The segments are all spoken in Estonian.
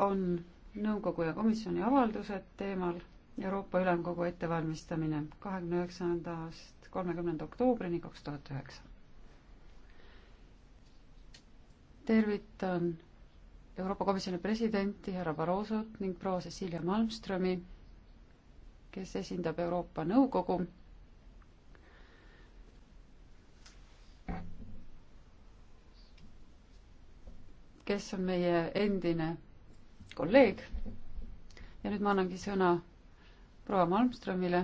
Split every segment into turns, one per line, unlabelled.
on nõukogu ja komisjoni avaldused teemal Euroopa Ülemkogu ettevalmistamine kahekümne üheksandast kolmekümnenda oktoobrini kaks tuhat üheksa. tervitan Euroopa Komisjoni presidenti härra Barrosot ning proua Cecilia Malmströmi, kes esindab Euroopa Nõukogu kes on meie endine kolleeg. ja nüüd ma annangi sõna proua Malmströmile.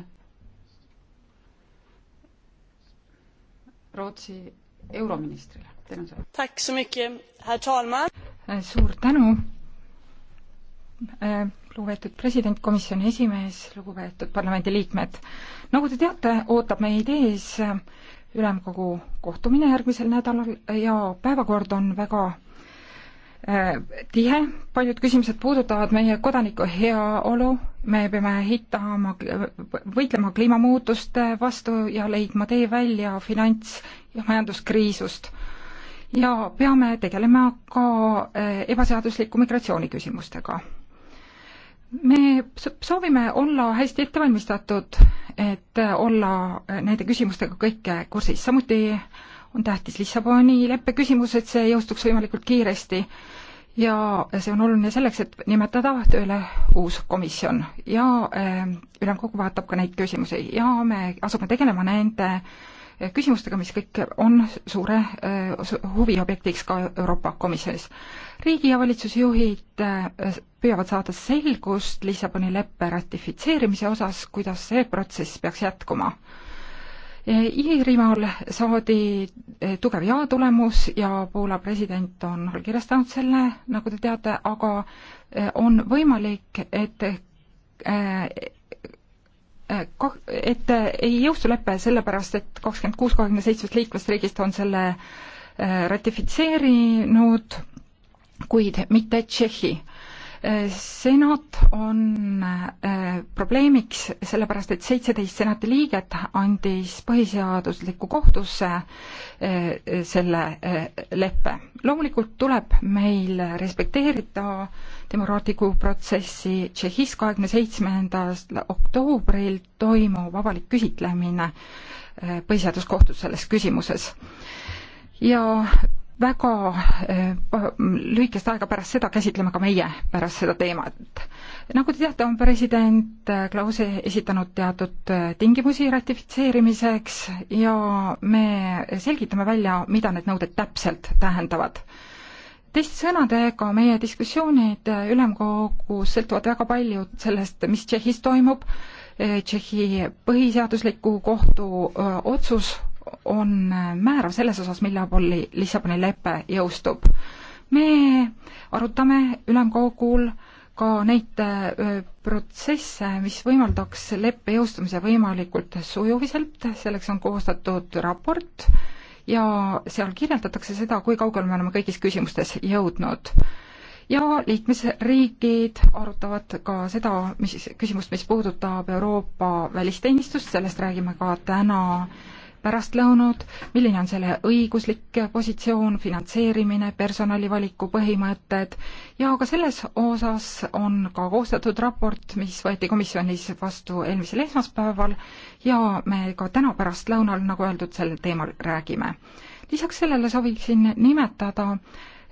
Rootsi euroministrile, teil on sõna.
Äh, suur tänu, äh, lugupeetud president, komisjoni esimees, lugupeetud parlamendiliikmed. nagu te teate, ootab meid ees äh, ülemkogu kohtumine järgmisel nädalal ja päevakord on väga Äh, tihe, paljud küsimused puudutavad meie kodaniku heaolu, me peame hitama, võitlema kliimamuutuste vastu ja leidma tee välja finants- ja majanduskriisust. ja peame tegelema ka äh, ebaseadusliku migratsiooni küsimustega. me soovime olla hästi ettevalmistatud, et olla äh, nende küsimustega kõike kursis, samuti on tähtis Lissaboni leppe küsimus, et see jõustuks võimalikult kiiresti ja see on oluline selleks, et nimetada tööle uus komisjon ja äh, ülemkogu vaatab ka neid küsimusi ja me asume tegelema nende äh, küsimustega, mis kõik on suure äh, huvi objektiks ka Euroopa Komisjonis. riigi- ja valitsusjuhid püüavad saada selgust Lissaboni leppe ratifitseerimise osas, kuidas see protsess peaks jätkuma Iirimaal saadi eh, tugev jaa-tulemus ja Poola president on allkirjastanud selle, nagu te teate, aga eh, on võimalik, et eh, et ei jõustu lepe sellepärast, et kakskümmend kuus kahekümne seitsmest liikmesriigist on selle ratifitseerinud, kuid mitte Tšehhi senat on äh, probleemiks sellepärast, et seitseteist senati liiget andis põhiseaduslikku kohtusse äh, selle äh, leppe. loomulikult tuleb meil respekteerida demokraatliku protsessi Tšehhis kahekümne seitsmendal oktoobril toimuv avalik küsitlemine põhiseaduskohtus selles küsimuses. ja väga eh, lühikest aega pärast seda käsitleme ka meie pärast seda teemat. nagu te teate, on president eh, Klause esitanud teatud eh, tingimusi ratifitseerimiseks ja me selgitame välja, mida need nõuded täpselt tähendavad teiste sõnadega, meie diskussioonid ülemkogus sõltuvad väga palju sellest, mis Tšehhis toimub, Tšehhi põhiseadusliku kohtu otsus on määrav selles osas, mille pool Lissaboni lepe jõustub. me arutame ülemkogul ka neid protsesse, mis võimaldaks leppe jõustumise võimalikult sujuviselt, selleks on koostatud raport ja seal kirjeldatakse seda, kui kaugel me oleme kõigis küsimustes jõudnud. ja liikmesriigid arutavad ka seda, mis, küsimust, mis puudutab Euroopa välisteenistust, sellest räägime ka täna äh, pärastlõunad, milline on selle õiguslik positsioon, finantseerimine, personalivaliku põhimõtted ja ka selles osas on ka koostatud raport, mis võeti komisjonis vastu eelmisel esmaspäeval ja me ka täna pärastlõunal, nagu öeldud, sel teemal räägime. lisaks sellele sooviksin nimetada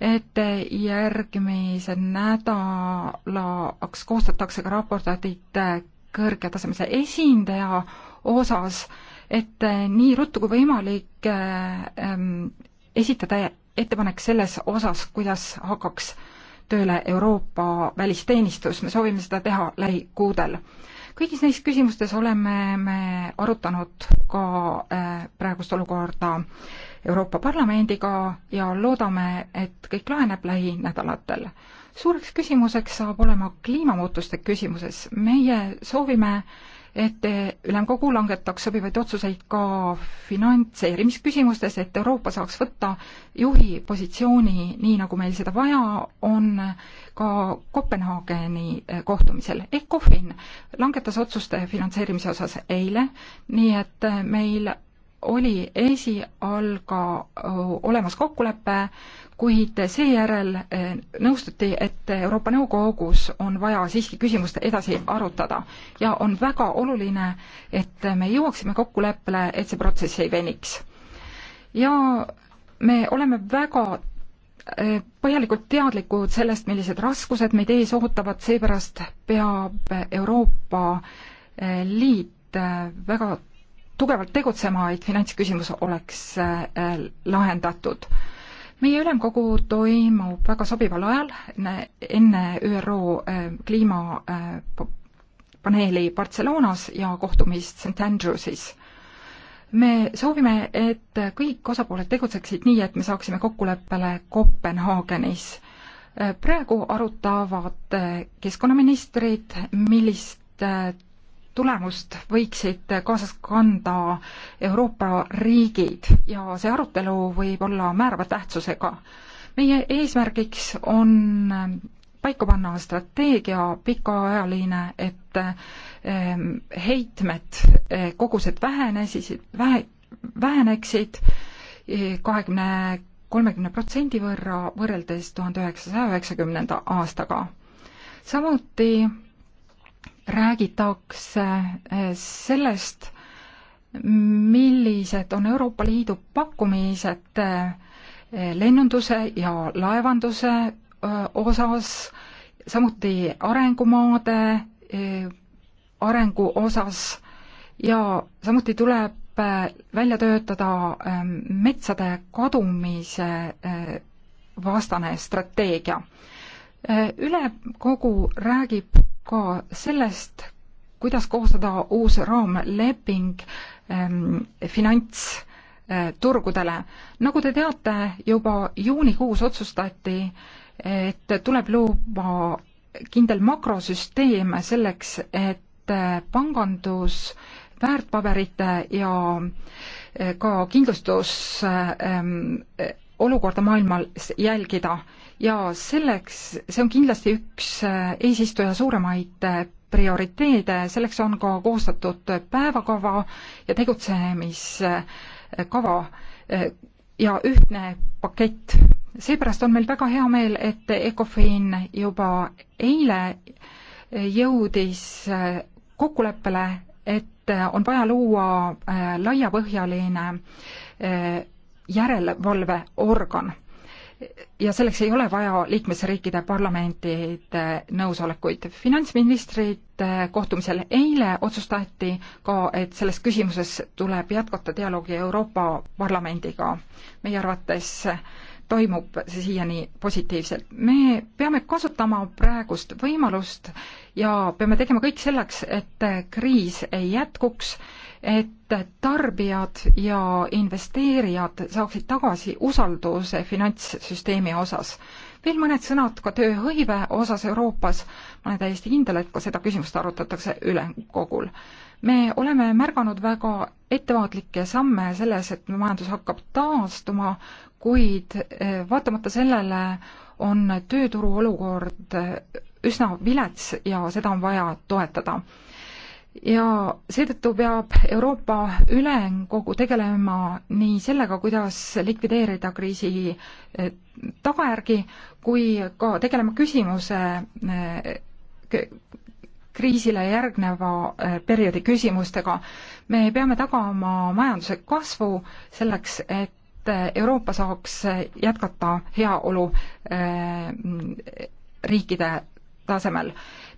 et järgmise nädalaks koostatakse ka raportit kõrgetasemese esindaja osas et äh, nii ruttu kui võimalik äh, ähm, esitada ettepanek selles osas, kuidas hakkaks tööle Euroopa välisteenistus, me soovime seda teha lähikuudel. kõigis neis küsimustes oleme me arutanud ka äh, praegust olukorda Euroopa Parlamendiga ja loodame, et kõik laheneb lähinädalatel. suureks küsimuseks saab olema kliimamuutuste küsimuses, meie soovime äh, et Ülemkogu langetaks sobivaid otsuseid ka finantseerimisküsimustes, et Euroopa saaks võtta juhi positsiooni, nii nagu meil seda vaja on, ka Kopenhaageni kohtumisel. ehk Kohvin langetas otsuste finantseerimise osas eile, nii et meil oli esialga olemas kokkulepe kuid seejärel eh, nõustuti, et Euroopa Nõukogus on vaja siiski küsimust edasi arutada ja on väga oluline, et me jõuaksime kokkuleppele, et see protsess ei veniks. ja me oleme väga eh, põhjalikult teadlikud sellest, millised raskused meid ees ootavad, seepärast peab Euroopa eh, Liit väga tugevalt tegutsema, et finantsküsimus oleks lahendatud meie ülemkogu toimub väga sobival ajal, enne ÜRO äh, kliimapaneeli äh, Barcelonas ja kohtumist St Andrewsis. me soovime, et kõik osapooled tegutseksid nii, et me saaksime kokkuleppele Kopenhaagenis. Äh, praegu arutavad keskkonnaministrid, millist tulemust võiksid kaasas kanda Euroopa riigid ja see arutelu võib olla määrava tähtsusega. meie eesmärgiks on paika panna strateegia pikaajaline, et ehm, heitmed, eh, kogused vähenesid, vähe, väheneksid eh, kahekümne, kolmekümne protsendi võrra võrreldes tuhande üheksasaja üheksakümnenda aastaga. samuti räägitakse eh, sellest, millised on Euroopa Liidu pakkumised eh, lennunduse ja laevanduse eh, osas, samuti arengumaade arengu osas ja samuti tuleb välja töötada metsade kadumise vastane strateegia. ülekogu räägib ka sellest, kuidas koostada uus raamleping ähm, finantsturgudele äh,. nagu te teate, juba juunikuus otsustati, et tuleb luua kindel makrosüsteem selleks, et äh, pangandus väärtpaberite ja äh, ka kindlustus äh, ähm, äh olukorda maailmas jälgida ja selleks, see on kindlasti üks äh, eesistuja suuremaid äh, prioriteede, selleks on ka koostatud päevakava ja tegutsemiskava äh, ja ühtne pakett. seepärast on meil väga hea meel, et Ecofin juba eile jõudis kokkuleppele, et on vaja luua laiapõhjaline järelevalveorgan ja selleks ei ole vaja liikmesriikide parlamentide nõusolekuid. finantsministrite eh, kohtumisel eile otsustati ka, et selles küsimuses tuleb jätkata dialoogi Euroopa Parlamendiga. meie arvates toimub see siiani positiivselt. me peame kasutama praegust võimalust ja peame tegema kõik selleks, et kriis ei jätkuks et tarbijad ja investeerijad saaksid tagasi usalduse finantssüsteemi osas. veel mõned sõnad ka tööhõive osas Euroopas, ma olen täiesti kindel, et ka seda küsimust arutatakse ülemkogul. me oleme märganud väga ettevaatlikke samme selles, et majandus hakkab taastuma, kuid eh, vaatamata sellele on tööturu olukord eh, üsna vilets ja seda on vaja toetada ja seetõttu peab Euroopa Ülemkogu tegelema nii sellega, kuidas likvideerida kriisi eh, tagajärgi, kui ka tegelema küsimuse eh, kriisile järgneva eh, perioodi küsimustega. me peame tagama majanduse kasvu selleks, et Euroopa saaks jätkata heaolu riikide tasemel.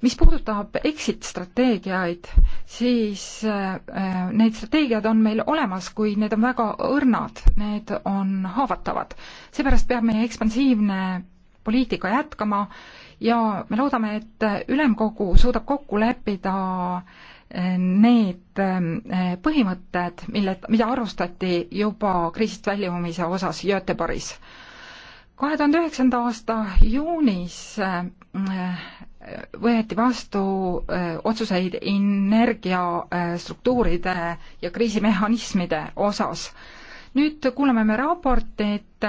mis puudutab exit strateegiaid, siis äh, äh, need strateegiad on meil olemas, kuid need on väga õrnad, need on haavatavad. seepärast peab meie ekspansiivne poliitika jätkama ja me loodame, et ülemkogu suudab kokku leppida äh, need põhimõtted, mille, mida arvustati juba kriisist väljumise osas Göteborgis kahe tuhande üheksanda aasta juunis äh, võeti vastu äh, otsuseid energiastruktuuride äh, ja kriisimehhanismide osas. nüüd kuuleme me raportit,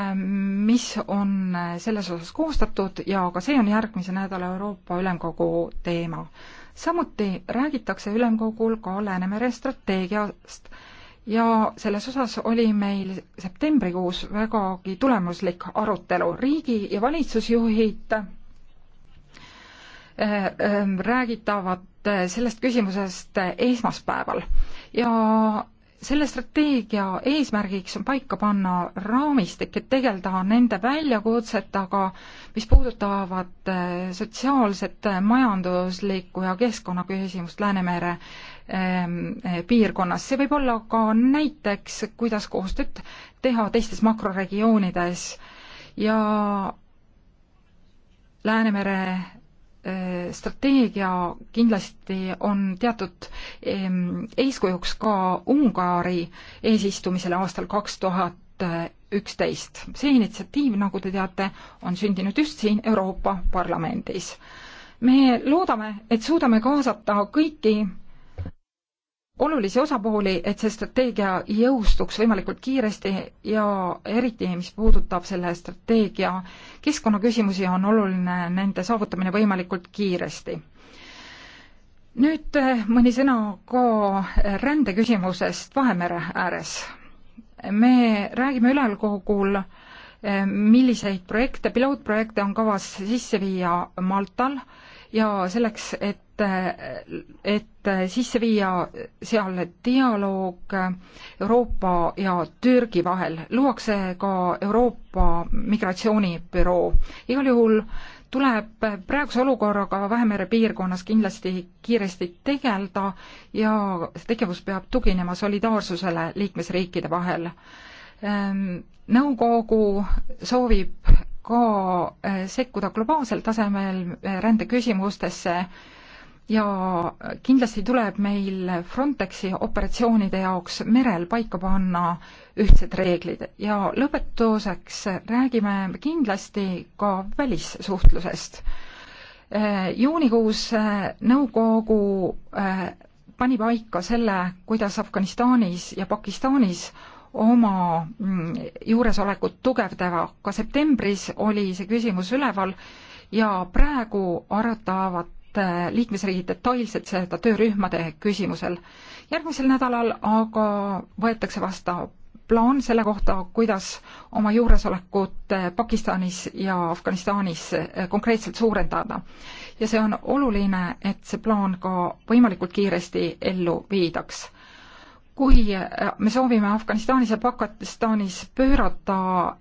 mis on selles osas koostatud ja ka see on järgmise nädala Euroopa Ülemkogu teema. samuti räägitakse ülemkogul ka Läänemere strateegiast ja selles osas oli meil septembrikuus vägagi tulemuslik arutelu. riigi- ja valitsusjuhid äh, äh, räägitavad äh, sellest küsimusest esmaspäeval ja selle strateegia eesmärgiks on paika panna raamistik, et tegeleda nende väljakutsetega, mis puudutavad sotsiaalset, majanduslikku ja keskkonnaküsimust Läänemere Ähm, äh, piirkonnas, see võib olla ka näiteks, kuidas koostööd teha teistes makroregioonides ja Läänemere äh, strateegia kindlasti on teatud eeskujuks ka Ungari eesistumisele aastal kaks tuhat üksteist. see initsiatiiv, nagu te teate, on sündinud just siin Euroopa Parlamendis. me loodame, et suudame kaasata kõiki olulisi osapooli, et see strateegia jõustuks võimalikult kiiresti ja eriti, mis puudutab selle strateegia keskkonnaküsimusi, on oluline nende saavutamine võimalikult kiiresti. nüüd eh, mõni sõna ka rändeküsimusest Vahemere ääres. me räägime ülalkogul, eh, milliseid projekte, pilootprojekte on kavas sisse viia Maltal ja selleks, et, et sisse viia seal dialoog Euroopa ja Türgi vahel, luuakse ka Euroopa migratsioonibüroo. igal juhul tuleb praeguse olukorraga Vahemere piirkonnas kindlasti kiiresti tegeleda ja see tegevus peab tuginema solidaarsusele liikmesriikide vahel. Ehm, nõukogu soovib ka äh, sekkuda globaalsel tasemel äh, rändeküsimustesse ja kindlasti tuleb meil Frontexi operatsioonide jaoks merel paika panna ühtsed reeglid ja lõpetuseks räägime kindlasti ka välissuhtlusest. Äh, juunikuus nõukogu pani paika selle, kuidas Afganistanis ja Pakistanis oma mm, juuresolekut tugevdava. ka septembris oli see küsimus üleval ja praegu arutavad äh, liikmesriigid detailselt seda töörühmade küsimusel. järgmisel nädalal aga võetakse vastu plaan selle kohta, kuidas oma juuresolekut äh, Pakistanis ja Afganistanis äh, konkreetselt suurendada. ja see on oluline, et see plaan ka võimalikult kiiresti ellu viidaks kui äh, me soovime Afganistanis ja Pakistanis pöörata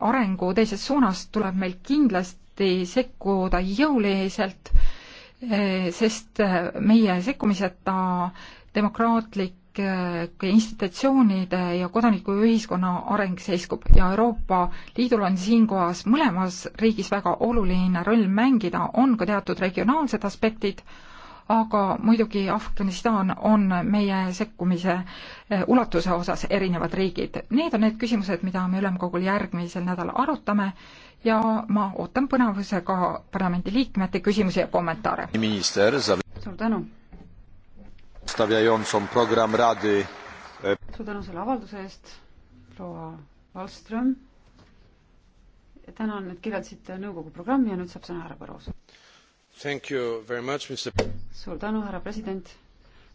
arengu teises suunas, tuleb meil kindlasti sekkuda jõuliselt, äh, sest äh, meie sekkumiseta demokraatlik institutsioonide ja kodanikuühiskonna areng seiskub ja Euroopa Liidul on siinkohas mõlemas riigis väga oluline roll mängida, on ka teatud regionaalsed aspektid, aga muidugi Afganistan on meie sekkumise eh, ulatuse osas erinevad riigid. Need on need küsimused, mida me ülemkogul järgmisel nädalal arutame ja ma ootan põnevusega parlamendi liikmete küsimusi ja kommentaare.
suur tänu! E-
suur tänu selle avalduse eest, proua Wallström. tänan, et kirjeldasite nõukogu programmi ja nüüd saab sõna härra Põrus suur tänu, härra president,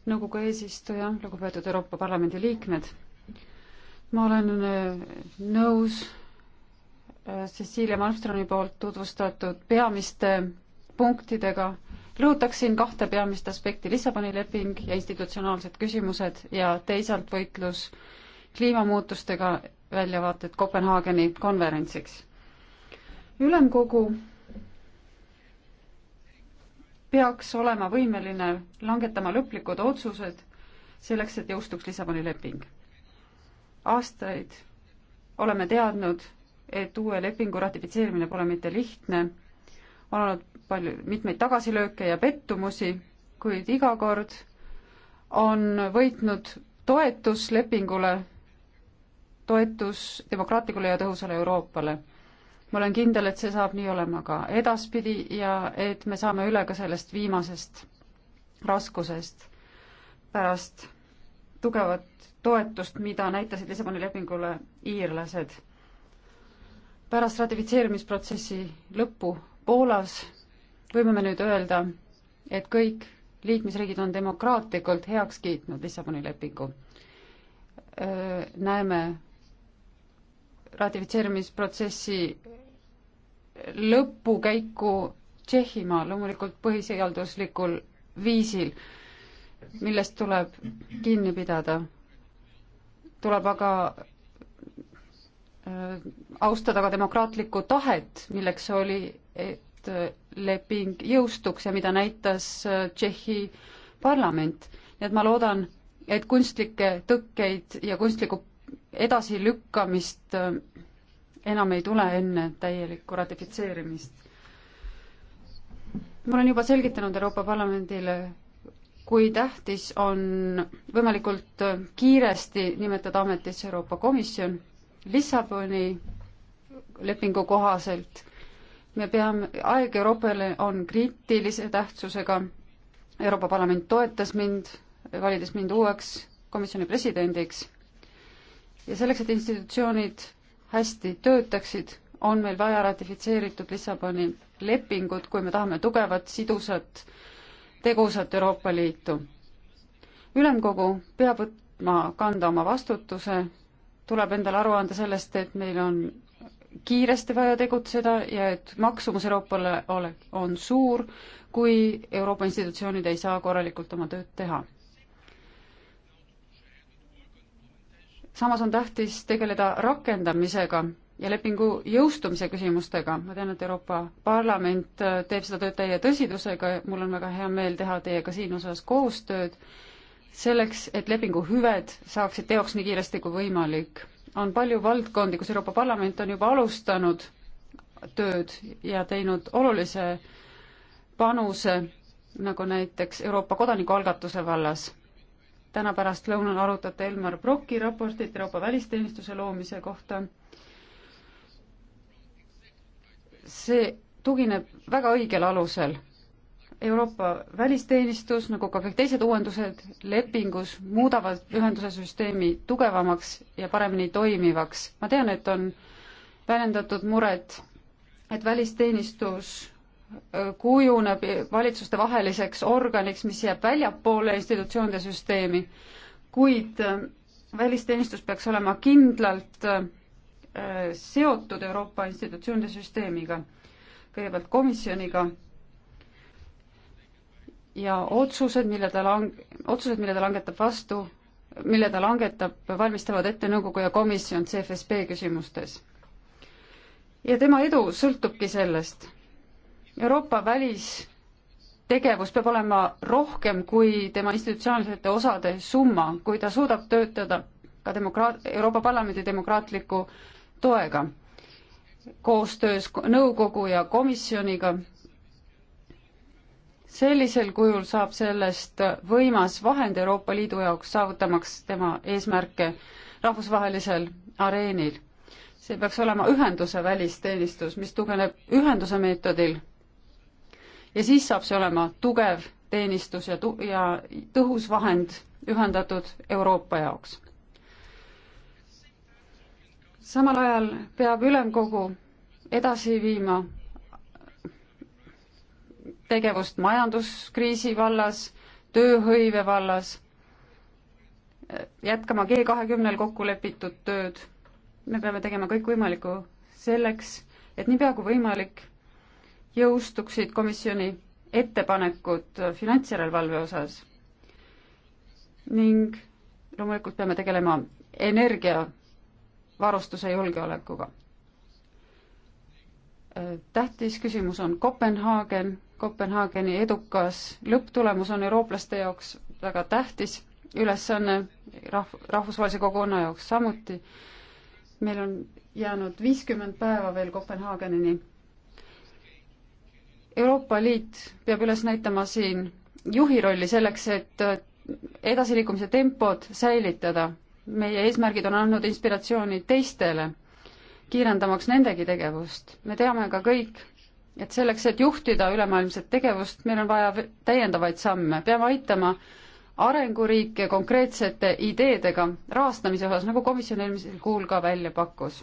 nõukogu eesistuja, lugupeetud Euroopa Parlamendi liikmed. ma olen äh, nõus äh, Cecilia Malmströmi poolt tutvustatud peamiste punktidega rõhutaksin kahte peamist aspekti, Lissaboni leping ja institutsionaalsed küsimused ja teisalt võitlus kliimamuutustega, väljavaated Kopenhaageni konverentsiks. ülemkogu peaks olema võimeline langetama lõplikud otsused selleks, et jõustuks Lissaboni leping. aastaid oleme teadnud, et uue lepingu ratifitseerimine pole mitte lihtne, on olnud palju, mitmeid tagasilööke ja pettumusi, kuid iga kord on võitnud toetus lepingule, toetus demokraatlikule ja tõhusale Euroopale ma olen kindel, et see saab nii olema ka edaspidi ja et me saame üle ka sellest viimasest raskusest pärast tugevat toetust, mida näitasid Lissaboni lepingule iirlased. pärast ratifitseerimisprotsessi lõppu Poolas võime me nüüd öelda, et kõik liikmesriigid on demokraatlikult heaks kiitnud Lissaboni lepingu. näeme ratifitseerimisprotsessi lõpukäiku Tšehhimaal, loomulikult põhiseaduslikul viisil, millest tuleb kinni pidada. tuleb aga äh, austada ka demokraatlikku tahet, milleks oli, et äh, leping jõustuks ja mida näitas äh, Tšehhi parlament. nii et ma loodan, et kunstlikke tõkkeid ja kunstlikku edasilükkamist enam ei tule enne täielikku ratifitseerimist. ma olen juba selgitanud Euroopa Parlamendile, kui tähtis on võimalikult kiiresti nimetada ametisse Euroopa Komisjon Lissaboni lepingu kohaselt. me peame, aeg Euroopale on kriitilise tähtsusega. Euroopa Parlament toetas mind, valides mind uueks komisjoni presidendiks. ja selleks, et institutsioonid hästi töötaksid, on meil vaja ratifitseeritud Lissaboni lepingut, kui me tahame tugevat, sidusat, tegusat Euroopa Liitu. ülemkogu peab võtma kanda oma vastutuse, tuleb endale aru anda sellest, et meil on kiiresti vaja tegutseda ja et maksumus Euroopale ole, on suur, kui Euroopa institutsioonid ei saa korralikult oma tööd teha samas on tähtis tegeleda rakendamisega ja lepingu jõustumise küsimustega. ma tean, et Euroopa Parlament äh, teeb seda tööd täie tõsidusega ja mul on väga hea meel teha teiega siin osas koostööd, selleks, et lepingu hüved saaksid teoks nii kiiresti kui võimalik. on palju valdkondi, kus Euroopa Parlament on juba alustanud tööd ja teinud olulise panuse, nagu näiteks Euroopa kodanikualgatuse vallas täna pärastlõunal arutate Elmar Broki raportit Euroopa välisteenistuse loomise kohta. see tugineb väga õigel alusel. Euroopa välisteenistus, nagu ka kõik teised uuendused lepingus, muudavad ühenduse süsteemi tugevamaks ja paremini toimivaks. ma tean, et on väljendatud muret, et välisteenistus kujuneb valitsustevaheliseks organiks, mis jääb väljapoole institutsioonide süsteemi, kuid äh, välisteenistus peaks olema kindlalt äh, seotud Euroopa institutsioonide süsteemiga, kõigepealt komisjoniga ja otsused, mille ta lang-, otsused, mille ta langetab vastu, mille ta langetab, valmistavad ette nõukogu ja komisjon CFSB küsimustes. ja tema edu sõltubki sellest Euroopa välistegevus peab olema rohkem kui tema institutsionaalsete osade summa, kui ta suudab töötada ka demokraat-, Euroopa Parlamendi demokraatliku toega koostöös nõukogu ja komisjoniga. sellisel kujul saab sellest võimas vahend Euroopa Liidu jaoks, saavutamaks tema eesmärke rahvusvahelisel areenil. see peaks olema ühenduse välisteenistus, mis tugevneb ühenduse meetodil ja siis saab see olema tugev teenistus ja tu-, ja tõhus vahend ühendatud Euroopa jaoks. samal ajal peab ülemkogu edasi viima tegevust majanduskriisi vallas, tööhõive vallas, jätkama G kahekümnel kokku lepitud tööd. me peame tegema kõik võimalikku selleks, et niipea kui võimalik jõustuksid komisjoni ettepanekud finantsjärelevalve osas ning loomulikult peame tegelema energiavarustuse julgeolekuga. tähtis küsimus on Kopenhaagen, Kopenhaageni edukas lõpptulemus on eurooplaste jaoks väga tähtis ülesanne, rahv-, rahvusvahelise kogukonna jaoks samuti. meil on jäänud viiskümmend päeva veel Kopenhaagenini Euroopa Liit peab üles näitama siin juhi rolli selleks, et äh, edasiliikumise tempod säilitada. meie eesmärgid on andnud inspiratsiooni teistele, kiirendamaks nendegi tegevust. me teame ka kõik, et selleks, et juhtida ülemaailmset tegevust, meil on vaja täiendavaid samme, peame aitama arenguriike konkreetsete ideedega rahastamise osas, nagu komisjon eelmisel kuul ka välja pakkus.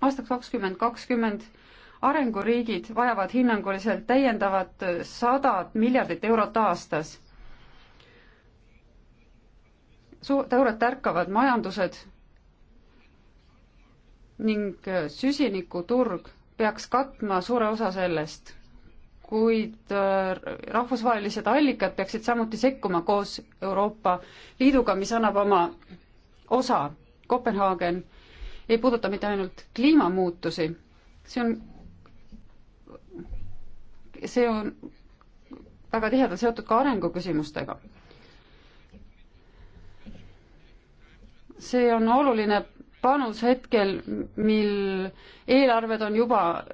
aastaks kakskümmend kakskümmend arenguriigid vajavad hinnanguliselt täiendavat sadat miljardit eurot aastas. suurt eurot ärkavad majandused ning süsinikuturg peaks katma suure osa sellest, kuid äh, rahvusvahelised allikad peaksid samuti sekkuma koos Euroopa Liiduga, mis annab oma osa. Kopenhaagen ei puuduta mitte ainult kliimamuutusi, see on see on väga tihedalt seotud ka arenguküsimustega. see on oluline panus hetkel, mil eelarved on juba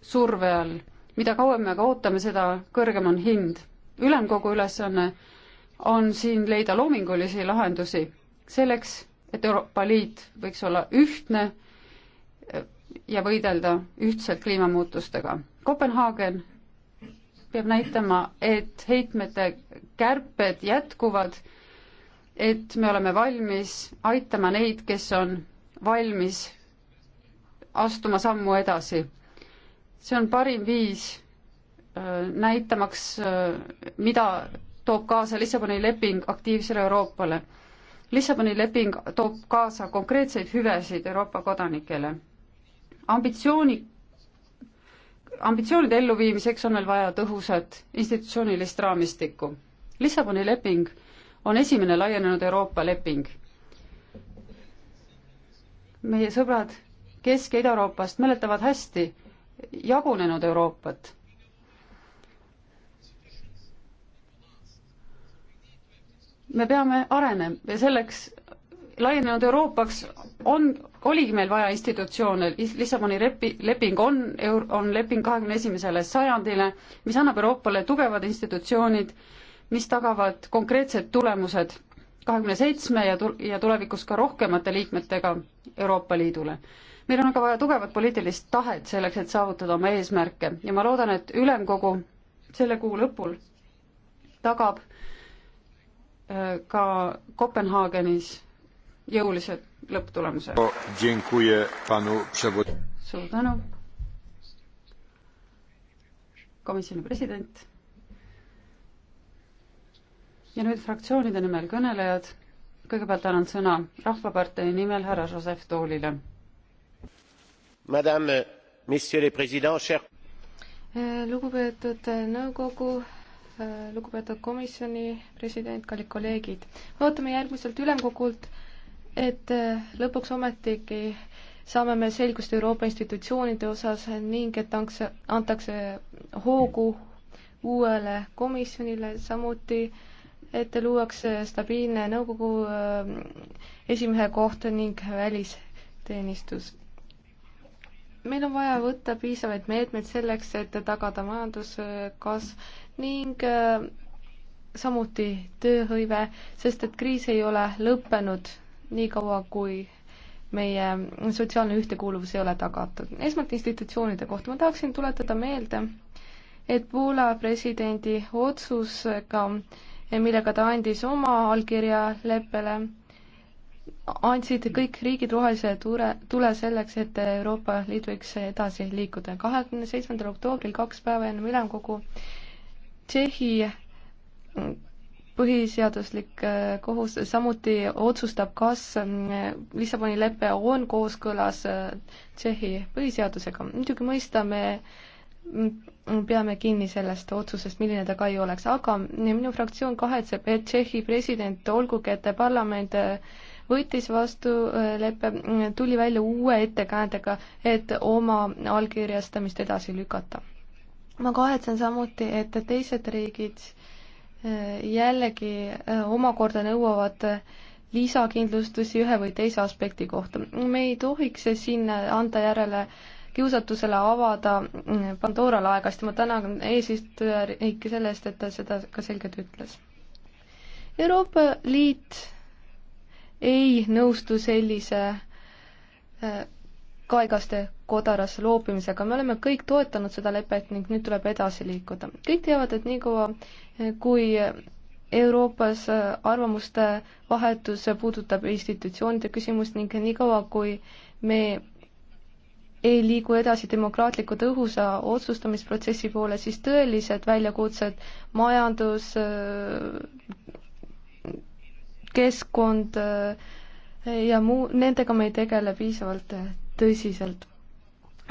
surve all. mida kauem me aga ootame, seda kõrgem on hind. ülemkogu ülesanne on siin leida loomingulisi lahendusi selleks, et Euroopa Liit võiks olla ühtne ja võidelda ühtselt kliimamuutustega. Kopenhaagen peab näitama, et heitmete kärped jätkuvad, et me oleme valmis aitama neid, kes on valmis astuma sammu edasi. see on parim viis äh, näitamaks, äh, mida toob kaasa Lissaboni leping aktiivsele Euroopale. Lissaboni leping toob kaasa konkreetseid hüvesid Euroopa kodanikele. ambitsiooni ambitsioonide elluviimiseks on meil vaja tõhusat institutsioonilist raamistikku. Lissaboni leping on esimene laienenud Euroopa leping. meie sõbrad Kesk- ja Ida-Euroopast mäletavad hästi jagunenud Euroopat. me peame arenema ja selleks laienenud Euroopaks on, oligi meil vaja institutsioone, Lissaboni lepi-, leping on, on leping kahekümne esimesele sajandile, mis annab Euroopale tugevad institutsioonid, mis tagavad konkreetsed tulemused kahekümne seitsme ja tul-, ja tulevikus ka rohkemate liikmetega Euroopa Liidule. meil on aga vaja tugevat poliitilist tahet selleks, et saavutada oma eesmärke ja ma loodan, et ülemkogu selle kuu lõpul tagab äh, ka Kopenhaagenis jõulise lõpptulemuse. suur tänu. komisjoni president. ja nüüd fraktsioonide nimel kõnelejad. kõigepealt annan sõna Rahvapartei nimel härra Joseph Toolile.
Madame, monsieur le president, cher. Eh, lugupeetud eh, nõukogu eh, lugupeetud komisjoni president, kallid kolleegid. ootame järgmiselt ülemkogult et äh, lõpuks ometigi saame me selgust Euroopa institutsioonide osas ning et antakse, antakse hoogu uuele komisjonile, samuti et luuakse stabiilne nõukogu äh, esimehe koht ning välisteenistus. meil on vaja võtta piisavaid meetmeid selleks, et tagada majanduskasv ning äh, samuti tööhõive, sest et kriis ei ole lõppenud niikaua kui meie sotsiaalne ühtekuuluvus ei ole tagatud. esmalt institutsioonide kohta ma tahaksin tuletada meelde, et Poola presidendi otsusega, millega ta andis oma allkirja leppele, andsid kõik riigid rohelise tule, tule selleks, et Euroopa Liit võiks edasi liikuda. kahekümne seitsmendal oktoobril, kaks päeva enne ülemkogu, Tšehhi põhiseaduslik äh, kohus samuti otsustab, kas äh, Lissaboni lepe on kooskõlas äh, Tšehhi põhiseadusega. muidugi mõistame mm, peame kinni sellest otsusest, milline ta ka ei oleks, aga minu fraktsioon kahetseb, et Tšehhi president, olgugi et parlament võttis vastu leppe, mm, tuli välja uue ettekäändega, et oma allkirjastamist edasi lükata. ma kahetsen samuti, et teised riigid jällegi äh, omakorda nõuavad äh, lisakindlustusi ühe või teise aspekti kohta. me ei tohiks siin anda järele kiusatusele avada äh, Pandora laegast ja ma tänan eesistujariiki selle eest, et ta seda ka selgelt ütles. Euroopa Liit ei nõustu sellise kaigaste kodaras loobimisega, me oleme kõik toetanud seda lepet ning nüüd tuleb edasi liikuda. kõik teavad, et niikaua eh, kui Euroopas eh, arvamuste vahetus puudutab institutsioonide küsimust ning niikaua, kui me ei liigu edasi demokraatliku tõhusa otsustamisprotsessi poole, siis tõelised väljakutsed, majandus, eh, keskkond ja muu, nendega me ei tegele piisavalt tõsiselt.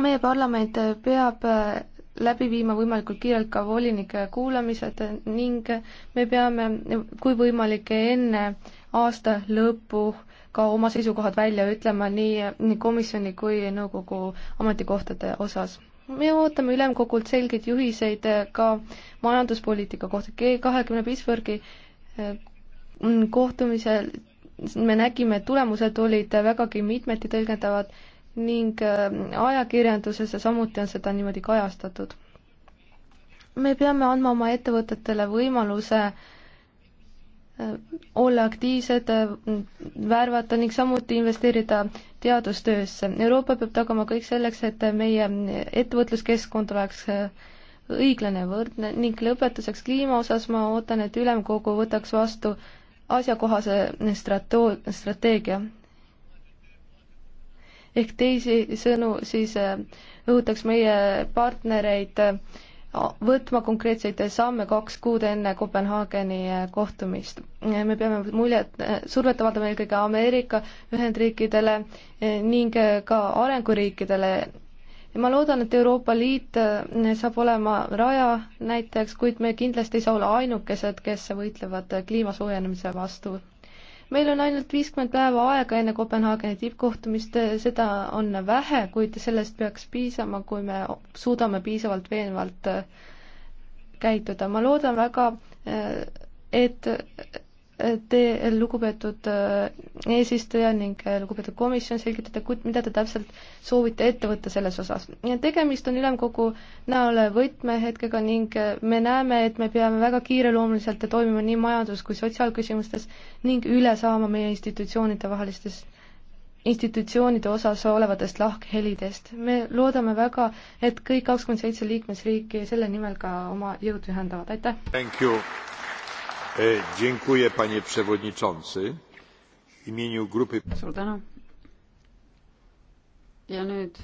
meie parlament peab äh, läbi viima võimalikult kiirelt ka volinike kuulamised ning me peame, kui võimalik, enne aasta lõppu ka oma seisukohad välja ütlema nii, nii komisjoni kui nõukogu ametikohtade osas. me ootame ülemkogult selgeid juhiseid ka majanduspoliitika kohta. G kahekümne Pittsburghi äh, kohtumisel me nägime, et tulemused olid vägagi mitmeti tõlgendavad ning äh, ajakirjanduses ja samuti on seda niimoodi kajastatud. me peame andma oma ettevõtetele võimaluse äh, olla aktiivsed, äh, värvata ning samuti investeerida teadustöösse. Euroopa peab tagama kõik selleks, et meie ettevõtluskeskkond oleks õiglane, võrdne ning lõpetuseks kliima osas ma ootan, et ülemkogu võtaks vastu asjakohase strate-, strateegia ehk teisisõnu siis äh, õhutaks meie partnereid äh, võtma konkreetseid samme kaks kuud enne Kopenhaageni äh, kohtumist. me peame muljet, survet avaldama eelkõige Ameerika Ühendriikidele ning ka arenguriikidele. ma loodan, et Euroopa Liit saab olema raja näitajaks, kuid me kindlasti ei saa olla ainukesed, kes võitlevad kliima soojenemise vastu meil on ainult viiskümmend päeva aega enne Kopenhaageni tippkohtumist, seda on vähe, kuid sellest peaks piisama, kui me suudame piisavalt veenvalt äh, käituda. ma loodan väga, äh, et te, lugupeetud äh, eesistuja ning äh, lugupeetud komisjon, selgitate, mida te täpselt soovite ette võtta selles osas. tegemist on ülemkogu näol võtmehetkega ning äh, me näeme, et me peame väga kiireloomuliselt toimima nii majandus- kui sotsiaalküsimustes ning üle saama meie institutsioonide vahelistest institutsioonide osas olevatest lahkhelidest. me loodame väga, et kõik kakskümmend seitse liikmesriiki selle nimel ka oma jõud ühendavad, aitäh!
E, dziękuję, panie przewodniczący. W imieniu grupy... Suur
tänu. Ja nüüd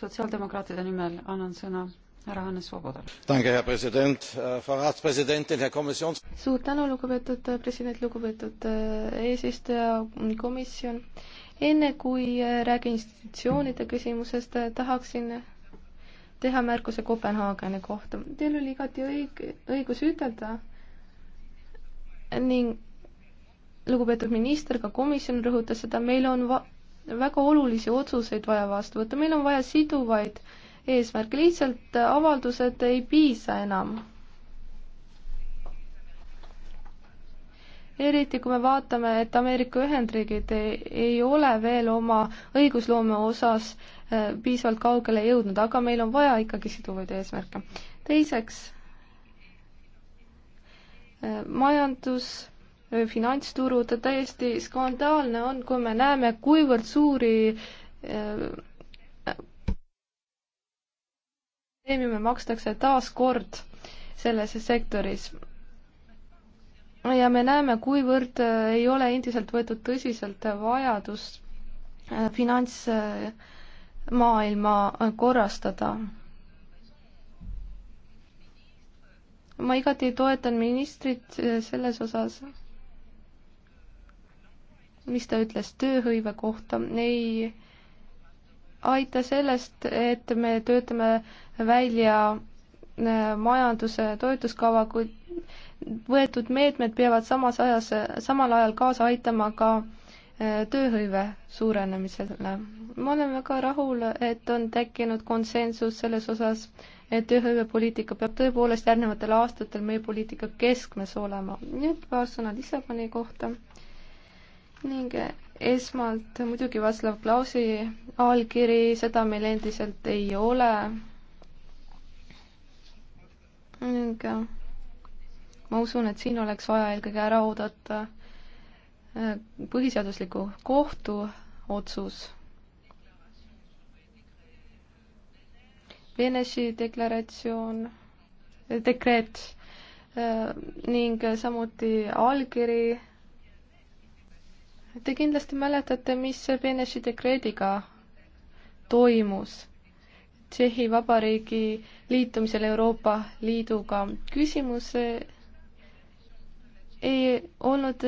sotsiaaldemokraatide nimel annan sõna härra Hannes Svobodale.
herr president, äh, Frau Ratspräsidentin, Herr Kommissions-.
suur tänu, lugupeetud äh, president, lugupeetud äh, eesistuja, komisjon. enne kui räägin institutsioonide küsimusest, tahaksin teha märkuse Kopenhaageni kohta. Teil oli igati õig-, õigus ütelda ning lugupeetud minister, ka komisjon rõhutas seda, meil on va-, väga olulisi otsuseid vaja vastu võtta, meil on vaja siduvaid eesmärke, lihtsalt avaldused ei piisa enam eriti kui me vaatame, et Ameerika Ühendriigid ei, ei ole veel oma õigusloome osas äh, piisavalt kaugele jõudnud, aga meil on vaja ikkagi siduvaid eesmärke. teiseks, äh, majandus, äh, finantsturud, täiesti skandaalne on, kui me näeme, kuivõrd suuri preemiume makstakse taas kord selles sektoris ja me näeme, kuivõrd äh, ei ole endiselt võetud tõsiselt vajadust äh, finantsmaailma äh, korrastada. ma igati toetan ministrit selles osas, mis ta ütles tööhõive kohta, ei aita sellest, et me töötame välja majanduse toetuskava, kuid võetud meetmed peavad samas ajas, samal ajal kaasa aitama ka äh, tööhõive suurenemisele. ma olen väga rahul, et on tekkinud konsensus selles osas, et tööhõivepoliitika peab tõepoolest järgnevatel aastatel meie poliitika keskmes olema. nüüd paar sõna Lissaboni kohta ning äh, esmalt muidugi Václav Klausi allkiri, seda meil endiselt ei ole. ning äh, ma usun, et siin oleks vaja eelkõige ära oodata äh, põhiseadusliku kohtu otsus. Venesi deklaratsioon, äh, dekreet äh, ning samuti allkiri. Te kindlasti mäletate, mis Venesi dekreediga toimus Tšehhi Vabariigi liitumisel Euroopa Liiduga. küsimuse ei olnud,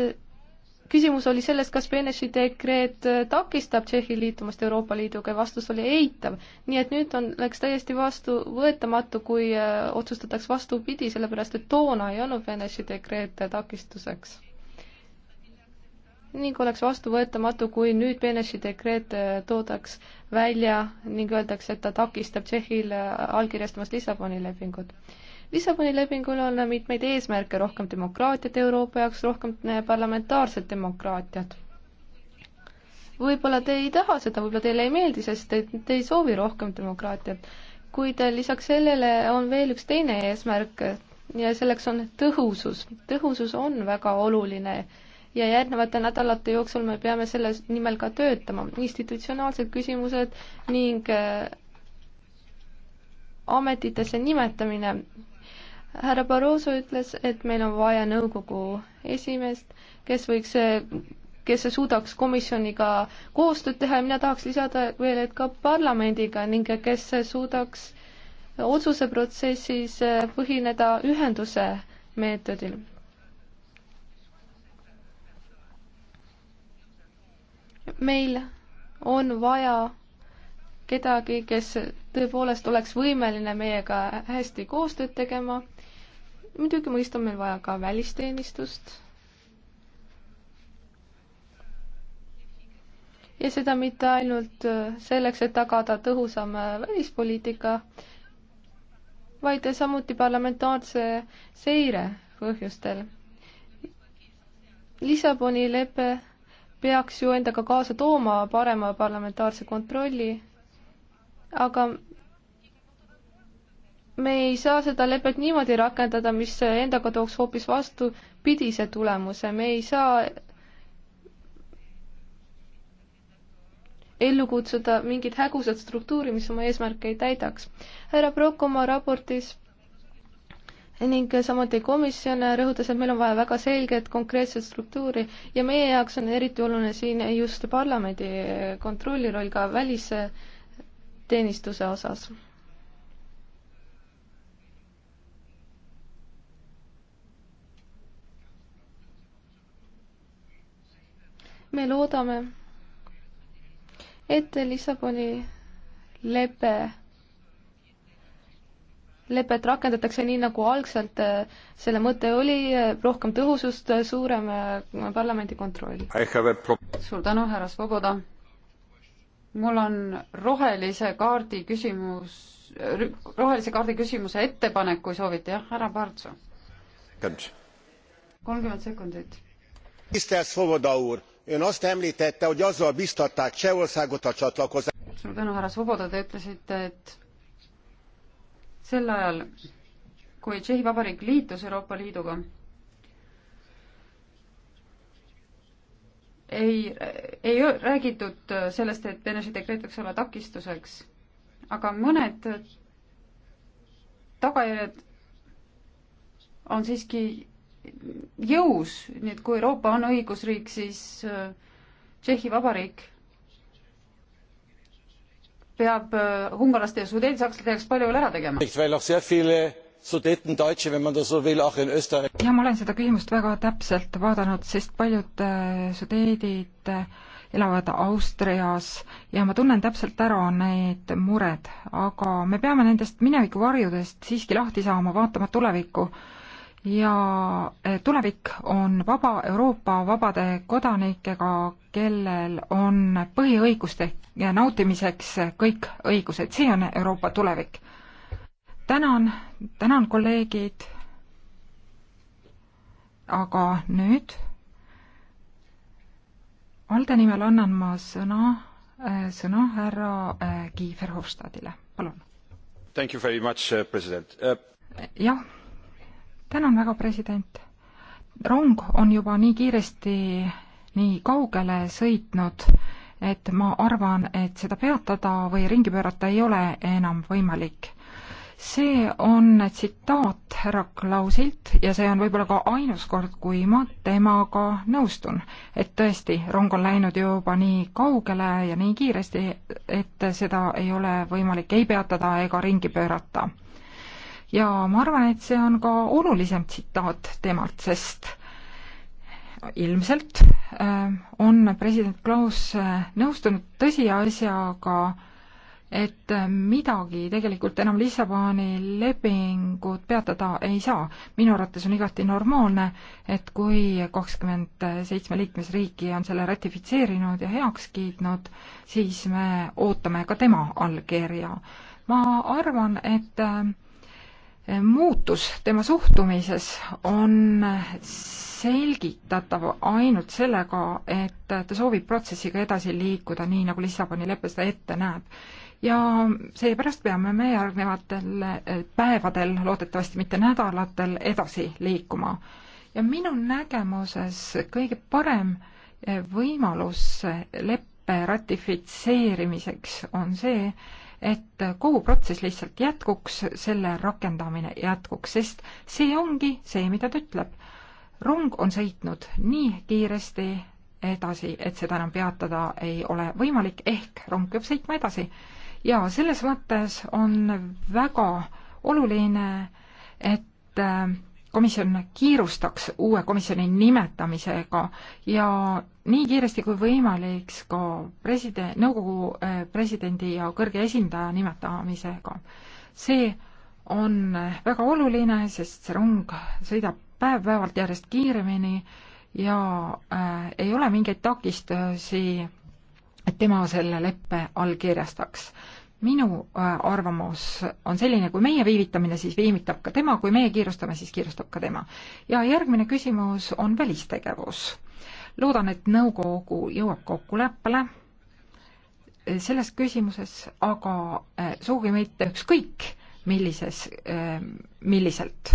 küsimus oli selles, kas Benesi dekreet takistab Tšehhi liitumast Euroopa Liiduga ja vastus oli eitav. nii et nüüd on, läks täiesti vastuvõetamatu, kui äh, otsustataks vastupidi, sellepärast et toona ei olnud Benesi dekreet takistuseks ning oleks vastuvõetamatu, kui nüüd Benesi dekreet äh, toodaks välja ning öeldakse, et ta takistab Tšehhil äh, allkirjastamast Lissaboni lepingut. Lissaboni lepingul on mitmeid eesmärke, rohkem demokraatiat Euroopa jaoks, rohkem eh, parlamentaarset demokraatiat. võib-olla te ei taha seda, võib-olla teile ei meeldi, sest te, te ei soovi rohkem demokraatiat, kuid eh, lisaks sellele on veel üks teine eesmärk ja selleks on tõhusus. tõhusus on väga oluline ja järgnevate nädalate jooksul me peame selle nimel ka töötama. institutsionaalsed küsimused ning eh, ametitesse nimetamine härra Barroso ütles, et meil on vaja nõukogu esimeest, kes võiks, kes suudaks komisjoniga koostööd teha ja mina tahaks lisada veel, et ka parlamendiga ning kes suudaks otsuseprotsessis põhineda ühenduse meetodil. meil on vaja kedagi, kes tõepoolest oleks võimeline meiega hästi koostööd tegema muidugi mõista on meil vaja ka välisteenistust. ja seda mitte ainult äh, selleks, et tagada tõhusam äh, välispoliitika, vaid samuti parlamentaarse seire põhjustel. Lissaboni lepe peaks ju endaga kaasa tooma parema parlamentaarse kontrolli, aga me ei saa seda lepet niimoodi rakendada, mis endaga tooks hoopis vastupidise tulemuse, me ei saa ellu kutsuda mingit hägusat struktuuri, mis oma eesmärke ei täidaks. härra Prokk oma raportis ning samuti komisjon rõhutas, et meil on vaja väga selget konkreetset struktuuri ja meie jaoks on eriti oluline siin just parlamendi kontrolli roll ka välisteenistuse osas me loodame, et Lissaboni lepe, lepet rakendatakse nii, nagu algselt äh, selle mõte oli, äh, rohkem tõhusust, äh, suurem parlamendi kontroll. suur tänu, härra Svoboda. mul on
rohelise kaardi küsimus, rohelise kaardi küsimuse ettepanek, kui soovite, jah, härra Partsu. kolmkümmend sekundit.
tisztelt Svoboda úr! ön azt emltette hogy azzal bztatták csehországot a csatlakozásra.
suur tänu härra swoboda te ütlesite et sel ajal kui tšehhi vabariik liitus euroopa liiduga ei ei räägitud sellest et enesedekreet võiks olla takistuseks aga mõned tagajärjed on siiski jõus, nii et kui Euroopa on õigusriik, siis äh, Tšehhi Vabariik peab äh, ungarlaste ja sudeetsakslasteks palju veel ära tegema.
ja ma olen seda küsimust väga täpselt vaadanud, sest paljud äh, sudeedid elavad Austrias ja ma tunnen täpselt ära need mured, aga me peame nendest minevikuvarjudest siiski lahti saama, vaatama tulevikku ja eh, tulevik on vaba Euroopa vabade kodanikega, kellel on põhiõiguste eh, nautimiseks kõik õigused, see on Euroopa tulevik. tänan, tänan kolleegid, aga nüüd Alde nimel annan ma sõna, eh, sõna härra Kiiver Hofstadile, palun. jah tänan väga, president. rong on juba nii kiiresti nii kaugele sõitnud, et ma arvan, et seda peatada või ringi pöörata ei ole enam võimalik. see on tsitaat härra Klausilt ja see on võib-olla ka ainus kord, kui ma temaga nõustun. et tõesti, rong on läinud juba nii kaugele ja nii kiiresti, et seda ei ole võimalik ei peatada ega ringi pöörata ja ma arvan, et see on ka olulisem tsitaat temalt, sest ilmselt äh, on president Klaus äh, nõustunud tõsiasjaga, et äh, midagi tegelikult enam Lissaboni lepingut peatada ei saa. minu arvates on igati normaalne, et kui kakskümmend seitsme liikmesriiki on selle ratifitseerinud ja heaks kiitnud, siis me ootame ka tema allkirja. ma arvan, et muutus tema suhtumises on selgitatav ainult sellega, et ta soovib protsessiga edasi liikuda, nii nagu Lissaboni lepe seda ette näeb. ja seepärast peame me järgnevatel äh, päevadel, loodetavasti mitte nädalatel, edasi liikuma. ja minu nägemuses kõige parem äh, võimalus äh, leppe ratifitseerimiseks on see, et kogu protsess lihtsalt jätkuks, selle rakendamine jätkuks, sest see ongi see, mida ta ütleb. rong on sõitnud nii kiiresti edasi, et seda enam peatada ei ole võimalik, ehk rong peab sõitma edasi. ja selles mõttes on väga oluline, et äh, komisjon kiirustaks uue komisjoni nimetamisega ja nii kiiresti kui võimalik ka preside-, nõukogu eh, presidendi ja kõrge esindaja nimetamisega. see on väga oluline, sest see rong sõidab päev-päevalt järjest kiiremini ja äh, ei ole mingeid takistusi, et tema selle leppe allkirjastaks minu äh, arvamus on selline, kui meie viivitamine, siis viivitab ka tema, kui meie kiirustame, siis kiirustab ka tema. ja järgmine küsimus on välistegevus. loodan, et nõukogu jõuab kokkuleppele selles küsimuses, aga äh, sugugi mitte ükskõik millises, äh, milliselt.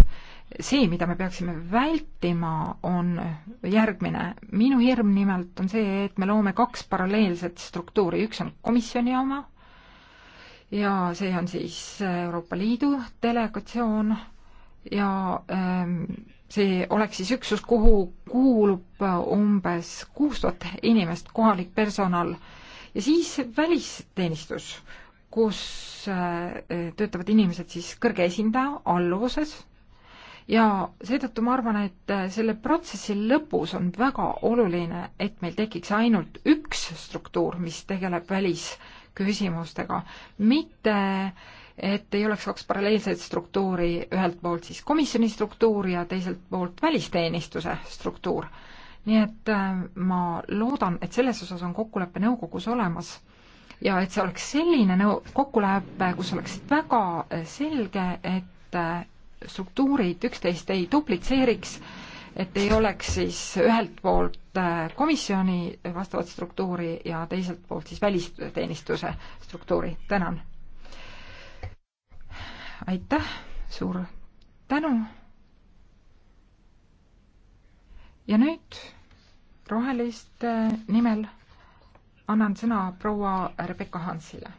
see, mida me peaksime vältima, on järgmine. minu hirm nimelt on see, et me loome kaks paralleelset struktuuri, üks on komisjoni oma, ja see on siis Euroopa Liidu delegatsioon ja ähm, see oleks siis üksus, kuhu kuulub umbes kuus tuhat inimest, kohalik personal ja siis välisteenistus, kus äh, töötavad inimesed siis kõrge esindaja alluvuses ja seetõttu ma arvan, et äh, selle protsessi lõpus on väga oluline, et meil tekiks ainult üks struktuur, mis tegeleb välis- äh, küsimustega, mitte et ei oleks kaks paralleelset struktuuri, ühelt poolt siis komisjoni struktuur ja teiselt poolt välisteenistuse struktuur. nii et äh, ma loodan, et selles osas on kokkulepe nõukogus olemas ja et see oleks selline nõu-, kokkulepe, kus oleks väga äh, selge, et äh, struktuurid üksteist ei duplitseeriks äh, et ei oleks siis ühelt poolt äh, komisjoni vastavat struktuuri ja teiselt poolt siis välisteenistuse struktuuri. tänan! aitäh, suur tänu! ja nüüd roheliste nimel annan sõna proua Rebecca Hansile.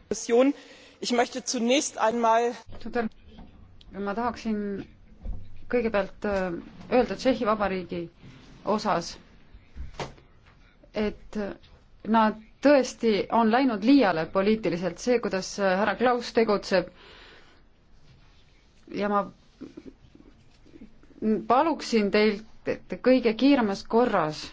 ma tahaksin kõigepealt äh, öelda Tšehhi Vabariigi osas, et nad tõesti on läinud liiale poliitiliselt, see, kuidas äh, härra Klaus tegutseb ja ma paluksin teilt, et kõige kiiremas korras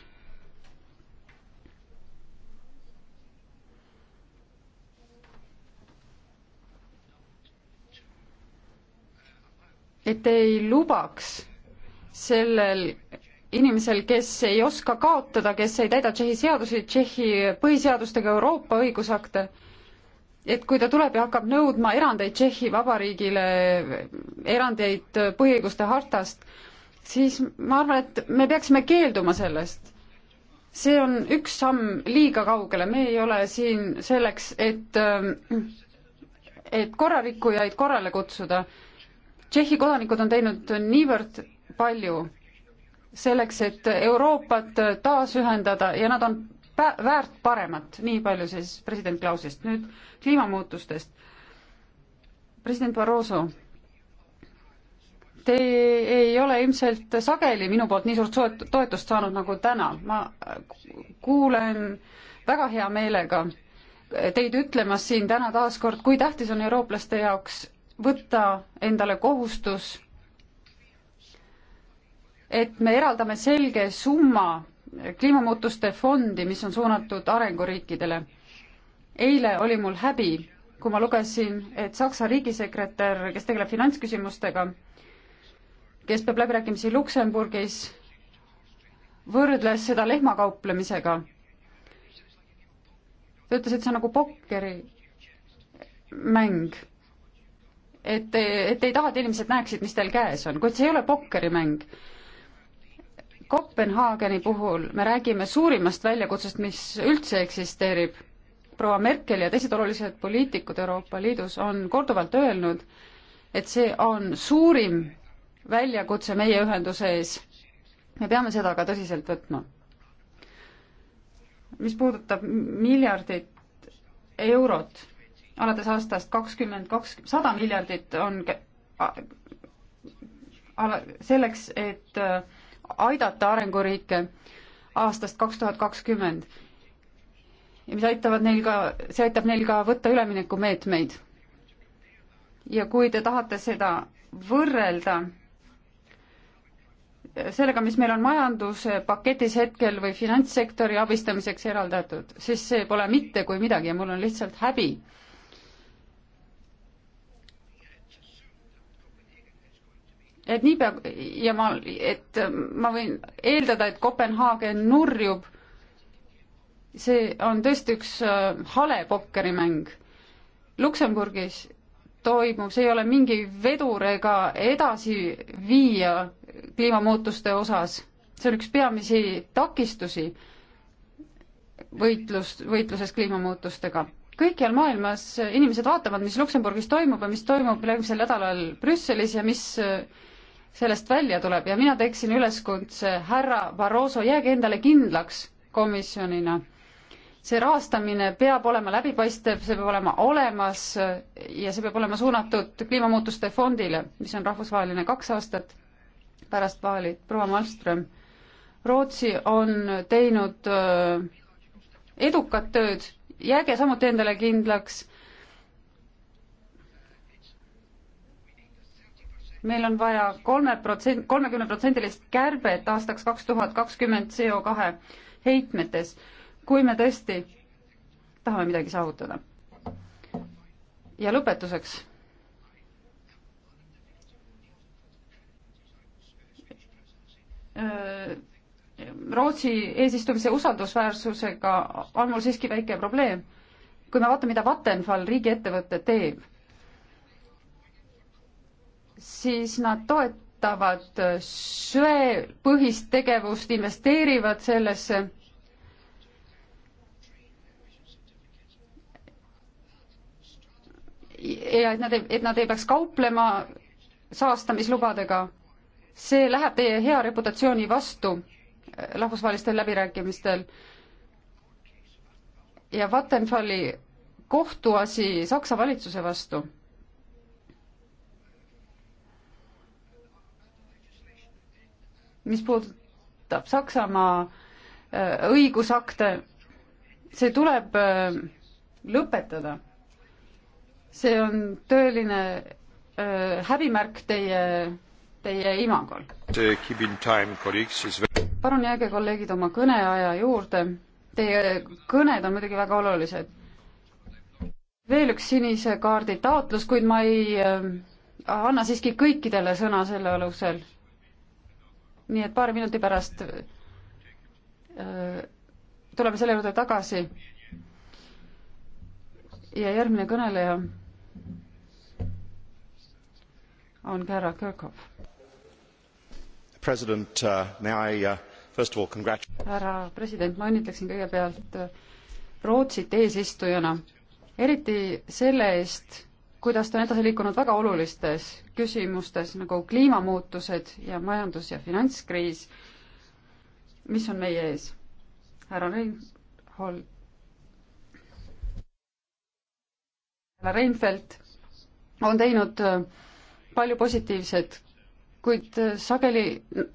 et ei lubaks sellel inimesel, kes ei oska kaotada, kes ei täida Tšehhi seadusi, Tšehhi põhiseadust ega Euroopa õigusakte, et kui ta tuleb ja hakkab nõudma erandeid Tšehhi Vabariigile, erandeid põhiõiguste hartast, siis ma arvan, et me peaksime keelduma sellest. see on üks samm liiga kaugele, me ei ole siin selleks, et, et korrarikkujaid korrale kutsuda Tšehhi kodanikud on teinud niivõrd palju selleks, et Euroopat taasühendada ja nad on väärt paremat, nii palju siis president Klausist. nüüd kliimamuutustest. president Barroso, te ei ole ilmselt sageli minu poolt nii suurt toetust saanud nagu täna. ma kuulen väga hea meelega teid ütlemas siin täna taas kord, kui tähtis on eurooplaste jaoks võtta endale kohustus, et me eraldame selge summa kliimamuutuste fondi, mis on suunatud arenguriikidele. eile oli mul häbi, kui ma lugesin, et Saksa riigisekretär, kes tegeleb finantsküsimustega, kes peab läbirääkimisi Luksemburgis, võrdles seda lehmakauplemisega. ta ütles, et see on nagu pokkerimäng et, et ei taha, et inimesed näeksid, mis teil käes on, kuid see ei ole pokkerimäng. Kopenhaageni puhul me räägime suurimast väljakutsest, mis üldse eksisteerib. proua Merkel ja teised olulised poliitikud Euroopa Liidus on korduvalt öelnud, et see on suurim väljakutse meie ühenduse ees. me peame seda ka tõsiselt võtma. mis puudutab miljardit eurot alates aastast kakskümmend kaks, sada miljardit on ala-, selleks, et äh, aidata arenguriike aastast kaks tuhat kakskümmend. ja mis aitavad neil ka, see aitab neil ka võtta üleminekumeetmeid. ja kui te tahate seda võrrelda äh, sellega, mis meil on majanduspaketis hetkel või finantssektori abistamiseks eraldatud, siis see pole mitte kui midagi ja mul on lihtsalt häbi et niipea ja ma, et ma võin eeldada, et Kopenhaagen nurjub. see on tõesti üks äh, hale pokkerimäng. Luksemburgis toimub, see ei ole mingi vedur ega edasiviija kliimamuutuste osas. see on üks peamisi takistusi võitlust, võitluses kliimamuutustega kõikjal maailmas inimesed vaatavad, mis Luksemburgis toimub ja mis toimub järgmisel nädalal Brüsselis ja mis äh, sellest välja tuleb ja mina teeksin üleskutse, härra Barroso, jääge endale kindlaks komisjonina. see rahastamine peab olema läbipaistev, see peab olema olemas ja see peab olema suunatud kliimamuutuste fondile, mis on rahvusvaheline kaks aastat pärast vaali, proua Malmström. Rootsi on teinud äh, edukat tööd, jääge samuti endale kindlaks meil on vaja kolme protsent, kolmekümneprotsendilist kärbet aastaks kaks tuhat kakskümmend CO kahe heitmetes, kui me tõesti tahame midagi saavutada. ja lõpetuseks. Rootsi eesistumise usaldusväärsusega on mul siiski väike probleem. kui me vaatame, mida Vattenfall, riigiettevõte, teeb siis nad toetavad söepõhist tegevust, investeerivad sellesse. ja et nad ei, et nad ei peaks kauplema saastamislubadega. see läheb teie hea reputatsiooni vastu äh, rahvusvahelistel läbirääkimistel. ja Vattenfalli kohtuasi Saksa valitsuse vastu mis puudutab Saksamaa äh, õigusakte, see tuleb äh, lõpetada. see on tõeline äh, häbimärk teie, teie imagol. palun jääge, kolleegid, oma kõneaja juurde. Teie kõned on muidugi väga olulised. veel üks sinise kaardi taotlus, kuid ma ei anna siiski kõikidele sõna selle alusel nii et paari minuti pärast äh, tuleme selle juurde tagasi. ja järgmine kõneleja on härra Kirkhoff.
president uh,, may I uh, first of all congratulate
härra president, ma õnnitleksin kõigepealt Rootsit eesistujana, eriti selle eest, kuidas ta on edasi liikunud väga olulistes küsimustes nagu kliimamuutused ja majandus- ja finantskriis, mis on meie ees. härra Reinhold, härra Reinfeldt on teinud äh, palju positiivset, kuid äh, sageli,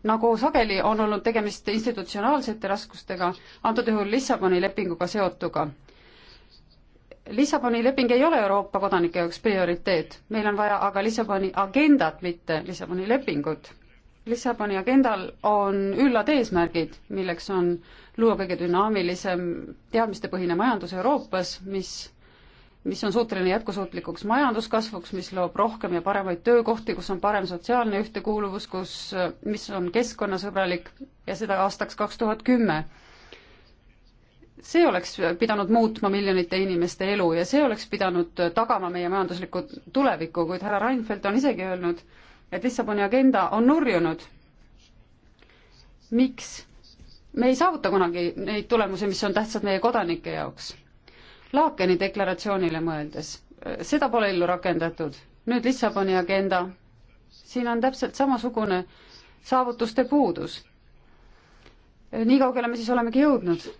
nagu sageli on olnud tegemist institutsionaalsete raskustega, antud juhul Lissaboni lepinguga seotuga Lissaboni leping ei ole Euroopa kodanike jaoks prioriteet, meil on vaja aga Lissaboni agendat, mitte Lissaboni lepingut. Lissaboni agendal on üllad eesmärgid, milleks on luua kõige dünaamilisem teadmistepõhine majandus Euroopas, mis mis on suuteline jätkusuutlikuks majanduskasvuks, mis loob rohkem ja paremaid töökohti, kus on parem sotsiaalne ühtekuuluvus, kus, mis on keskkonnasõbralik ja seda aastaks kaks tuhat kümme see oleks pidanud muutma miljonite inimeste elu ja see oleks pidanud tagama meie majandusliku tuleviku, kuid härra Reinfeldt on isegi öelnud, et Lissaboni agenda on nurjunud. miks? me ei saavuta kunagi neid tulemusi, mis on tähtsad meie kodanike jaoks. Laakeni deklaratsioonile mõeldes, seda pole ellu rakendatud. nüüd Lissaboni agenda, siin on täpselt samasugune saavutuste puudus. nii kaugele me siis olemegi jõudnud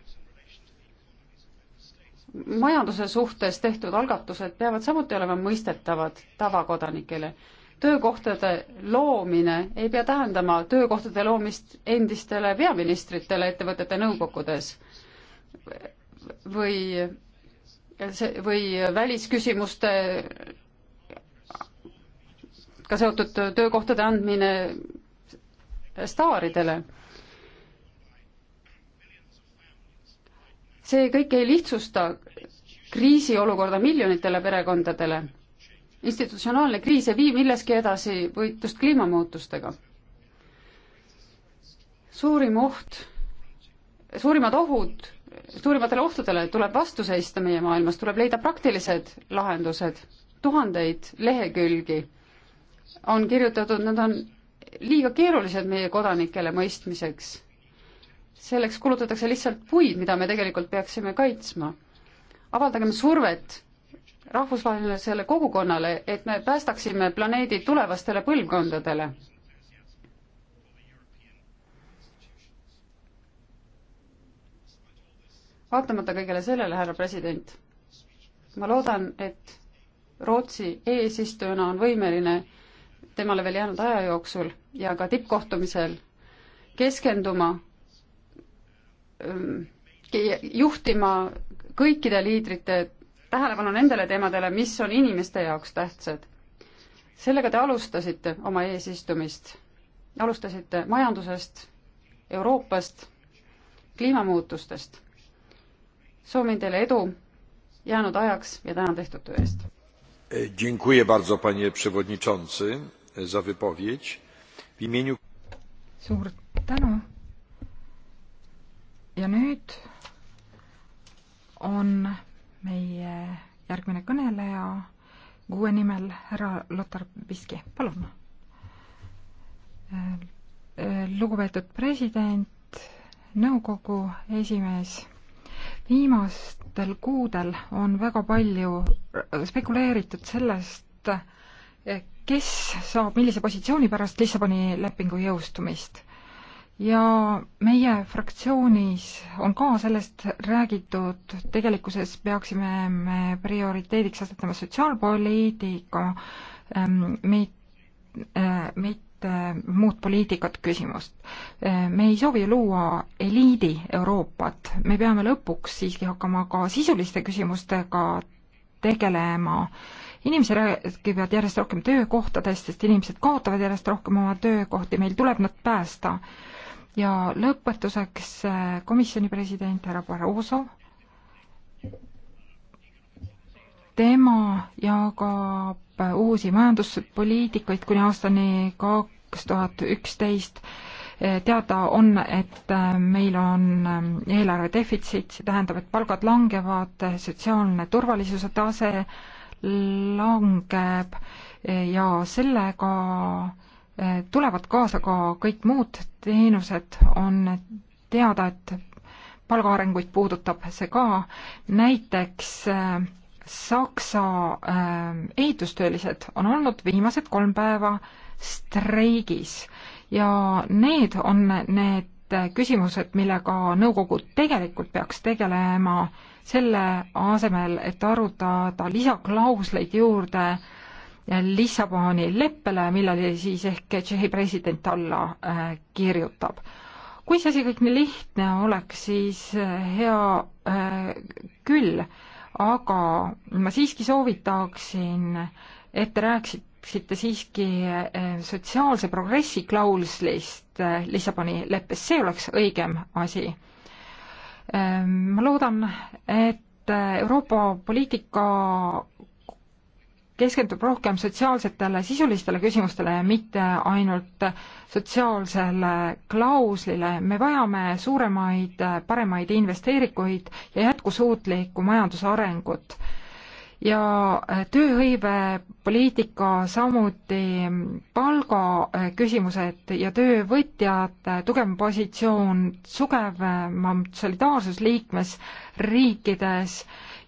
majanduse suhtes tehtud algatused peavad samuti olema mõistetavad tavakodanikele. töökohtade loomine ei pea tähendama töökohtade loomist endistele peaministritele ettevõtete nõukogudes või see, või välisküsimustega seotud töökohtade andmine staaridele see kõik ei lihtsusta kriisiolukorda miljonitele perekondadele. institutsionaalne kriis ei vii milleski edasi võitlust kliimamuutustega. suurim oht, suurimad ohud, suurimatele ohtudele tuleb vastu seista meie maailmas, tuleb leida praktilised lahendused. tuhandeid lehekülgi on kirjutatud, nad on liiga keerulised meie kodanikele mõistmiseks selleks kulutatakse lihtsalt puid, mida me tegelikult peaksime kaitsma. avaldagem survet rahvusvahelisele kogukonnale, et me päästaksime planeedi tulevastele põlvkondadele. vaatamata kõigele sellele, härra president, ma loodan, et Rootsi eesistujana on võimeline temale veel jäänud aja jooksul ja ka tippkohtumisel keskenduma Ähm, juhtima kõikide liidrite tähelepanu nendele teemadele, mis on inimeste jaoks tähtsad. sellega te alustasite oma eesistumist, alustasite majandusest, Euroopast, kliimamuutustest. soovin teile edu jäänud ajaks ja tänan tehtud töö eest.
Dziękuję bardzo panie przewodniczący za wypowiedź w imieniu
suur tänu ja nüüd on meie järgmine kõneleja kuue nimel härra Lotar Biski, palun. lugupeetud president, nõukogu esimees, viimastel kuudel on väga palju spekuleeritud sellest, kes saab millise positsiooni pärast Lissaboni lepingu jõustumist ja meie fraktsioonis on ka sellest räägitud, tegelikkuses peaksime me prioriteediks asetama sotsiaalpoliitika, ähm, äh, mitte muud poliitikat küsimust. Äh, me ei soovi luua eliidi Euroopat, me peame lõpuks siiski hakkama ka sisuliste küsimustega tegelema äh, inimesi räägivad järjest rohkem töökohtadest, sest inimesed kaotavad järjest rohkem oma töökohti, meil tuleb nad päästa. ja lõpetuseks eh, komisjoni president härra Barroso, tema jagab eh, uusi majanduspoliitikaid kuni aastani kaks tuhat üksteist eh, teada on, et meil on eelarve defitsiit, see tähendab, et palgad langevad, sotsiaalne turvalisuse tase langeb ja sellega eh, tulevad kaasa ka kõik muud teenused, on teada, et palgaarenguid puudutab see ka, näiteks eh, Saksa eh, ehitustöölised on olnud viimased kolm päeva streigis ja need on need küsimused, millega nõukogu tegelikult peaks tegelema äh, selle asemel, et arutada lisaklausleid juurde Lissaboni leppele, millele siis ehk Tšehhi president alla äh, kirjutab. kui see asi kõik nii lihtne oleks, siis äh, hea äh, küll, aga ma siiski soovitaksin, et te rääkisite siiski äh, sotsiaalse progressi klauslist Lissaboni leppes, see oleks õigem asi Ehm, ma loodan, et äh, Euroopa poliitika keskendub rohkem sotsiaalsetele sisulistele küsimustele ja mitte ainult sotsiaalsele klauslile. me vajame suuremaid, äh, paremaid investeeringuid ja jätkusuutlikku majanduse arengut ja tööhõivepoliitika, samuti palgaküsimused äh, ja töövõtjate tugevam positsioon, tugevam solidaarsus liikmesriikides,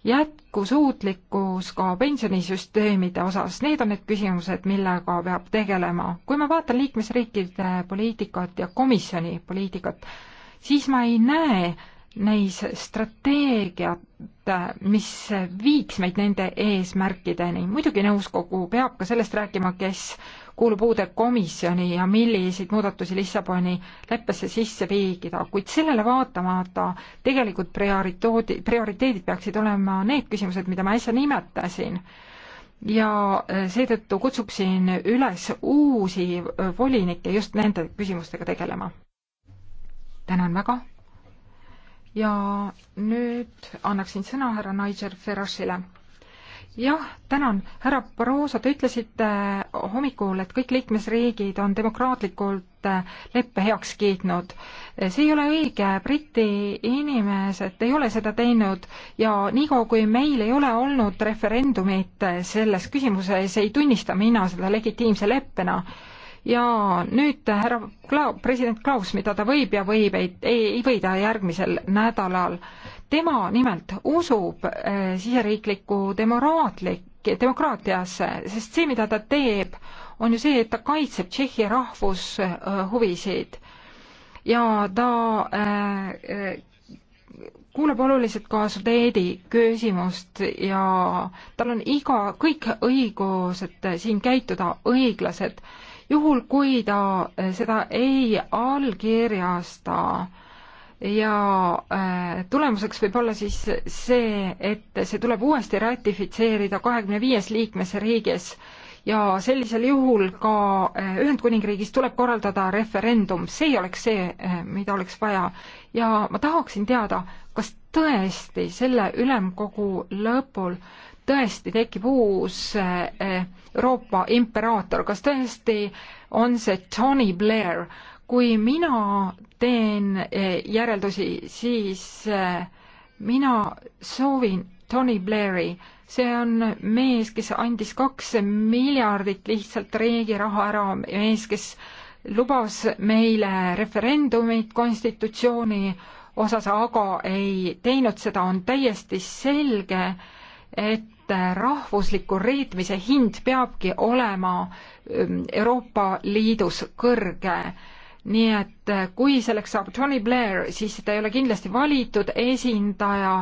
jätkusuutlikkus ka pensionisüsteemide osas, need on need küsimused, millega peab tegelema. kui ma vaatan liikmesriikide poliitikat ja komisjoni poliitikat, siis ma ei näe, neis strateegiat, mis viiks meid nende eesmärkideni. muidugi nõuskogu peab ka sellest rääkima, kes kuulub uude komisjoni ja milliseid muudatusi Lissaboni leppesse sisse viigida, kuid sellele vaatamata tegelikult prioriteedi, prioriteedid peaksid olema need küsimused, mida ma äsja nimetasin ja seetõttu kutsuksin üles uusi volinikke just nende küsimustega tegelema. tänan väga ja nüüd annaksin sõna härra Nigel Farrage'ile. jah, tänan, härra Barroso, te ütlesite hommikul, et kõik liikmesriigid on demokraatlikult äh, leppe heaks kiitnud. see ei ole õige, Briti inimesed ei ole seda teinud ja niikaua, kui meil ei ole olnud referendumit selles küsimuses, ei tunnista mina seda legitiimse leppena ja nüüd härra Klau-, president Klaus, mida ta võib ja võib, ei, ei või ta järgmisel nädalal, tema nimelt usub äh, eh, siseriiklikku demokraatlik, demokraatiasse, sest see, mida ta teeb, on ju see, et ta kaitseb Tšehhi rahvushuvisid äh, ja ta äh, eh, eh, kuulab oluliselt ka sudeedi küsimust ja tal on iga, kõik õigused siin käituda õiglased äh, juhul, kui ta eh, seda ei allkirjasta ja eh, tulemuseks võib olla siis see, et see tuleb uuesti ratifitseerida kahekümne viies liikmesriigis ja sellisel juhul ka eh, Ühendkuningriigis tuleb korraldada referendum, see oleks see, mida oleks vaja. ja ma tahaksin teada, kas tõesti selle ülemkogu lõpul tõesti tekib uus eh, Euroopa imperaator, kas tõesti on see Tony Blair? kui mina teen eh, järeldusi, siis eh, mina soovin Tony Blairi, see on mees, kes andis kaks miljardit lihtsalt riigi raha ära, mees, kes lubas meile referendumit konstitutsiooni osas, aga ei teinud seda, on täiesti selge, et rahvusliku reetmise hind peabki olema ähm, Euroopa Liidus kõrge. nii et äh, kui selleks saab Tony Blair, siis ta ei ole kindlasti valitud esindaja,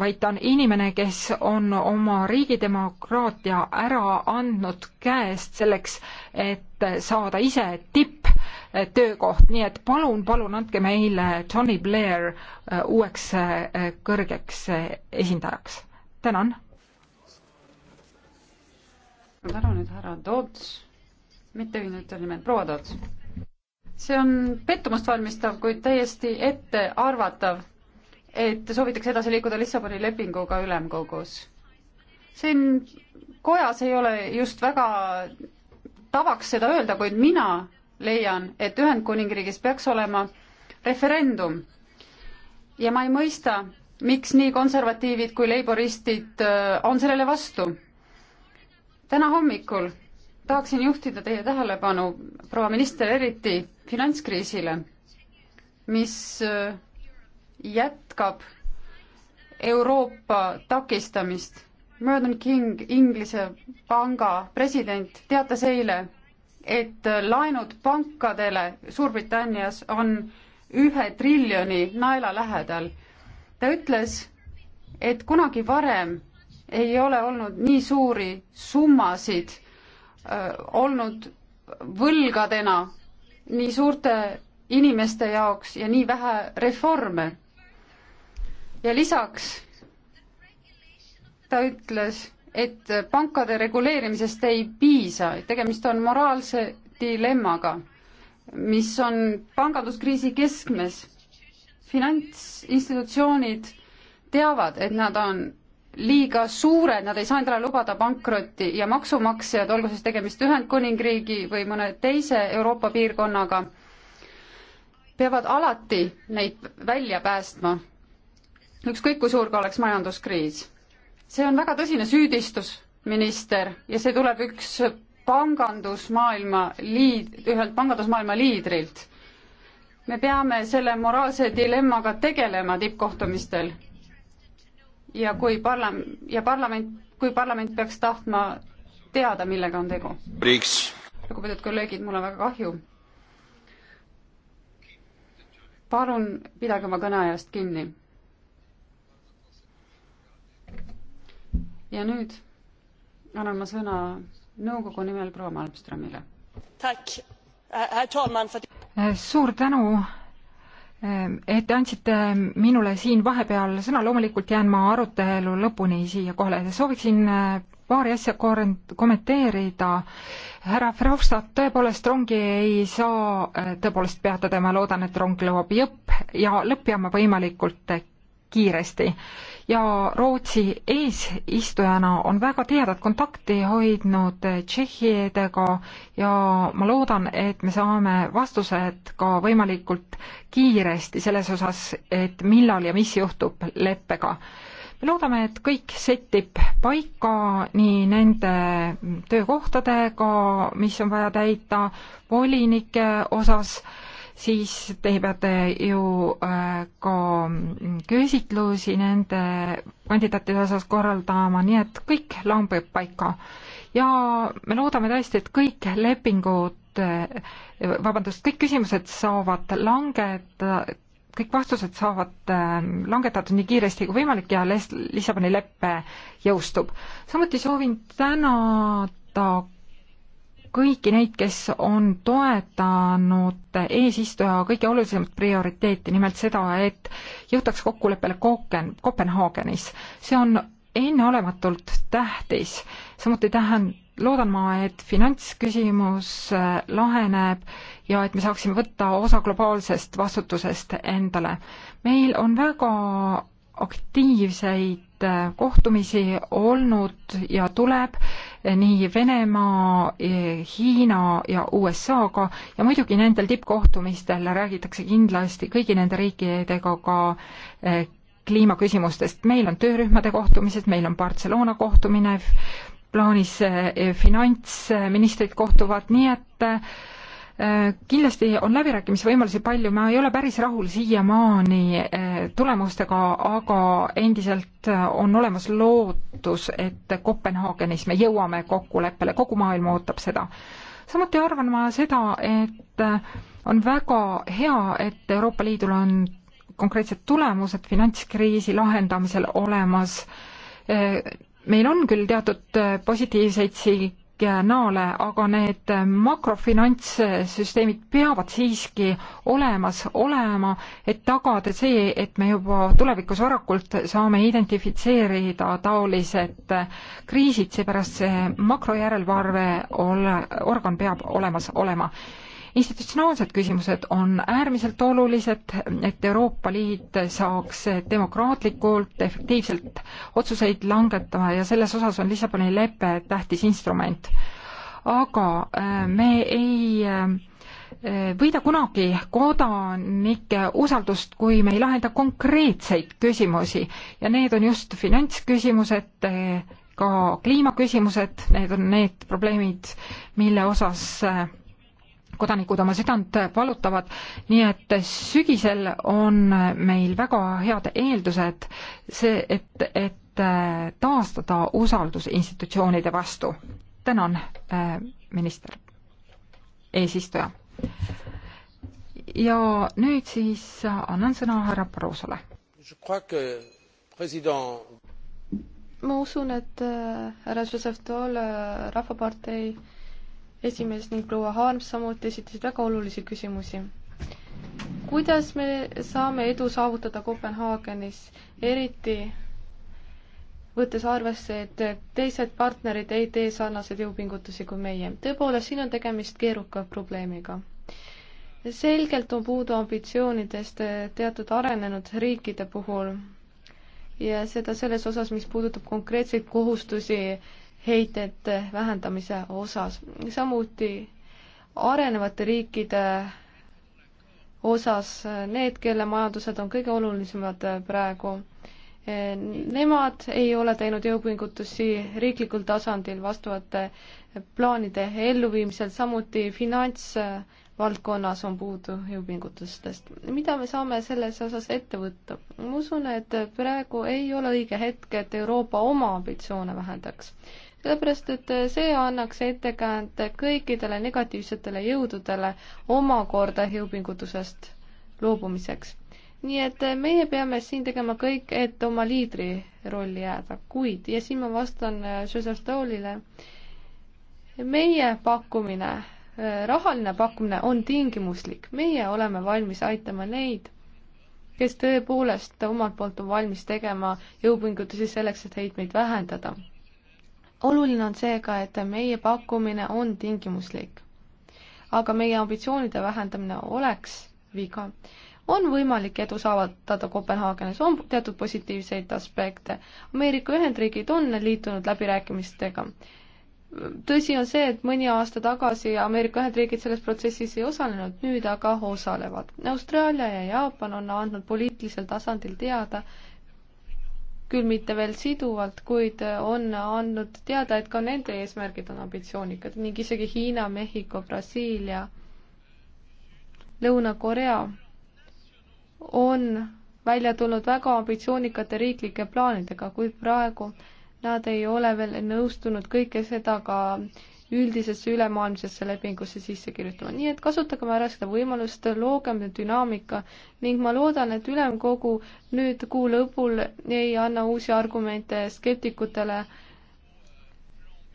vaid ta on inimene, kes on oma riigi demokraatia ära andnud käest selleks, et äh, saada ise tipptöökoht, äh, nii et palun, palun andke meile Tony Blair uueks kõrgeks esindajaks tänan.
ma tänan nüüd härra Toots, mitte ühinenud nimel, proua Toots. see on pettumust valmistav, kuid täiesti ettearvatav, et soovitakse edasi liikuda Lissaboni lepinguga ülemkogus. siin kojas ei ole just väga tavaks seda öelda, kuid mina leian, et Ühendkuningriigis peaks olema referendum. ja ma ei mõista, miks nii konservatiivid kui leiboristid äh, on sellele vastu? täna hommikul tahaksin juhtida teie tähelepanu, proua minister, eriti finantskriisile, mis äh, jätkab Euroopa takistamist. Merton King, Inglise panga president, teatas eile, et äh, laenud pankadele Suurbritannias on ühe triljoni naela lähedal ta ütles, et kunagi varem ei ole olnud nii suuri summasid äh, olnud võlgadena nii suurte inimeste jaoks ja nii vähe reforme. ja lisaks ta ütles, et pankade reguleerimisest ei piisa, tegemist on moraalse dilemmaga, mis on panganduskriisi keskmes finantsinstitutsioonid teavad, et nad on liiga suured, nad ei saa endale lubada pankrotti ja maksumaksjad, olgu siis tegemist Ühendkuningriigi või mõne teise Euroopa piirkonnaga, peavad alati neid välja päästma, ükskõik kui suur ka oleks majanduskriis. see on väga tõsine süüdistus, minister, ja see tuleb üks pangandusmaailma liid-, ühelt pangandusmaailma liidrilt me peame selle moraalse dilemmaga tegelema tippkohtumistel. ja kui parla-, ja parlament, kui parlament peaks tahtma teada, millega on tegu. lugupeetud kolleegid, mul on väga kahju. palun pidage oma kõneajast kinni. ja nüüd annan ma sõna nõukogu nimel proua Malmströmile
suur tänu, et te andsite minule siin vahepeal sõna, loomulikult jään ma arutelu lõpuni siia kohale, sooviksin äh, paari asja kommenteerida. härra Verhofstadt, tõepoolest rongi ei saa äh, tõepoolest peatada ja ma loodan, et rong jõuab jõpp ja lõppjaama võimalikult äh, kiiresti ja Rootsi eesistujana on väga tihedat kontakti hoidnud Tšehhidega ja ma loodan, et me saame vastused ka võimalikult kiiresti selles osas, et millal ja mis juhtub leppega me loodame, et kõik settib paika nii nende töökohtadega, mis on vaja täita, volinike osas äh, siis te peate ju äh, ka küsitlusi nende kandidaatide osas korraldama, nii et kõik lambeb paika. ja me loodame tõesti, et kõik lepingud, äh, vabandust, kõik küsimused saavad langeda, kõik vastused saavad äh, langetatud nii kiiresti kui võimalik ja Lissaboni leppe jõustub. samuti soovin tänada kõiki neid, kes on toetanud eesistuja kõige olulisemat prioriteeti, nimelt seda, et jõutaks kokkuleppele Koken-, Kopenhaagenis. see on enneolematult tähtis, samuti tähen-, loodan ma, et finantsküsimus äh, laheneb ja et me saaksime võtta osa globaalsest vastutusest endale. meil on väga aktiivseid äh, kohtumisi olnud ja tuleb nii Venemaa, äh, Hiina ja USA-ga ja muidugi nendel tippkohtumistel räägitakse kindlasti kõigi nende riikidega ka äh, kliimaküsimustest. meil on töörühmade kohtumised, meil on Barcelona kohtumine, plaanis finantsministrid kohtuvad, nii et Äh, kindlasti on läbirääkimisvõimalusi palju, ma ei ole päris rahul siiamaani äh, tulemustega, aga endiselt äh, on olemas lootus, et Kopenhaagenis me jõuame kokkuleppele, kogu maailm ootab seda. samuti arvan ma seda, et on väga hea, et Euroopa Liidul on konkreetsed tulemused finantskriisi lahendamisel olemas meil on küll teatud positiivseid marginaale, aga need makrofinantssüsteemid peavad siiski olemas olema, et tagada see, et me juba tulevikus varakult saame identifitseerida taolised kriisid, seepärast see makrojärelevalve ole, organ peab olemas olema institutsionaalsed küsimused on äärmiselt olulised, et Euroopa Liit saaks demokraatlikult, efektiivselt otsuseid langetama ja selles osas on Lissaboni lepe tähtis instrument. aga äh, me ei äh, võida kunagi kodanike usaldust, kui me ei lahenda konkreetseid küsimusi ja need on just finantsküsimused, äh, ka kliimaküsimused, need on need probleemid, mille osas kodanikud oma südant valutavad, nii et sügisel on meil väga head eeldused see, et, et äh, taastada usaldus institutsioonide vastu. tänan, äh, minister, eesistuja. ja nüüd siis annan sõna härra Barrosole.
ma usun, et äh, härra Joseph Toll, Rahvapartei äh, esimees ning proua Harms samuti esitasid väga olulisi küsimusi. kuidas me saame edu saavutada Kopenhaagenis, eriti võttes arvesse, et teised partnerid ei tee sarnaseid jõupingutusi kui meie. tõepoolest, siin on tegemist keeruka probleemiga. selgelt on puudu ambitsioonidest teatud arenenud riikide puhul ja seda selles osas, mis puudutab konkreetseid kohustusi heitete vähendamise osas. samuti arenevate riikide osas need, kelle majandused on kõige olulisemad praegu. Nemad ei ole teinud jõupingutusi riiklikul tasandil vastavate plaanide elluviimisel, samuti finantsvaldkonnas on puudu jõupingutustest. mida me saame selles osas ette võtta? ma usun, et praegu ei ole õige hetk, et Euroopa oma ambitsioone vähendaks sellepärast, et see annaks ettekäände kõikidele negatiivsetele jõududele omakorda jõupingutusest loobumiseks. nii et meie peame siin tegema kõik, et oma liidri rolli jääda, kuid, ja siin ma vastan äh, Joseph Stollile, meie pakkumine, äh, rahaline pakkumine on tingimuslik, meie oleme valmis aitama neid, kes tõepoolest omalt poolt on valmis tegema jõupingutusi selleks, et heitmeid vähendada oluline on seega, et meie pakkumine on tingimuslik. aga meie ambitsioonide vähendamine oleks viga. on võimalik edu saavutada Kopenhaagenis, on teatud positiivseid aspekte. Ameerika Ühendriigid on liitunud läbirääkimistega. tõsi on see, et mõni aasta tagasi Ameerika Ühendriigid selles protsessis ei osalenud, nüüd aga osalevad. Austraalia ja Jaapan on andnud poliitilisel tasandil teada, küll mitte veel siduvalt, kuid äh, on andnud teada, et ka nende eesmärgid on ambitsioonikad ning isegi Hiina, Mehhiko, Brasiilia, Lõuna-Korea on välja tulnud väga ambitsioonikate riiklike plaanidega, kuid praegu nad ei ole veel nõustunud kõike seda ka äh, üldisesse ülemaailmsesse lepingusse sisse kirjutama, nii et kasutagem ära seda võimalust, loogem dünaamika ning ma loodan, et ülemkogu nüüd kuu lõpul ei anna uusi argumente skeptikutele,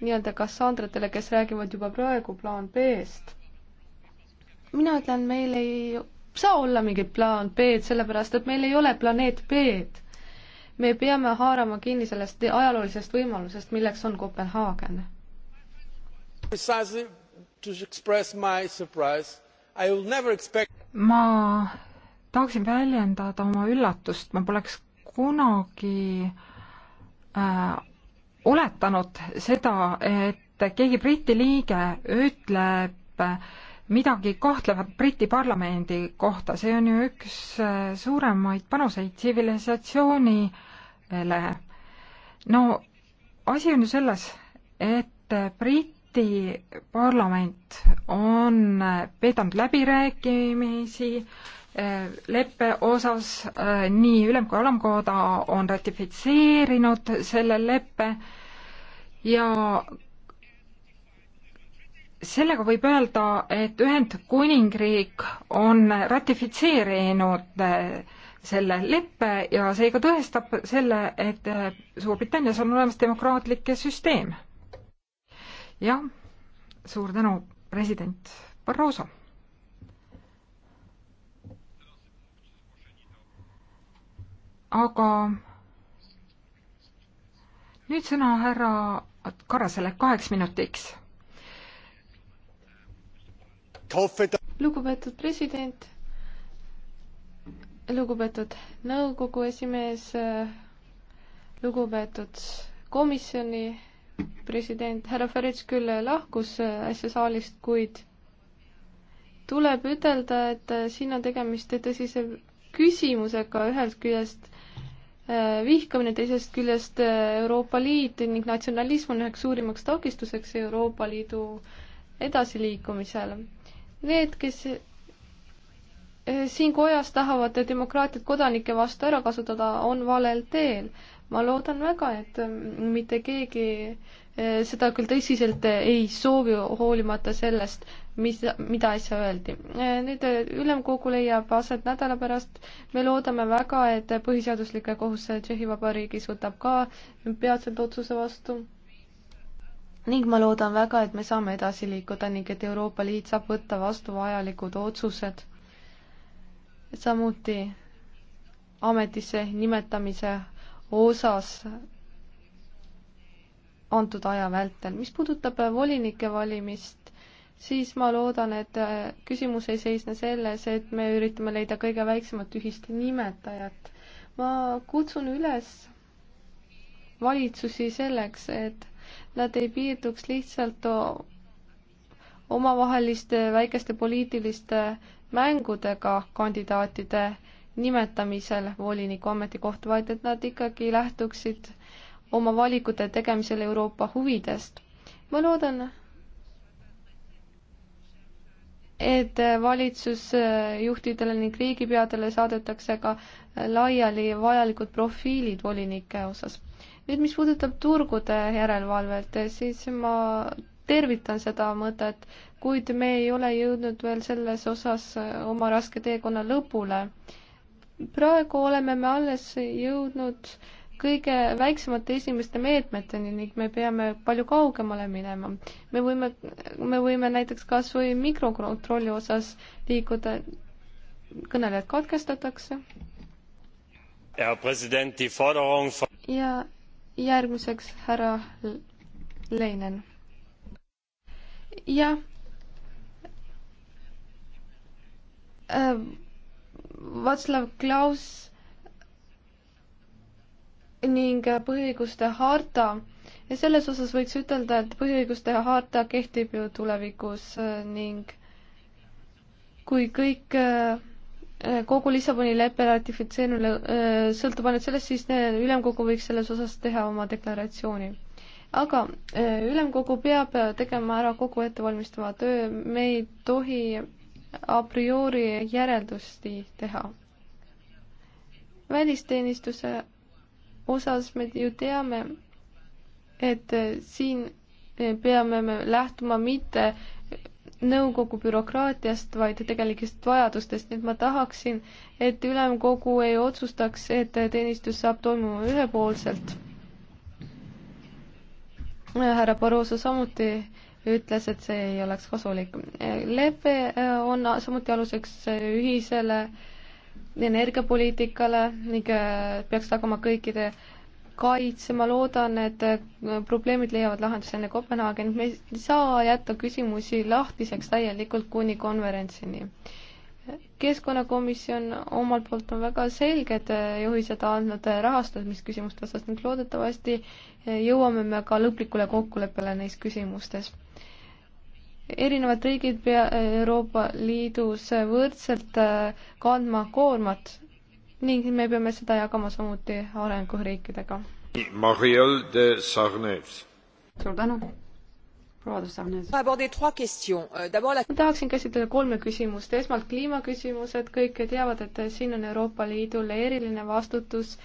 nii-öelda kassandratele, kes räägivad juba praegu plaan B-st. mina ütlen, meil ei saa olla mingit plaan B-d, sellepärast et meil ei ole planeet B-d. me peame haarama kinni sellest ajaloolisest võimalusest, milleks on Kopenhaagen
ma tahaksin väljendada oma üllatust, ma poleks kunagi äh, oletanud seda, et keegi Briti liige ütleb midagi kahtlevat Briti parlamendi kohta, see on ju üks äh, suuremaid panuseid tsivilisatsioonile. no asi on ju selles, et Briti Briti parlament on pidanud läbirääkimisi eh, leppe osas, eh, nii ülem- kui alamkoda on ratifitseerinud selle leppe ja sellega võib öelda, et Ühendkuningriik on ratifitseerinud eh, selle leppe ja seega tõestab selle, et Suurbritannias on olemas demokraatlik süsteem ja suur tänu, president Barroso. aga nüüd sõna härra Karasele kaheks
minutiks. lugupeetud president, lugupeetud nõukogu esimees, lugupeetud komisjoni president, härra Farage küll lahkus äh, äsja saalist, kuid tuleb ütelda, et äh, siin on tegemist tõsise küsimusega ühest küljest äh, vihkamine, teisest küljest Euroopa Liit ning natsionalism on üheks suurimaks takistuseks Euroopa Liidu edasiliikumisel. Need, kes siin kojas tahavad demokraatiat kodanike vastu ära kasutada, on valel teel ma loodan väga, et ähm, mitte keegi äh, seda küll tõsiselt äh, ei soovi, hoolimata sellest, mis, mida äsja öeldi. Äh, nüüd ülemkogu leiab aset nädala pärast. me loodame väga, et põhiseaduslike kohus Tšehhi Vabariigis võtab ka peatselt otsuse vastu. ning ma loodan väga, et me saame edasi liikuda ning et Euroopa Liit saab võtta vastu vajalikud otsused. samuti ametisse nimetamise osas antud aja vältel. mis puudutab volinike valimist, siis ma loodan, et küsimus ei seisne selles, et me üritame leida kõige väiksemat ühist nimetajat. ma kutsun üles valitsusi selleks, et nad ei piirduks lihtsalt omavaheliste väikeste poliitiliste mängudega kandidaatide nimetamisel voliniku ametikohta, vaid et nad ikkagi lähtuksid oma valikute tegemisel Euroopa huvidest. ma loodan, et valitsusjuhtidele ning riigipeadele saadetakse ka laiali vajalikud profiilid volinike osas. nüüd, mis puudutab turgude järelevalvet, siis ma tervitan seda mõtet, kuid me ei ole jõudnud veel selles osas oma raske teekonna lõpule praegu oleme me alles jõudnud kõige väiksemate esimeste meetmeteni ning me peame palju kaugemale minema. me võime, me võime näiteks kas või mikrokontrolli osas liikuda, kõnelejad katkestatakse. ja järgmiseks härra Leinen. jah ähm Václav Klaus ning põhiõiguste harta ja selles osas võiks ütelda, et põhiõiguste harta kehtib ju tulevikus äh, ning kui kõik äh, kogu Lissaboni leppe ratifitseerimine äh, sõltub ainult sellest, siis ülemkogu võiks selles osas teha oma deklaratsiooni. aga ülemkogu peab tegema ära kogu ettevalmistava töö, me ei tohi a priori järeldusti teha. välisteenistuse osas me ju teame, et siin peame me lähtuma mitte nõukogu bürokraatiast, vaid tegelikest vajadustest, nii et ma tahaksin, et ülemkogu ei otsustaks, et teenistus saab toimuma ühepoolselt. härra Barroso samuti ütles, et see ei oleks kasulik. lepe äh, on samuti aluseks ühisele energiapoliitikale ning äh, peaks tagama kõikide kaitse, ma loodan, et äh, probleemid leiavad lahenduse enne Kopenhaagenit, me ei saa jätta küsimusi lahtiseks täielikult kuni konverentsini. keskkonnakomisjon omalt poolt on väga selged juhised andnud rahastamisküsimuste osas ning loodetavasti jõuame me ka lõplikule kokkuleppele neis küsimustes erinevad riigid pea Euroopa Liidus võrdselt äh, kandma koormat ning me peame seda jagama samuti arenguriikidega.
Marielle de Sarnez.
suur tänu. Euh, ma tahaksin käsitleda kolme küsimust, esmalt kliimaküsimused, kõik teavad, et siin on Euroopa Liidul eriline vastutus äh,